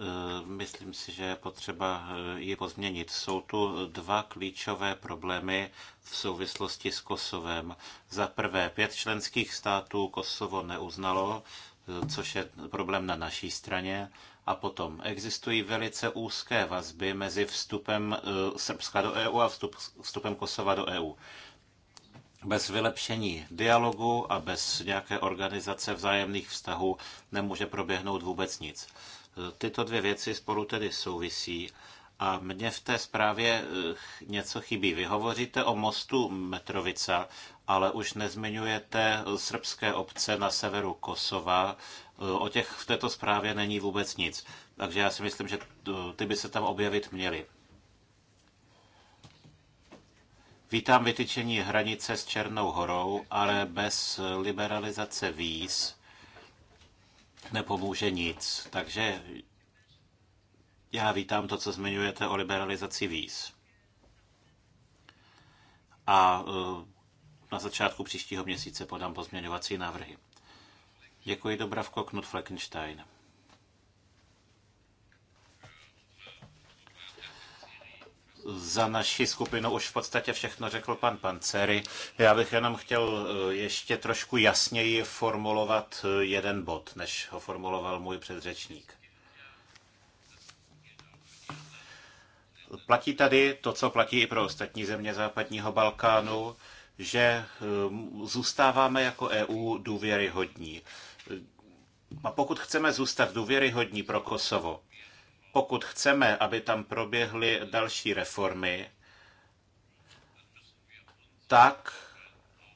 Eh, myslím si, že je potřeba eh, ji pozměnit. Jsou tu dva klíčové problémy v souvislosti s Kosovem. Za prvé, pět členských států Kosovo neuznalo, eh, což je problém na naší straně. A potom existují velice úzké vazby mezi vstupem Srbska do EU a vstup, vstupem Kosova do EU. Bez vylepšení dialogu a bez nějaké organizace vzájemných vztahů nemůže proběhnout vůbec nic. Tyto dvě věci spolu tedy souvisí. A mně v té zprávě eh, něco chybí. Vy hovoříte o mostu Metrovica, ale už nezmiňujete srbské obce na severu Kosova. Eh, o těch v této zprávě není vůbec nic. Takže já si myslím, že eh, ty by se tam objevit měly. Vítám vytyčení hranice s Černou horou, ale bez liberalizace víz nepomůže nic. Takže já vítám to, co zmiňujete o liberalizaci víz. A e, na začátku příštího měsíce podám pozměňovací návrhy. Děkuji, Dobravko Knut Fleckenstein. za naši skupinu už v podstatě všechno řekl pan Pancery. Já bych jenom chtěl eh, ještě trošku jasněji formulovat eh, jeden bod, než ho formuloval můj předřečník. Platí tady to, co platí i pro ostatní země západního Balkánu, že eh, zůstáváme jako EU důvěryhodní. A pokud chceme zůstat důvěryhodní pro Kosovo, pokud chceme, aby tam proběhly další reformy, tak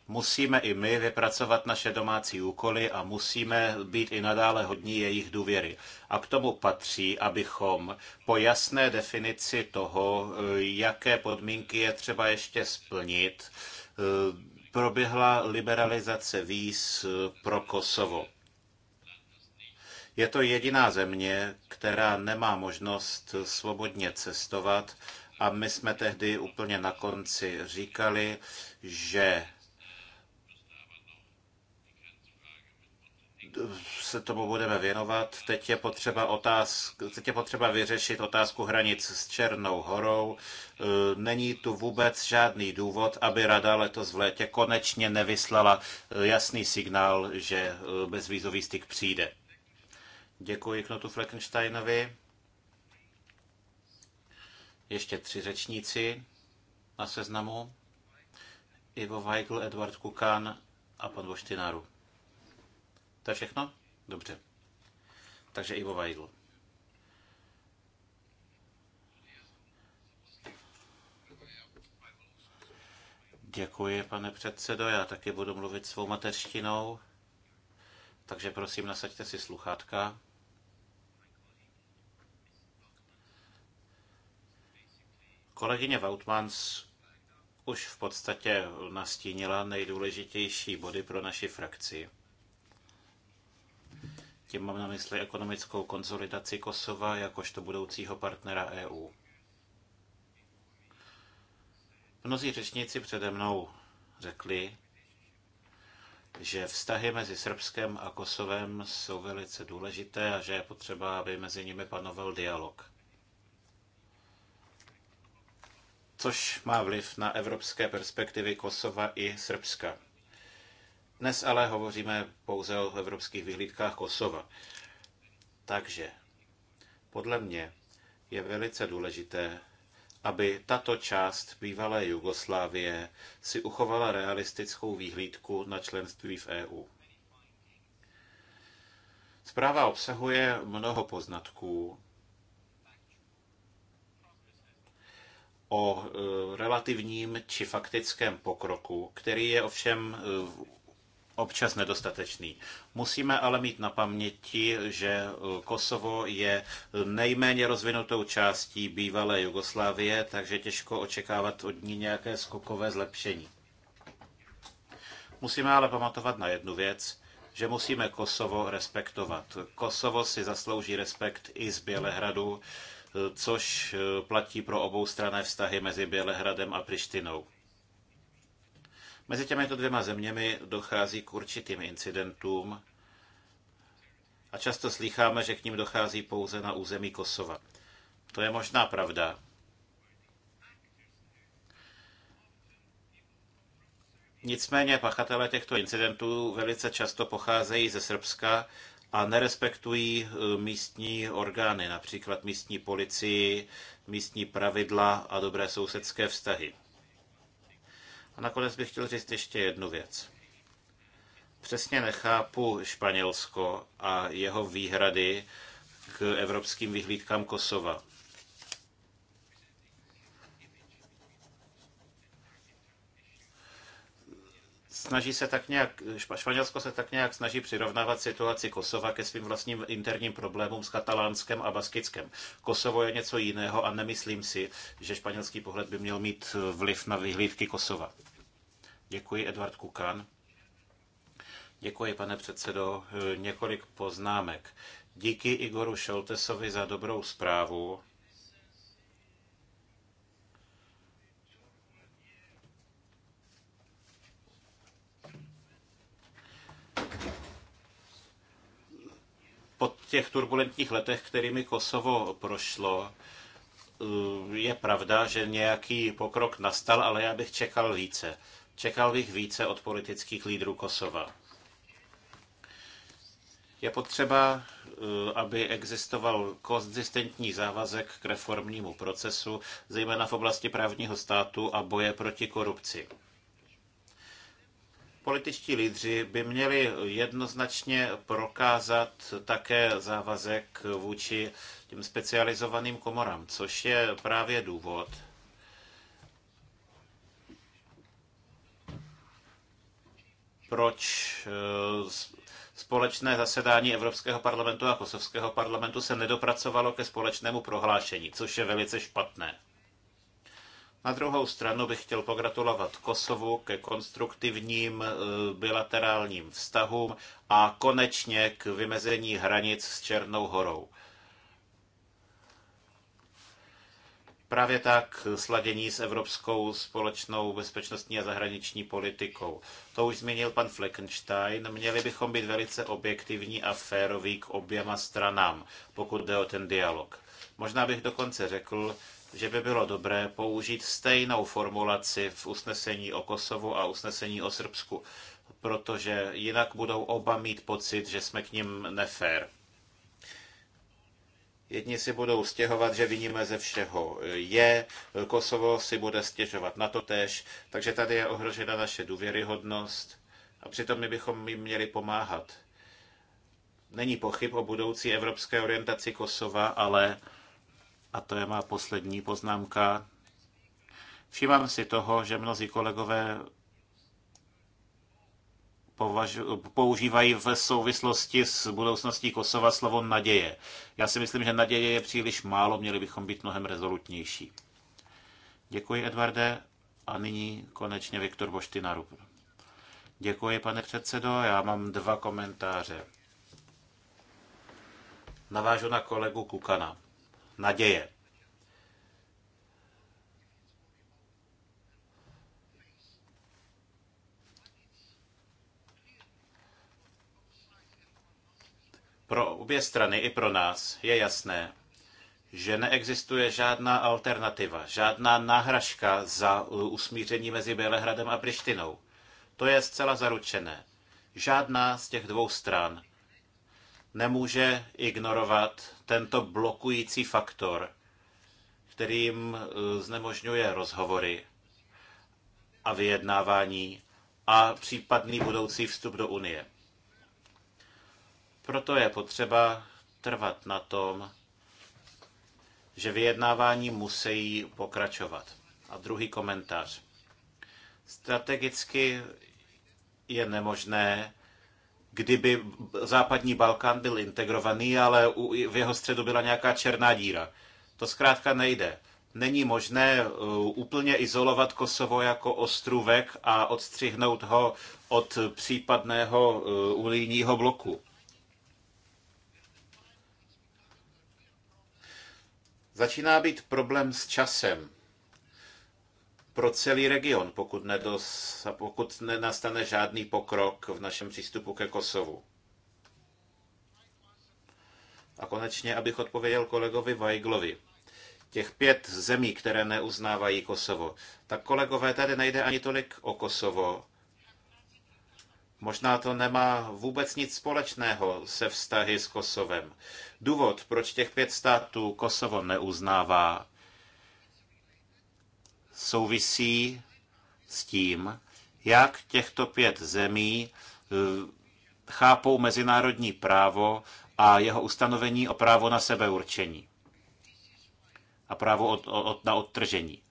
musíme i my vypracovat naše domácí úkoly a musíme být i nadále hodní jejich důvěry. A k tomu patří, abychom po jasné definici toho, jaké podmínky je třeba ještě splnit, proběhla liberalizace víz pro Kosovo. Je to jediná země, která nemá možnost svobodně cestovat a my jsme tehdy úplně na konci říkali, že se tomu budeme věnovat. Teď je potřeba, otázka, teď je potřeba vyřešit otázku hranic s Černou horou. E, není tu vůbec žádný důvod, aby Rada letos v létě konečně nevyslala e, jasný signál, že e, bezvízový styk přijde. Děkuji Knotu Fleckensteinovi. Ještě tři řečníci na seznamu. Ivo Weigl, Edward Kukan a pan Voštinaru. To je všechno? Dobře. Takže Ivo Weigl. Děkuji, pane předsedo. Já taky budu mluvit svou mateřštinou. Takže prosím, nasaďte si sluchátka. Kolegyně Vautmans už v podstatě nastínila nejdůležitější body pro naši frakci. Tím mám na mysli ekonomickou konsolidaci Kosova jakožto budoucího partnera EU. Mnozí řečníci přede mnou řekli, že vztahy mezi Srbskem a Kosovem jsou velice důležité a že je potřeba, aby mezi nimi panoval dialog. což má vliv na evropské perspektivy Kosova i Srbska. Dnes ale hovoříme pouze o evropských vyhlídkách Kosova. Takže podle mě je velice důležité, aby tato část bývalé Jugoslávie si uchovala realistickou výhlídku na členství v EU. Zpráva obsahuje mnoho poznatků, o e, relativním či faktickém pokroku, který je ovšem e, občas nedostatečný. Musíme ale mít na paměti, že e, Kosovo je nejméně rozvinutou částí bývalé Jugoslávie, takže těžko očekávat od ní nějaké skokové zlepšení. Musíme ale pamatovat na jednu věc, že musíme Kosovo respektovat. Kosovo si zaslouží respekt i z Bělehradu, což eh, platí pro oboustranné vztahy mezi Bělehradem a Prištinou. Mezi těmito dvěma zeměmi dochází k určitým incidentům a často slýcháme, že k ním dochází pouze na území Kosova. To je možná pravda. Nicméně pachatelé těchto incidentů velice často pocházejí ze Srbska, a nerespektují eh, místní orgány, například místní policii, místní pravidla a dobré sousedské vztahy. A nakonec bych chtěl říct ještě jednu věc. Přesně nechápu Španělsko a jeho výhrady k evropským vyhlídkám Kosova. snaží se tak nějak, Španělsko se tak nějak snaží přirovnávat situaci Kosova ke svým vlastním interním problémům s katalánskem a baskickem. Kosovo je něco jiného a nemyslím si, že španělský pohled by měl mít eh, vliv na vyhlídky Kosova. Děkuji, Edward Kukan. Děkuji, pane předsedo. Eh, několik poznámek. Díky Igoru Šoltesovi za dobrou zprávu po těch turbulentních letech, kterými Kosovo prošlo, eh, je pravda, že nějaký pokrok nastal, ale já bych čekal více. Čekal bych více od politických lídrů Kosova. Je potřeba, eh, aby existoval konzistentní závazek k reformnímu procesu, zejména v oblasti právního státu a boje proti korupci. Političtí lídři by měli jednoznačně prokázat také závazek vůči těm specializovaným komorám, což je právě důvod, proč eh, společné zasedání Evropského parlamentu a Kosovského parlamentu se nedopracovalo ke společnému prohlášení, což je velice špatné. Na druhou stranu bych chtěl pogratulovat Kosovu ke konstruktivním eh, bilaterálním vztahům a konečně k vymezení hranic s Černou horou. Právě tak sladění s evropskou společnou bezpečnostní a zahraniční politikou. To už zmínil pan Fleckenstein. Měli bychom být velice objektivní a féroví k oběma stranám, pokud jde o ten dialog. Možná bych dokonce řekl, že by bylo dobré použít stejnou formulaci v usnesení o Kosovu a usnesení o Srbsku, protože jinak budou oba mít pocit, že jsme k ním nefér. Jedni si budou stěhovat, že viníme ze všeho je, Kosovo si bude stěžovat na to tež, takže tady je ohrožena naše důvěryhodnost a přitom my bychom jim měli pomáhat. Není pochyb o budoucí evropské orientaci Kosova, ale a to je má poslední poznámka. Všímám si toho, že mnozí kolegové používají v souvislosti s budoucností Kosova slovo naděje. Já si myslím, že naděje je příliš málo, měli bychom být mnohem rezolutnější. Děkuji, Edvarde. A nyní konečně Viktor Boštinaru. Děkuji, pane předsedo. Já mám dva komentáře. Navážu na kolegu Kukana naděje. Pro obě strany i pro nás je jasné, že neexistuje žádná alternativa, žádná náhražka za usmíření mezi Bělehradem a Prištinou. To je zcela zaručené. Žádná z těch dvou stran nemůže ignorovat tento blokující faktor, kterým eh, znemožňuje rozhovory a vyjednávání a případný budoucí vstup do Unie. Proto je potřeba trvat na tom, že vyjednávání musí pokračovat. A druhý komentář. Strategicky je nemožné kdyby západní Balkán byl integrovaný, ale v jeho středu byla nějaká černá díra. To zkrátka nejde. Není možné uh, úplně izolovat Kosovo jako ostrůvek a odstřihnout ho od případného uh, unijního bloku. Začíná být problém s časem pro celý region, pokud, nedos, pokud nenastane žádný pokrok v našem přístupu ke Kosovu. A konečně, abych odpověděl kolegovi Vajglovi. Těch pět zemí, které neuznávají Kosovo. Tak kolegové, tady nejde ani tolik o Kosovo. Možná to nemá vůbec nic společného se vztahy s Kosovem. Důvod, proč těch pět států Kosovo neuznává, souvisí s tím, jak těchto pět zemí eh, chápou mezinárodní právo a jeho ustanovení o právo na sebeurčení a právo od, od, na odtržení.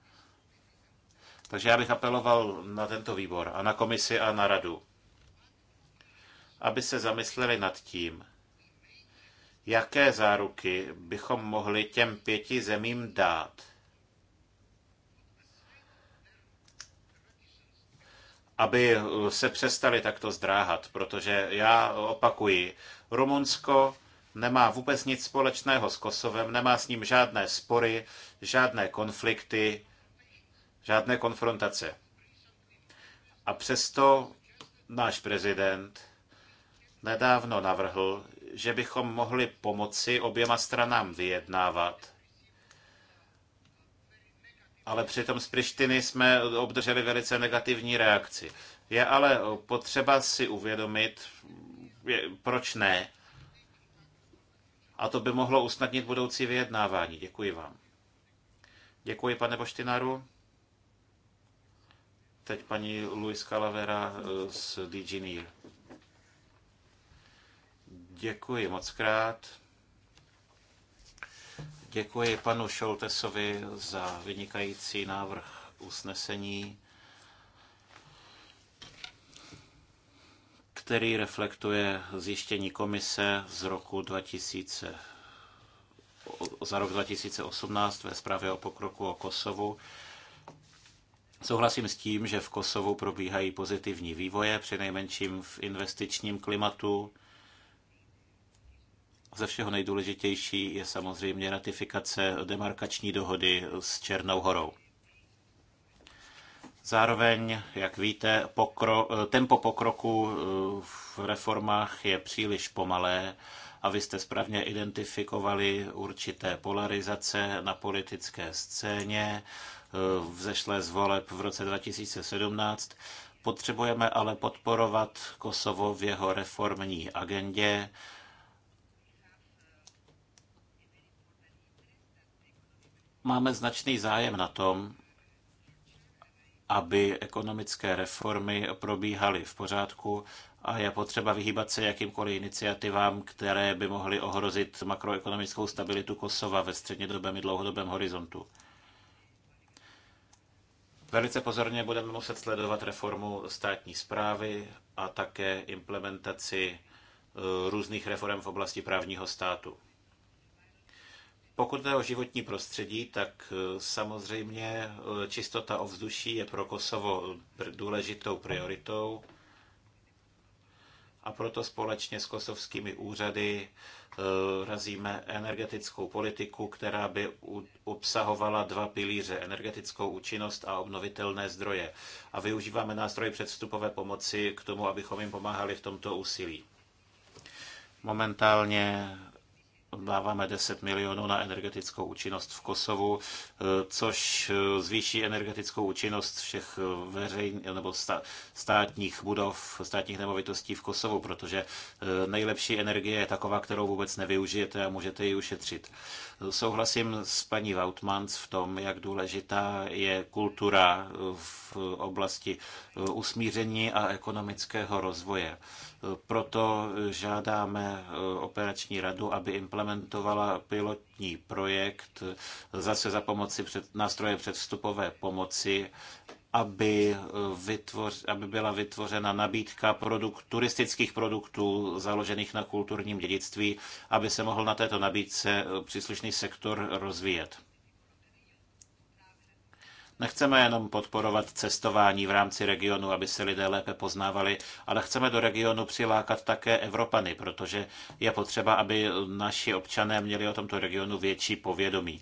Takže já bych apeloval na tento výbor a na komisi a na radu, aby se zamysleli nad tím, jaké záruky bychom mohli těm pěti zemím dát – aby eh, se přestali takto zdráhat, protože já opakuji, Rumunsko nemá vůbec nic společného s Kosovem, nemá s ním žádné spory, žádné konflikty, žádné konfrontace. A přesto náš prezident nedávno navrhl, že bychom mohli pomoci oběma stranám vyjednávat ale přitom z Prištiny jsme obdrželi velice negativní reakci. Je ale potřeba si uvědomit, proč ne. A to by mohlo usnadnit budoucí vyjednávání. Děkuji vám. Děkuji, pane Boštinaru. Teď paní Luis Calavera eh, z DG Děkuji moc krát. Děkuji panu Šoltesovi za vynikající návrh usnesení, který reflektuje zjištění komise z roku 2000, za rok 2018 ve zprávě o pokroku o Kosovu. Souhlasím s tím, že v Kosovu probíhají pozitivní vývoje, přinejmenším v investičním klimatu ze všeho nejdůležitější je samozřejmě ratifikace demarkační dohody s Černou horou. Zároveň, jak víte, pokro, tempo pokroku eh, v reformách je příliš pomalé a vy jste správně identifikovali určité polarizace na politické scéně, eh, vzešlé z voleb v roce 2017. Potřebujeme ale podporovat Kosovo v jeho reformní agendě, máme značný zájem na tom, aby ekonomické reformy probíhaly v pořádku a je potřeba vyhýbat se jakýmkoliv iniciativám, které by mohly ohrozit makroekonomickou stabilitu Kosova ve střednědobém i dlouhodobém horizontu. Velice pozorně budeme muset sledovat reformu státní zprávy a také implementaci eh, různých reform v oblasti právního státu. Pokud jde o životní prostředí, tak e, samozřejmě e, čistota ovzduší je pro Kosovo důležitou prioritou a proto společně s kosovskými úřady e, razíme energetickou politiku, která by obsahovala dva pilíře, energetickou účinnost a obnovitelné zdroje. A využíváme nástroj předstupové pomoci k tomu, abychom jim pomáhali v tomto úsilí. Momentálně dáváme 10 milionů na energetickou účinnost v Kosovu, eh, což eh, zvýší energetickou účinnost všech eh, veřejn, nebo státních budov, státních nemovitostí v Kosovu, protože nejlepší energie je taková, kterou vůbec nevyužijete a můžete ji ušetřit. Souhlasím s paní Vautmans v tom, jak důležitá je kultura v oblasti usmíření a ekonomického rozvoje. Proto žádáme operační radu, aby implementovala pilotní projekt zase za pomoci před, nástroje předstupové pomoci aby, vytvoř, aby byla vytvořena nabídka produkt, turistických produktů založených na kulturním dědictví, aby se mohl na této nabídce eh, příslušný sektor rozvíjet. Nechceme jenom podporovat cestování v rámci regionu, aby se lidé lépe poznávali, ale chceme do regionu přilákat také Evropany, protože je potřeba, aby naši občané měli o tomto regionu větší povědomí.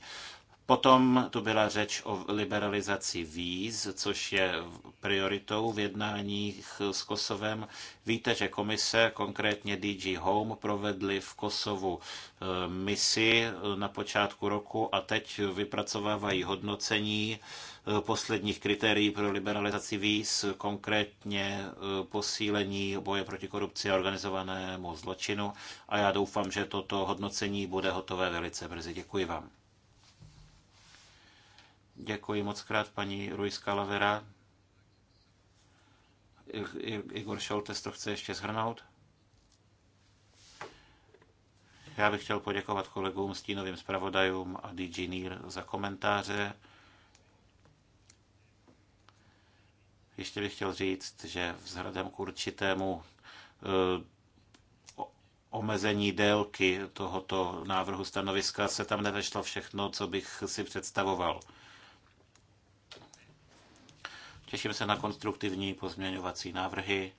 Potom tu byla řeč o liberalizaci víz, což je prioritou v jednáních s Kosovem. Víte, že komise, konkrétně DG Home, provedly v Kosovu eh, misi eh, na počátku roku a teď vypracovávají hodnocení eh, posledních kritérií pro liberalizaci víz, konkrétně posílení boje proti korupci a organizovanému zločinu. A já doufám, že toto hodnocení bude hotové velice brzy. Děkuji vám. Děkuji moc krát paní Ruiz Lavera. Igor Šoltes to chce ještě zhrnout. Já bych chtěl poděkovat kolegům, stínovým zpravodajům a DJ Near za komentáře. Ještě bych chtěl říct, že vzhledem k určitému eh, omezení délky tohoto návrhu stanoviska se tam nevešlo všechno, co bych si představoval. Těším se na konstruktivní pozměňovací návrhy.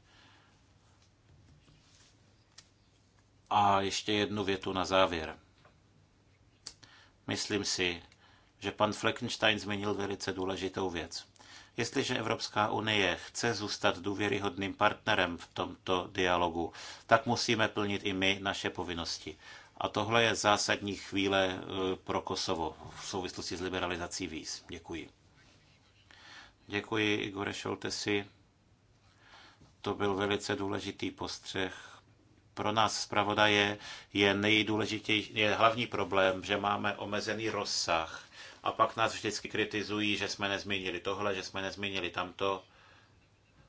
A ještě jednu větu na závěr. Myslím si, že pan Fleckenstein zmínil velice důležitou věc. Jestliže Evropská unie chce zůstat důvěryhodným partnerem v tomto dialogu, tak musíme plnit i my naše povinnosti. A tohle je zásadní chvíle eh, pro Kosovo v souvislosti s liberalizací víz. Děkuji. Děkuji Igore Šoltesi. To byl velice důležitý postřeh pro nás zpravodaje je nejdůležitější, je hlavní problém, že máme omezený rozsah a pak nás vždycky kritizují, že jsme nezmínili tohle, že jsme nezmínili tamto.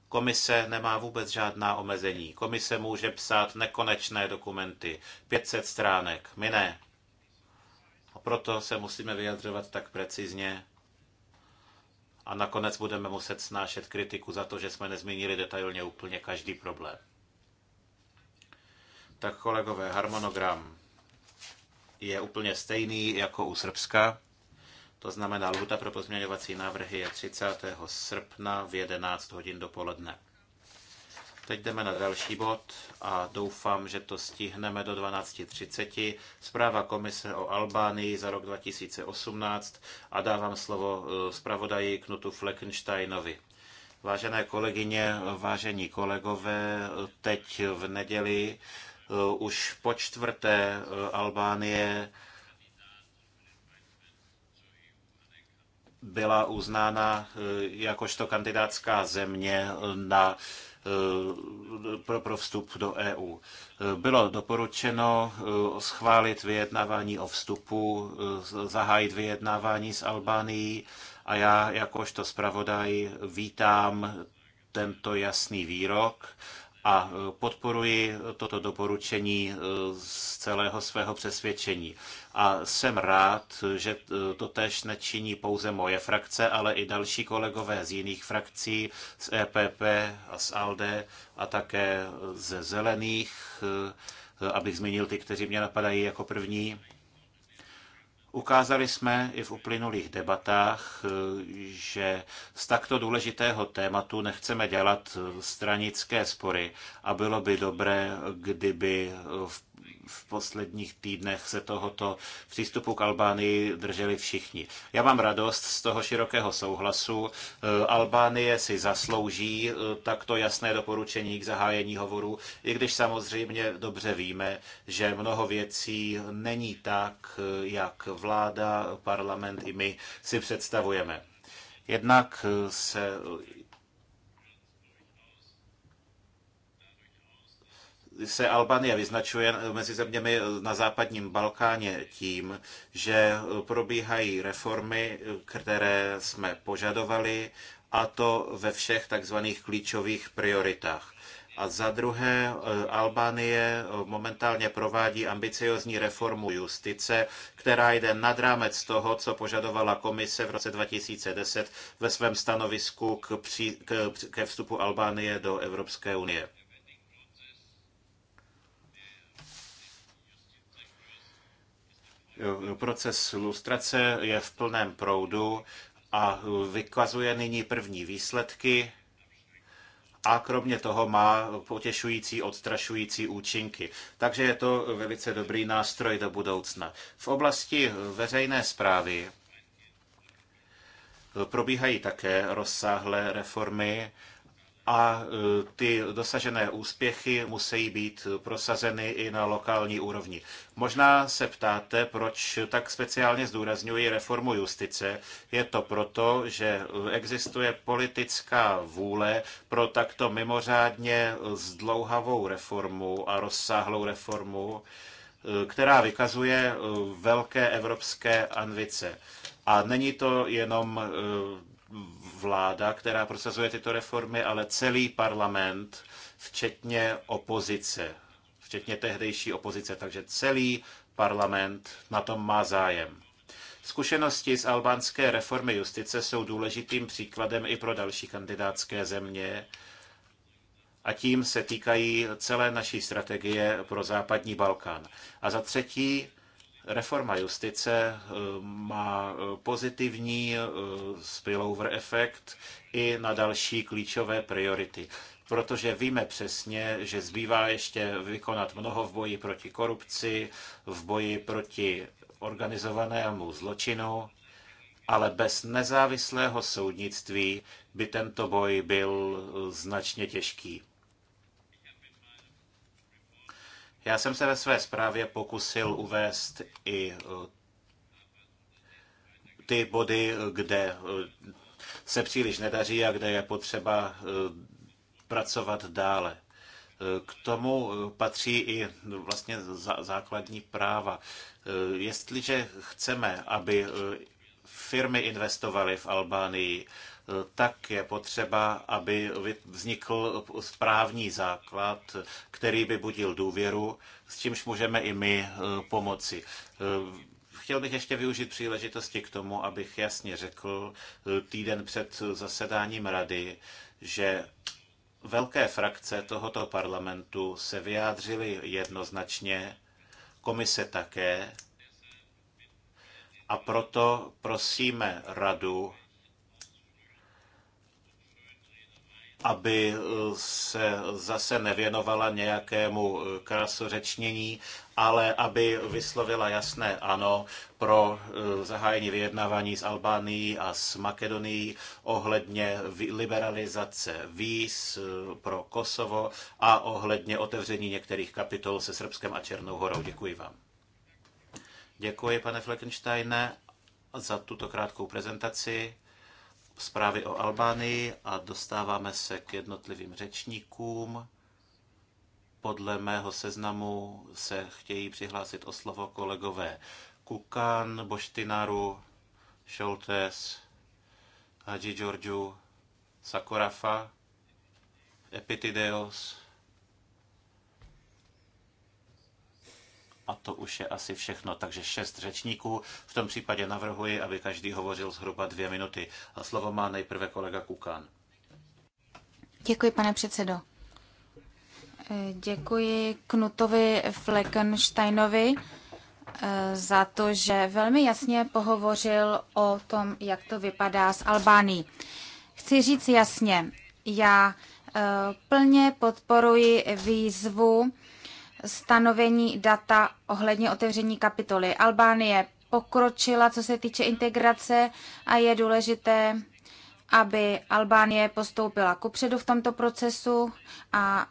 Komise nemá vůbec žádná omezení. Komise může psát nekonečné dokumenty, 500 stránek, my ne. A proto se musíme vyjadřovat tak precizně a nakonec budeme muset snášet kritiku za to, že jsme nezmínili detailně úplně každý problém. Tak kolegové, harmonogram je úplně stejný jako u Srbska. To znamená, lhuta pro pozměňovací návrhy je 30. srpna v 11 hodin dopoledne. Teď jdeme na další bod a doufám, že to stihneme do 12.30. Zpráva komise o Albánii za rok 2018 a dávám slovo e, zpravodaji Knutu Fleckensteinovi. Vážené kolegyně, vážení kolegové, teď v neděli e, už po čtvrté e, Albánie byla uznána jakožto kandidátská země na Eh, pro, pro vstup do EU. Eh, bylo doporučeno eh, schválit vyjednávání o vstupu, zahájit vyjednávání s Albánií a já jakožto zpravodaj vítám tento jasný výrok a podporuji toto doporučení z celého svého přesvědčení a jsem rád, že to tež nečiní pouze moje frakce, ale i další kolegové z jiných frakcí, z EPP a z ALDE a také ze Zelených, abych zmínil ty, kteří mě napadají jako první. Ukázali jsme i v uplynulých debatách, že z takto důležitého tématu nechceme dělat stranické spory a bylo by dobré, kdyby v v posledních týdnech se tohoto přístupu k Albánii drželi všichni. Já mám radost z toho širokého souhlasu. Eh, Albánie si zaslouží eh, takto jasné doporučení k zahájení hovoru, i když samozřejmě dobře víme, že mnoho věcí není tak, eh, jak vláda, parlament i my si představujeme. Jednak se se Albánie vyznačuje mezi zeměmi na západním Balkáně tím, že probíhají reformy, které jsme požadovali, a to ve všech takzvaných klíčových prioritách. A za druhé, Albánie momentálně provádí ambiciozní reformu justice, která jde nad rámec toho, co požadovala komise v roce 2010 ve svém stanovisku k, při, k, ke vstupu Albánie do Evropské unie. Proces lustrace je v plném proudu a vykazuje nyní první výsledky a kromě toho má potěšující, odstrašující účinky. Takže je to velice dobrý nástroj do budoucna. V oblasti veřejné zprávy probíhají také rozsáhlé reformy a e, ty dosažené úspěchy musí být prosazeny i na lokální úrovni. Možná se ptáte, proč tak speciálně zdůrazňuji reformu justice. Je to proto, že existuje politická vůle pro takto mimořádně zdlouhavou reformu a rozsáhlou reformu, e, která vykazuje e, velké evropské ambice. A není to jenom vláda, která prosazuje tyto reformy, ale celý parlament, včetně opozice, včetně tehdejší opozice, takže celý parlament na tom má zájem. Zkušenosti z albánské reformy justice jsou důležitým příkladem i pro další kandidátské země a tím se týkají celé naší strategie pro západní Balkán. A za třetí, reforma justice eh, má eh, pozitivní eh, spillover efekt i na další klíčové priority protože víme přesně, že zbývá ještě vykonat mnoho v boji proti korupci, v boji proti organizovanému zločinu, ale bez nezávislého soudnictví by tento boj byl značně těžký. Já jsem se ve své zprávě pokusil uvést i eh, ty body, eh, kde eh, se příliš nedaří a kde je potřeba pracovat dále. K tomu patří i vlastně základní práva. Jestliže chceme, aby firmy investovaly v Albánii, tak je potřeba, aby vznikl správní základ, který by budil důvěru, s čímž můžeme i my eh, pomoci. Eh, chtěl bych ještě využít příležitosti k tomu, abych jasně řekl eh, týden před zasedáním rady, že velké frakce tohoto parlamentu se vyjádřily jednoznačně, komise také, a proto prosíme radu, aby eh, se zase nevěnovala nějakému eh, krasořečnění, ale aby vyslovila jasné ano pro eh, zahájení vyjednávání s Albánií a s Makedonií ohledně liberalizace víz pro Kosovo a ohledně otevření některých kapitol se Srbskem a Černou horou. Děkuji vám. Děkuji, pane Fleckensteine, za tuto krátkou prezentaci zprávy o Albánii a dostáváme se k jednotlivým řečníkům. Podle mého seznamu se chtějí přihlásit o slovo kolegové Kukan, Boštinaru, Šoltes, Hadži Georgiou, Sakorafa, Epitideos, A to už je asi všechno. Takže šest řečníků. V tom případě navrhuji, aby každý hovořil zhruba dvě minuty. A slovo má nejprve kolega Kukán. Děkuji, pane předsedo. Eh, děkuji Knutovi Fleckensteinovi eh, za to, že velmi jasně pohovořil o tom, jak to vypadá s Albánií. Chci říct jasně, já eh, plně podporuji výzvu stanovení data ohledně otevření kapitoly. Albánie pokročila, co se týče integrace a je důležité, aby Albánie postoupila kupředu v tomto procesu a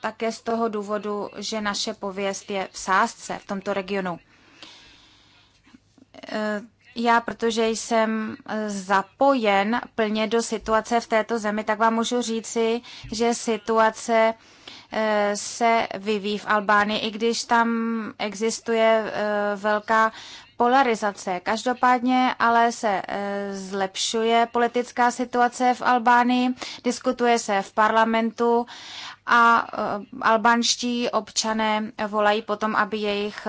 také z toho důvodu, že naše pověst je v sázce v tomto regionu. E, já, protože jsem zapojen plně do situace v této zemi, tak vám můžu říci, že situace Eh, se vyvíjí v Albánii, i když tam existuje eh, velká polarizace. Každopádně ale se eh, zlepšuje politická situace v Albánii, diskutuje se v parlamentu a albanští občané volají potom, aby jejich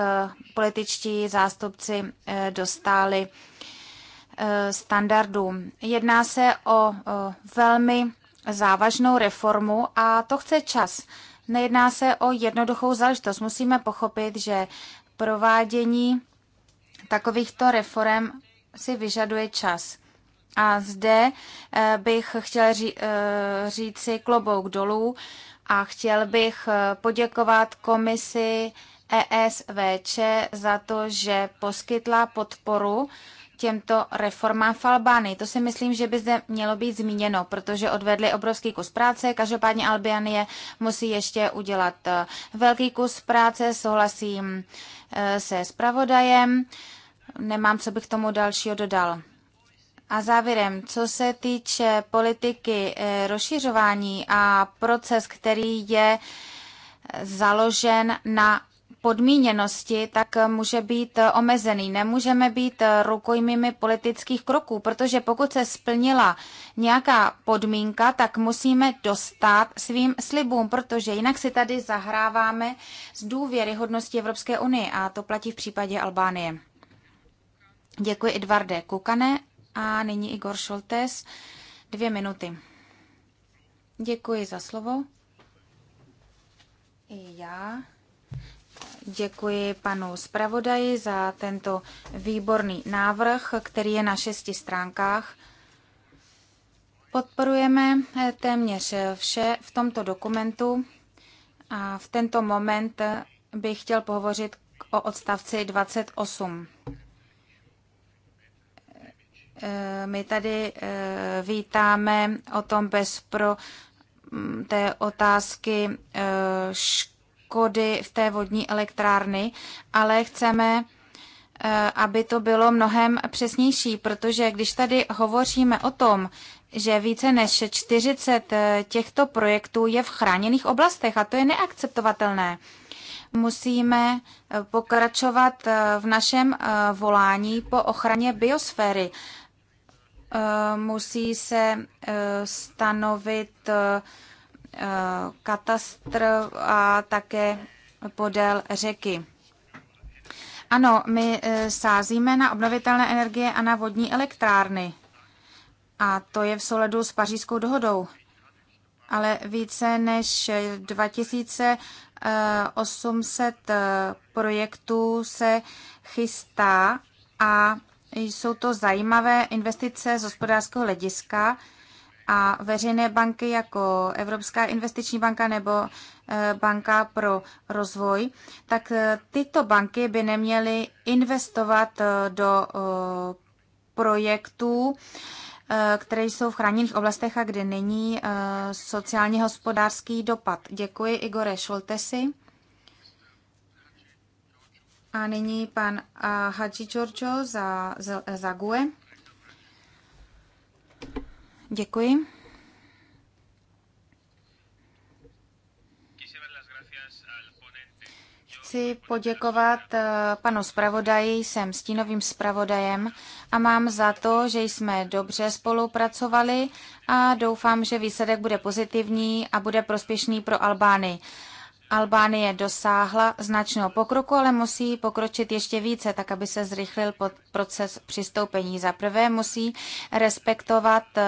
političtí zástupci dostali standardů. Jedná se o velmi závažnou reformu a to chce čas. Nejedná se o jednoduchou záležitost. Musíme pochopit, že provádění takovýchto reform si vyžaduje čas. A zde eh, bych chtěl ří, eh, říct si klobouk dolů a chtěl bych eh, poděkovat komisi ESVČ za to, že poskytla podporu těmto reformám v Albánii. To si myslím, že by zde mělo být zmíněno, protože odvedli obrovský kus práce. Každopádně Albánie musí ještě udělat eh, velký kus práce, souhlasím eh, se zpravodajem. Nemám, co bych tomu dalšího dodal. A závěrem, co se týče politiky eh, rozšiřování a proces, který je založen na podmíněnosti, tak může být omezený. Nemůžeme být rukojmými politických kroků, protože pokud se splnila nějaká podmínka, tak musíme dostat svým slibům, protože jinak si tady zahráváme z důvěryhodnosti Evropské unie a to platí v případě Albánie. Děkuji Edvarde Kukane a nyní Igor Šoltes. Dvě minuty. Děkuji za slovo. I já Děkuji panu zpravodaji za tento výborný návrh, který je na šesti stránkách. Podporujeme eh, téměř eh, vše v tomto dokumentu a v tento moment eh, bych chtěl pohovořit o odstavci 28. My tady vítáme o tom bezpro mm, té otázky kody v té vodní elektrárny, ale chceme, eh, aby to bylo mnohem přesnější, protože když tady hovoříme o tom, že více než 40 eh, těchto projektů je v chráněných oblastech a to je neakceptovatelné. Musíme eh, pokračovat v našem volání po ochraně biosféry. Musí se stanovit Eh, katastr a také podél řeky. Ano, my eh, sázíme na obnovitelné energie a na vodní elektrárny. A to je v souladu s pařížskou dohodou. Ale více než 2800 eh, projektů se chystá a jsou to zajímavé investice z hospodářského hlediska a veřejné banky jako Evropská investiční banka nebo eh, Banka pro rozvoj, tak eh, tyto banky by neměly investovat eh, do projektů, které jsou v chráněných oblastech a kde není sociálně hospodářský dopad. Děkuji Igore Šoltesi. A nyní pan Hadži Giorgio za, za GUE. Děkuji. Chci poděkovat eh, panu zpravodaji, jsem stínovým zpravodajem a mám za to, že jsme dobře spolupracovali a doufám, že výsledek bude pozitivní a bude prospěšný pro Albány. Albánie dosáhla značného pokroku, ale musí pokročit ještě více, tak aby se zrychlil proces přistoupení. Za prvé musí respektovat eh,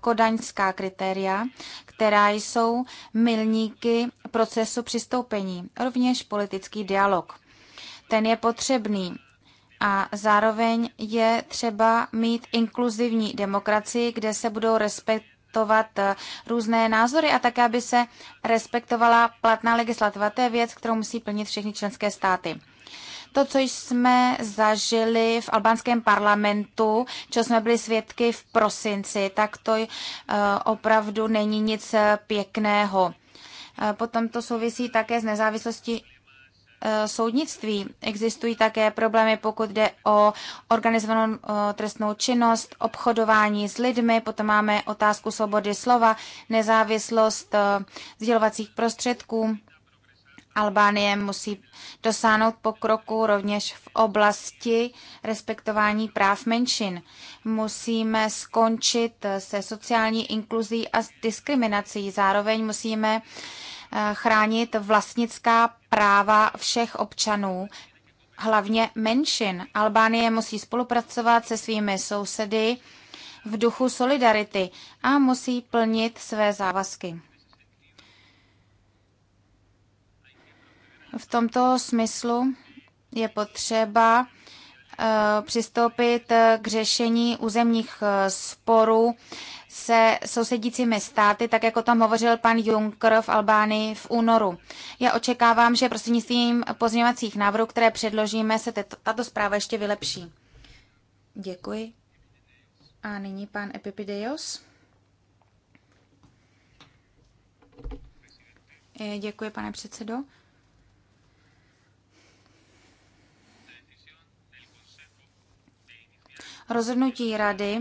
kodaňská kritéria, která jsou milníky procesu přistoupení, rovněž politický dialog. Ten je potřebný a zároveň je třeba mít inkluzivní demokracii, kde se budou respekt reflektovat eh, různé názory a také, aby se respektovala platná legislativa. To je věc, kterou musí plnit všechny členské státy to, co jsme zažili v albánském parlamentu, co jsme byli svědky v prosinci, tak to eh, opravdu není nic eh, pěkného. Potom to souvisí také s nezávislostí Eh, soudnictví. Existují také problémy, pokud jde o organizovanou eh, trestnou činnost, obchodování s lidmi, potom máme otázku svobody slova, nezávislost eh, sdělovacích prostředků. Albánie musí dosáhnout pokroku rovněž v oblasti respektování práv menšin. Musíme skončit se sociální inkluzí a diskriminací. Zároveň musíme uh, Eh, chránit vlastnická práva všech občanů, hlavně menšin. Albánie musí spolupracovat se svými sousedy v duchu solidarity a musí plnit své závazky. V tomto smyslu je potřeba eh, přistoupit k řešení územních eh, sporů se sousedícími státy, tak jako tam hovořil pan Juncker v Albánii v únoru. Já očekávám, že prostřednictvím pozměňovacích návrhů, které předložíme, se tato zpráva ještě vylepší. Děkuji. A nyní pan Epipideos. Eh, děkuji, pane předsedo. Rozhodnutí rady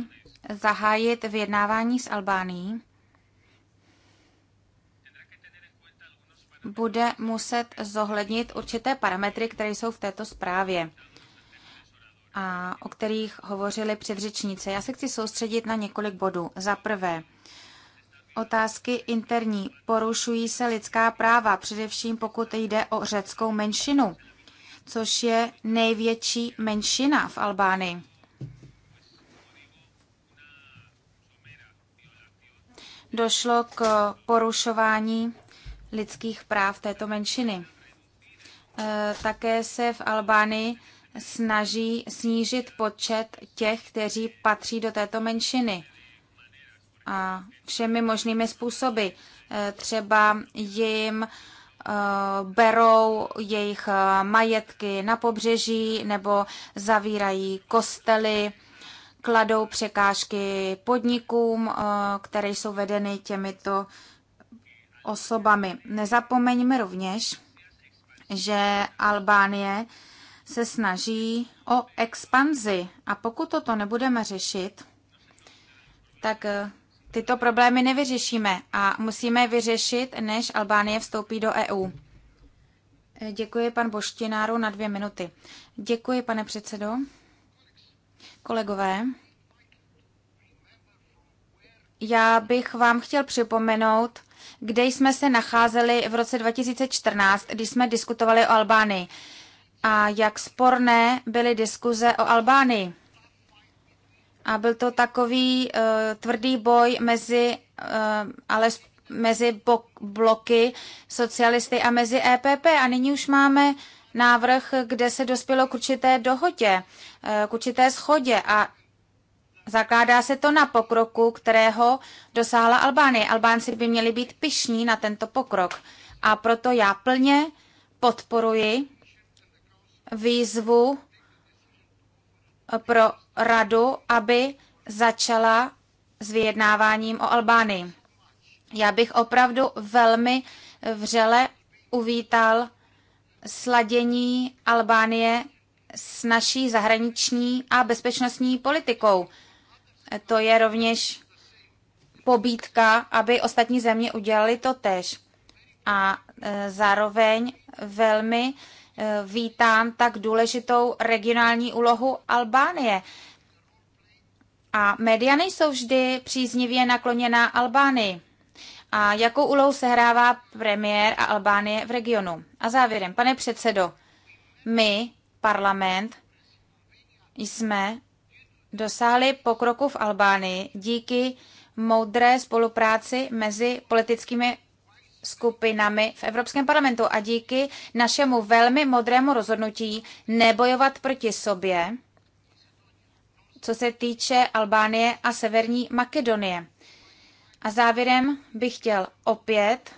zahájit vyjednávání s Albánií, bude muset zohlednit určité parametry, které jsou v této zprávě a o kterých hovořili předřečníci. Já se chci soustředit na několik bodů. Za prvé, otázky interní. Porušují se lidská práva, především pokud jde o řeckou menšinu, což je největší menšina v Albánii. došlo k porušování lidských práv této menšiny. E, také se v Albánii snaží snížit počet těch, kteří patří do této menšiny. A všemi možnými způsoby. E, třeba jim e, berou jejich majetky na pobřeží nebo zavírají kostely kladou překážky podnikům, eh, které jsou vedeny těmito osobami. Nezapomeňme rovněž, že Albánie se snaží o expanzi a pokud toto nebudeme řešit, tak eh, tyto problémy nevyřešíme a musíme je vyřešit, než Albánie vstoupí do EU. Eh, děkuji pan Boštináru na dvě minuty. Děkuji, pane předsedo. Kolegové, já bych vám chtěl připomenout, kde jsme se nacházeli v roce 2014, když jsme diskutovali o Albánii a jak sporné byly diskuze o Albánii. A byl to takový uh, tvrdý boj mezi, uh, ale mezi bloky socialisty a mezi EPP. A nyní už máme návrh, kde se dospělo k určité dohodě, eh, k určité schodě a Zakládá se to na pokroku, kterého dosáhla Albánie. Albánci by měli být pišní na tento pokrok. A proto já plně podporuji výzvu pro radu, aby začala s vyjednáváním o Albánii. Já bych opravdu velmi vřele uvítal sladění Albánie s naší zahraniční a bezpečnostní politikou. To je rovněž pobídka, aby ostatní země udělali to tež. A e, zároveň velmi e, vítám tak důležitou regionální úlohu Albánie. A média nejsou vždy příznivě nakloněná Albánii a jakou úlohu sehrává premiér a Albánie v regionu. A závěrem, pane předsedo, my, parlament, jsme dosáhli pokroku v Albánii díky moudré spolupráci mezi politickými skupinami v Evropském parlamentu a díky našemu velmi modrému rozhodnutí nebojovat proti sobě, co se týče Albánie a Severní Makedonie. A závěrem bych chtěl opět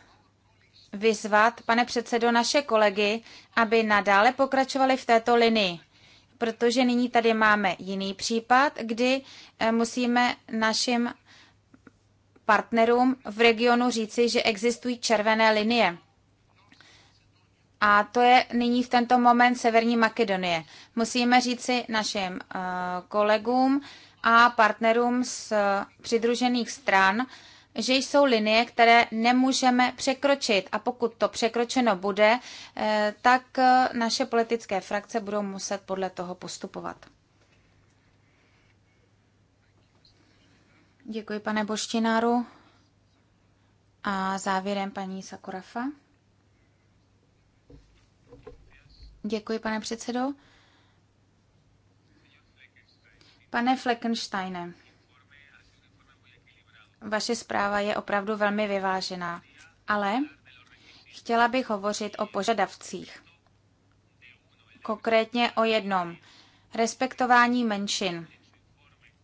vyzvat, pane předsedo, naše kolegy, aby nadále pokračovali v této linii. Protože nyní tady máme jiný případ, kdy eh, musíme našim partnerům v regionu říci, že existují červené linie. A to je nyní v tento moment Severní Makedonie. Musíme říci našim eh, kolegům a partnerům z eh, přidružených stran, že jsou linie, které nemůžeme překročit a pokud to překročeno bude, eh, tak eh, naše politické frakce budou muset podle toho postupovat. Děkuji, pane Boštináru. A závěrem paní Sakurafa. Děkuji, pane předsedo. Pane Fleckensteine, vaše zpráva je opravdu velmi vyvážená, ale chtěla bych hovořit o požadavcích. Konkrétně o jednom. Respektování menšin.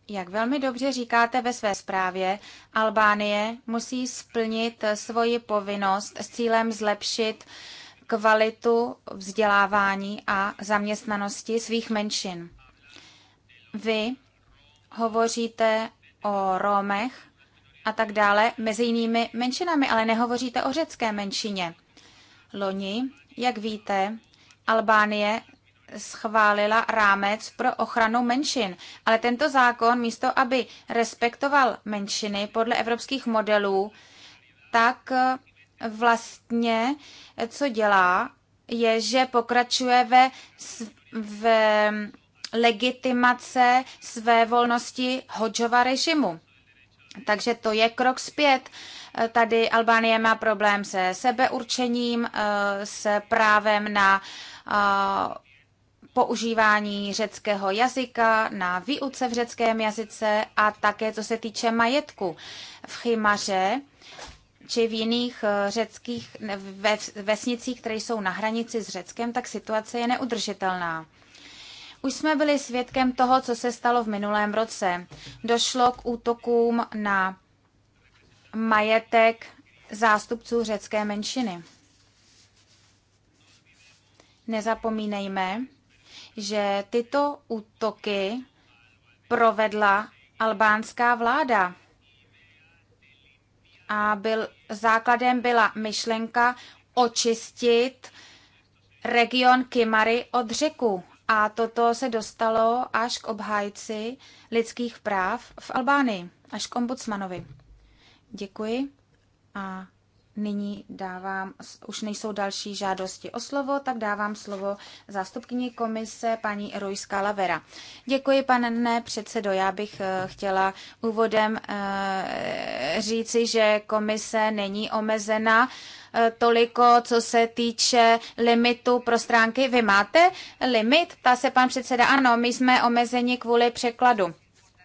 Jak velmi dobře říkáte ve své zprávě, Albánie musí splnit svoji povinnost s cílem zlepšit kvalitu vzdělávání a zaměstnanosti svých menšin. Vy hovoříte o Rómech a tak dále mezi jinými menšinami, ale nehovoříte o řecké menšině. Loni, jak víte, Albánie schválila rámec pro ochranu menšin, ale tento zákon místo, aby respektoval menšiny podle evropských modelů, tak vlastně, co dělá, je, že pokračuje ve, ve legitimace své volnosti Hodžova režimu. Takže to je krok zpět. Eh, Tady Albánie má problém se sebeurčením, eh, s právem na eh, používání řeckého jazyka, na výuce v řeckém jazyce a také co se týče majetku v Chymaře či v jiných řeckých vesnicích, které jsou na hranici s Řeckem, tak situace je neudržitelná. Už jsme byli svědkem toho, co se stalo v minulém roce. Došlo k útokům na majetek zástupců řecké menšiny. Nezapomínejme, že tyto útoky provedla albánská vláda. A byl, základem byla myšlenka očistit region Kimary od řeku. A toto se dostalo až k obhájci lidských práv v Albánii, až k ombudsmanovi. Děkuji. A nyní dávám, už nejsou další žádosti o slovo, tak dávám slovo zástupkyni komise paní Rojská Lavera. Děkuji, pane předsedo. Já bych eh, chtěla úvodem eh, říci, že komise není omezena Eh, toliko, co se týče limitu pro stránky. Vy máte limit? Ptá se pan předseda. Ano, my jsme omezeni kvůli překladu.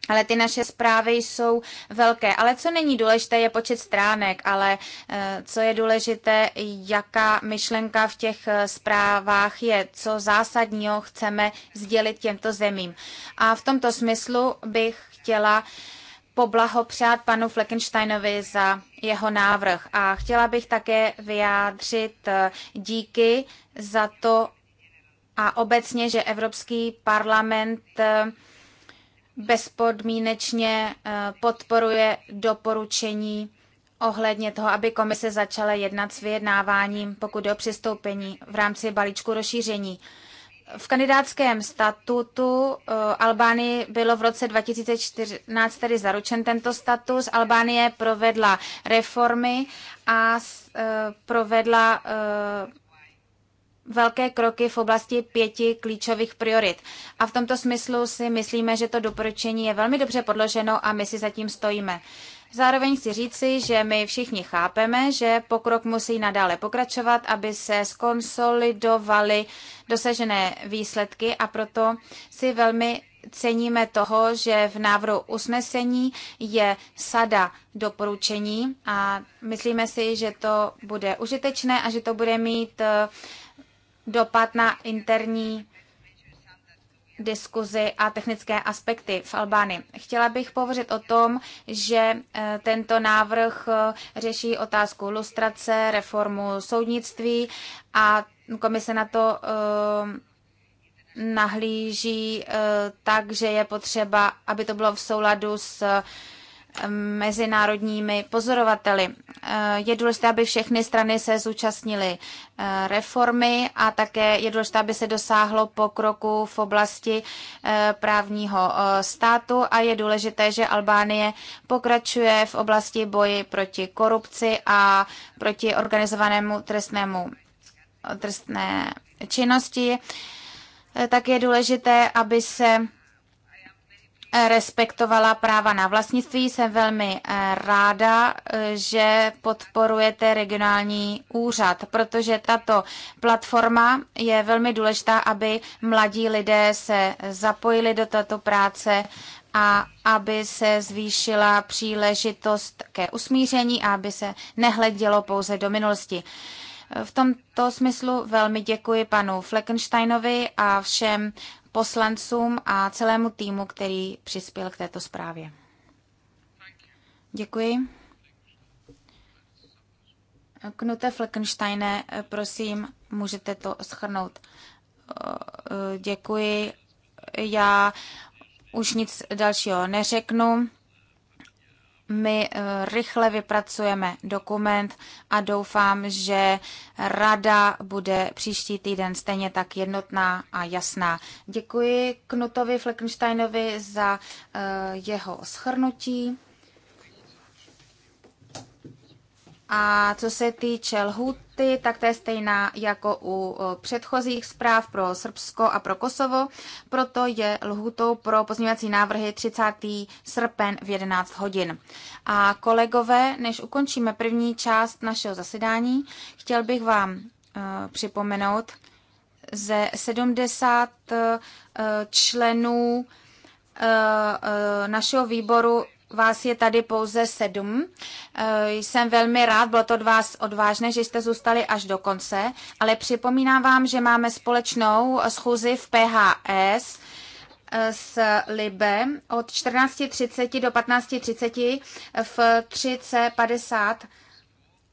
Ale ty naše zprávy jsou velké. Ale co není důležité, je počet stránek, ale eh, co je důležité, jaká myšlenka v těch eh, zprávách je, co zásadního chceme sdělit těmto zemím. A v tomto smyslu bych chtěla uh, poblahopřát panu Fleckensteinovi za jeho návrh a chtěla bych také vyjádřit eh, díky za to a obecně, že Evropský parlament eh, bezpodmínečně eh, podporuje doporučení ohledně toho, aby komise začala jednat s vyjednáváním, pokud o přistoupení v rámci balíčku rozšíření. V kandidátském statutu eh, Albánii bylo v roce 2014 tedy zaručen tento status. Albánie provedla reformy a eh, provedla eh, velké kroky v oblasti pěti klíčových priorit. A v tomto smyslu si myslíme, že to doporučení je velmi dobře podloženo a my si zatím stojíme. Zároveň chci říci, že my všichni chápeme, že pokrok musí nadále pokračovat, aby se skonsolidovaly dosažené výsledky a proto si velmi ceníme toho, že v návrhu usnesení je sada doporučení a myslíme si, že to bude užitečné a že to bude mít eh, dopad na interní diskuzi a technické aspekty v Albánii. Chtěla bych povořit o tom, že eh, tento návrh eh, řeší otázku lustrace, reformu soudnictví a komise na to eh, nahlíží tak, že je potřeba, aby to bylo v souladu s mezinárodními pozorovateli. Eh, je důležité, aby všechny strany se zúčastnily eh, reformy a také je důležité, aby se dosáhlo pokroku v oblasti eh, právního státu a je důležité, že Albánie pokračuje v oblasti boji proti korupci a proti organizovanému trestnému trestné činnosti. Tak je důležité, aby se respektovala práva na vlastnictví. Jsem velmi eh, ráda, eh, že podporujete regionální úřad, protože tato platforma je velmi důležitá, aby mladí lidé se zapojili do této práce a aby se zvýšila příležitost ke usmíření a aby se nehledělo pouze do minulosti. V tomto smyslu velmi děkuji panu Fleckensteinovi a všem poslancům a celému týmu, který přispěl k této zprávě. Děkuji. Knute Fleckensteine, prosím, můžete to schrnout. Eh, děkuji. Já už nic dalšího neřeknu my eh, rychle vypracujeme dokument a doufám, že rada bude příští týden stejně tak jednotná a jasná. Děkuji Knutovi Fleckensteinovi za eh, jeho schrnutí. A co se týče lhuty, tak to je stejná jako u předchozích zpráv pro Srbsko a pro Kosovo, proto je lhutou pro pozměňovací návrhy 30. srpen v 11 hodin. A kolegové, než ukončíme první část našeho zasedání, chtěl bych vám e, připomenout ze 70 e, e, členů našeho výboru vás je tady pouze sedm. Eh, jsem velmi rád, bylo to od vás odvážné, že jste zůstali až do konce, ale připomínám vám, že máme společnou schůzi v PHS eh, s Libe od 14.30 do 15.30 v 350.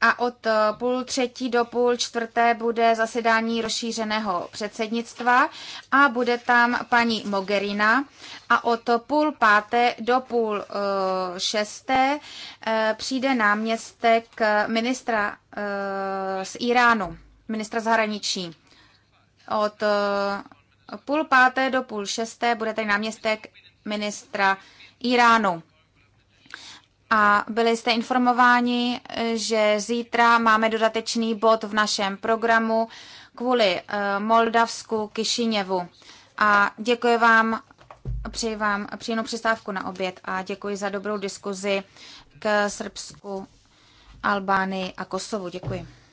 A od eh, půl třetí do půl čtvrté bude zasedání rozšířeného předsednictva a bude tam paní Mogherina. A od půl páté do půl eh, šesté eh, přijde náměstek ministra z Iránu, ministra zahraničí. Od půl páté do půl šesté bude tady náměstek ministra Iránu. A byli jste informováni, že zítra máme dodatečný bod v našem programu kvůli eh, Moldavsku Kišiněvu. A děkuji vám, přeji vám příjemnou přestávku na oběd a děkuji za dobrou diskuzi k Srbsku, Albánii a Kosovu. Děkuji.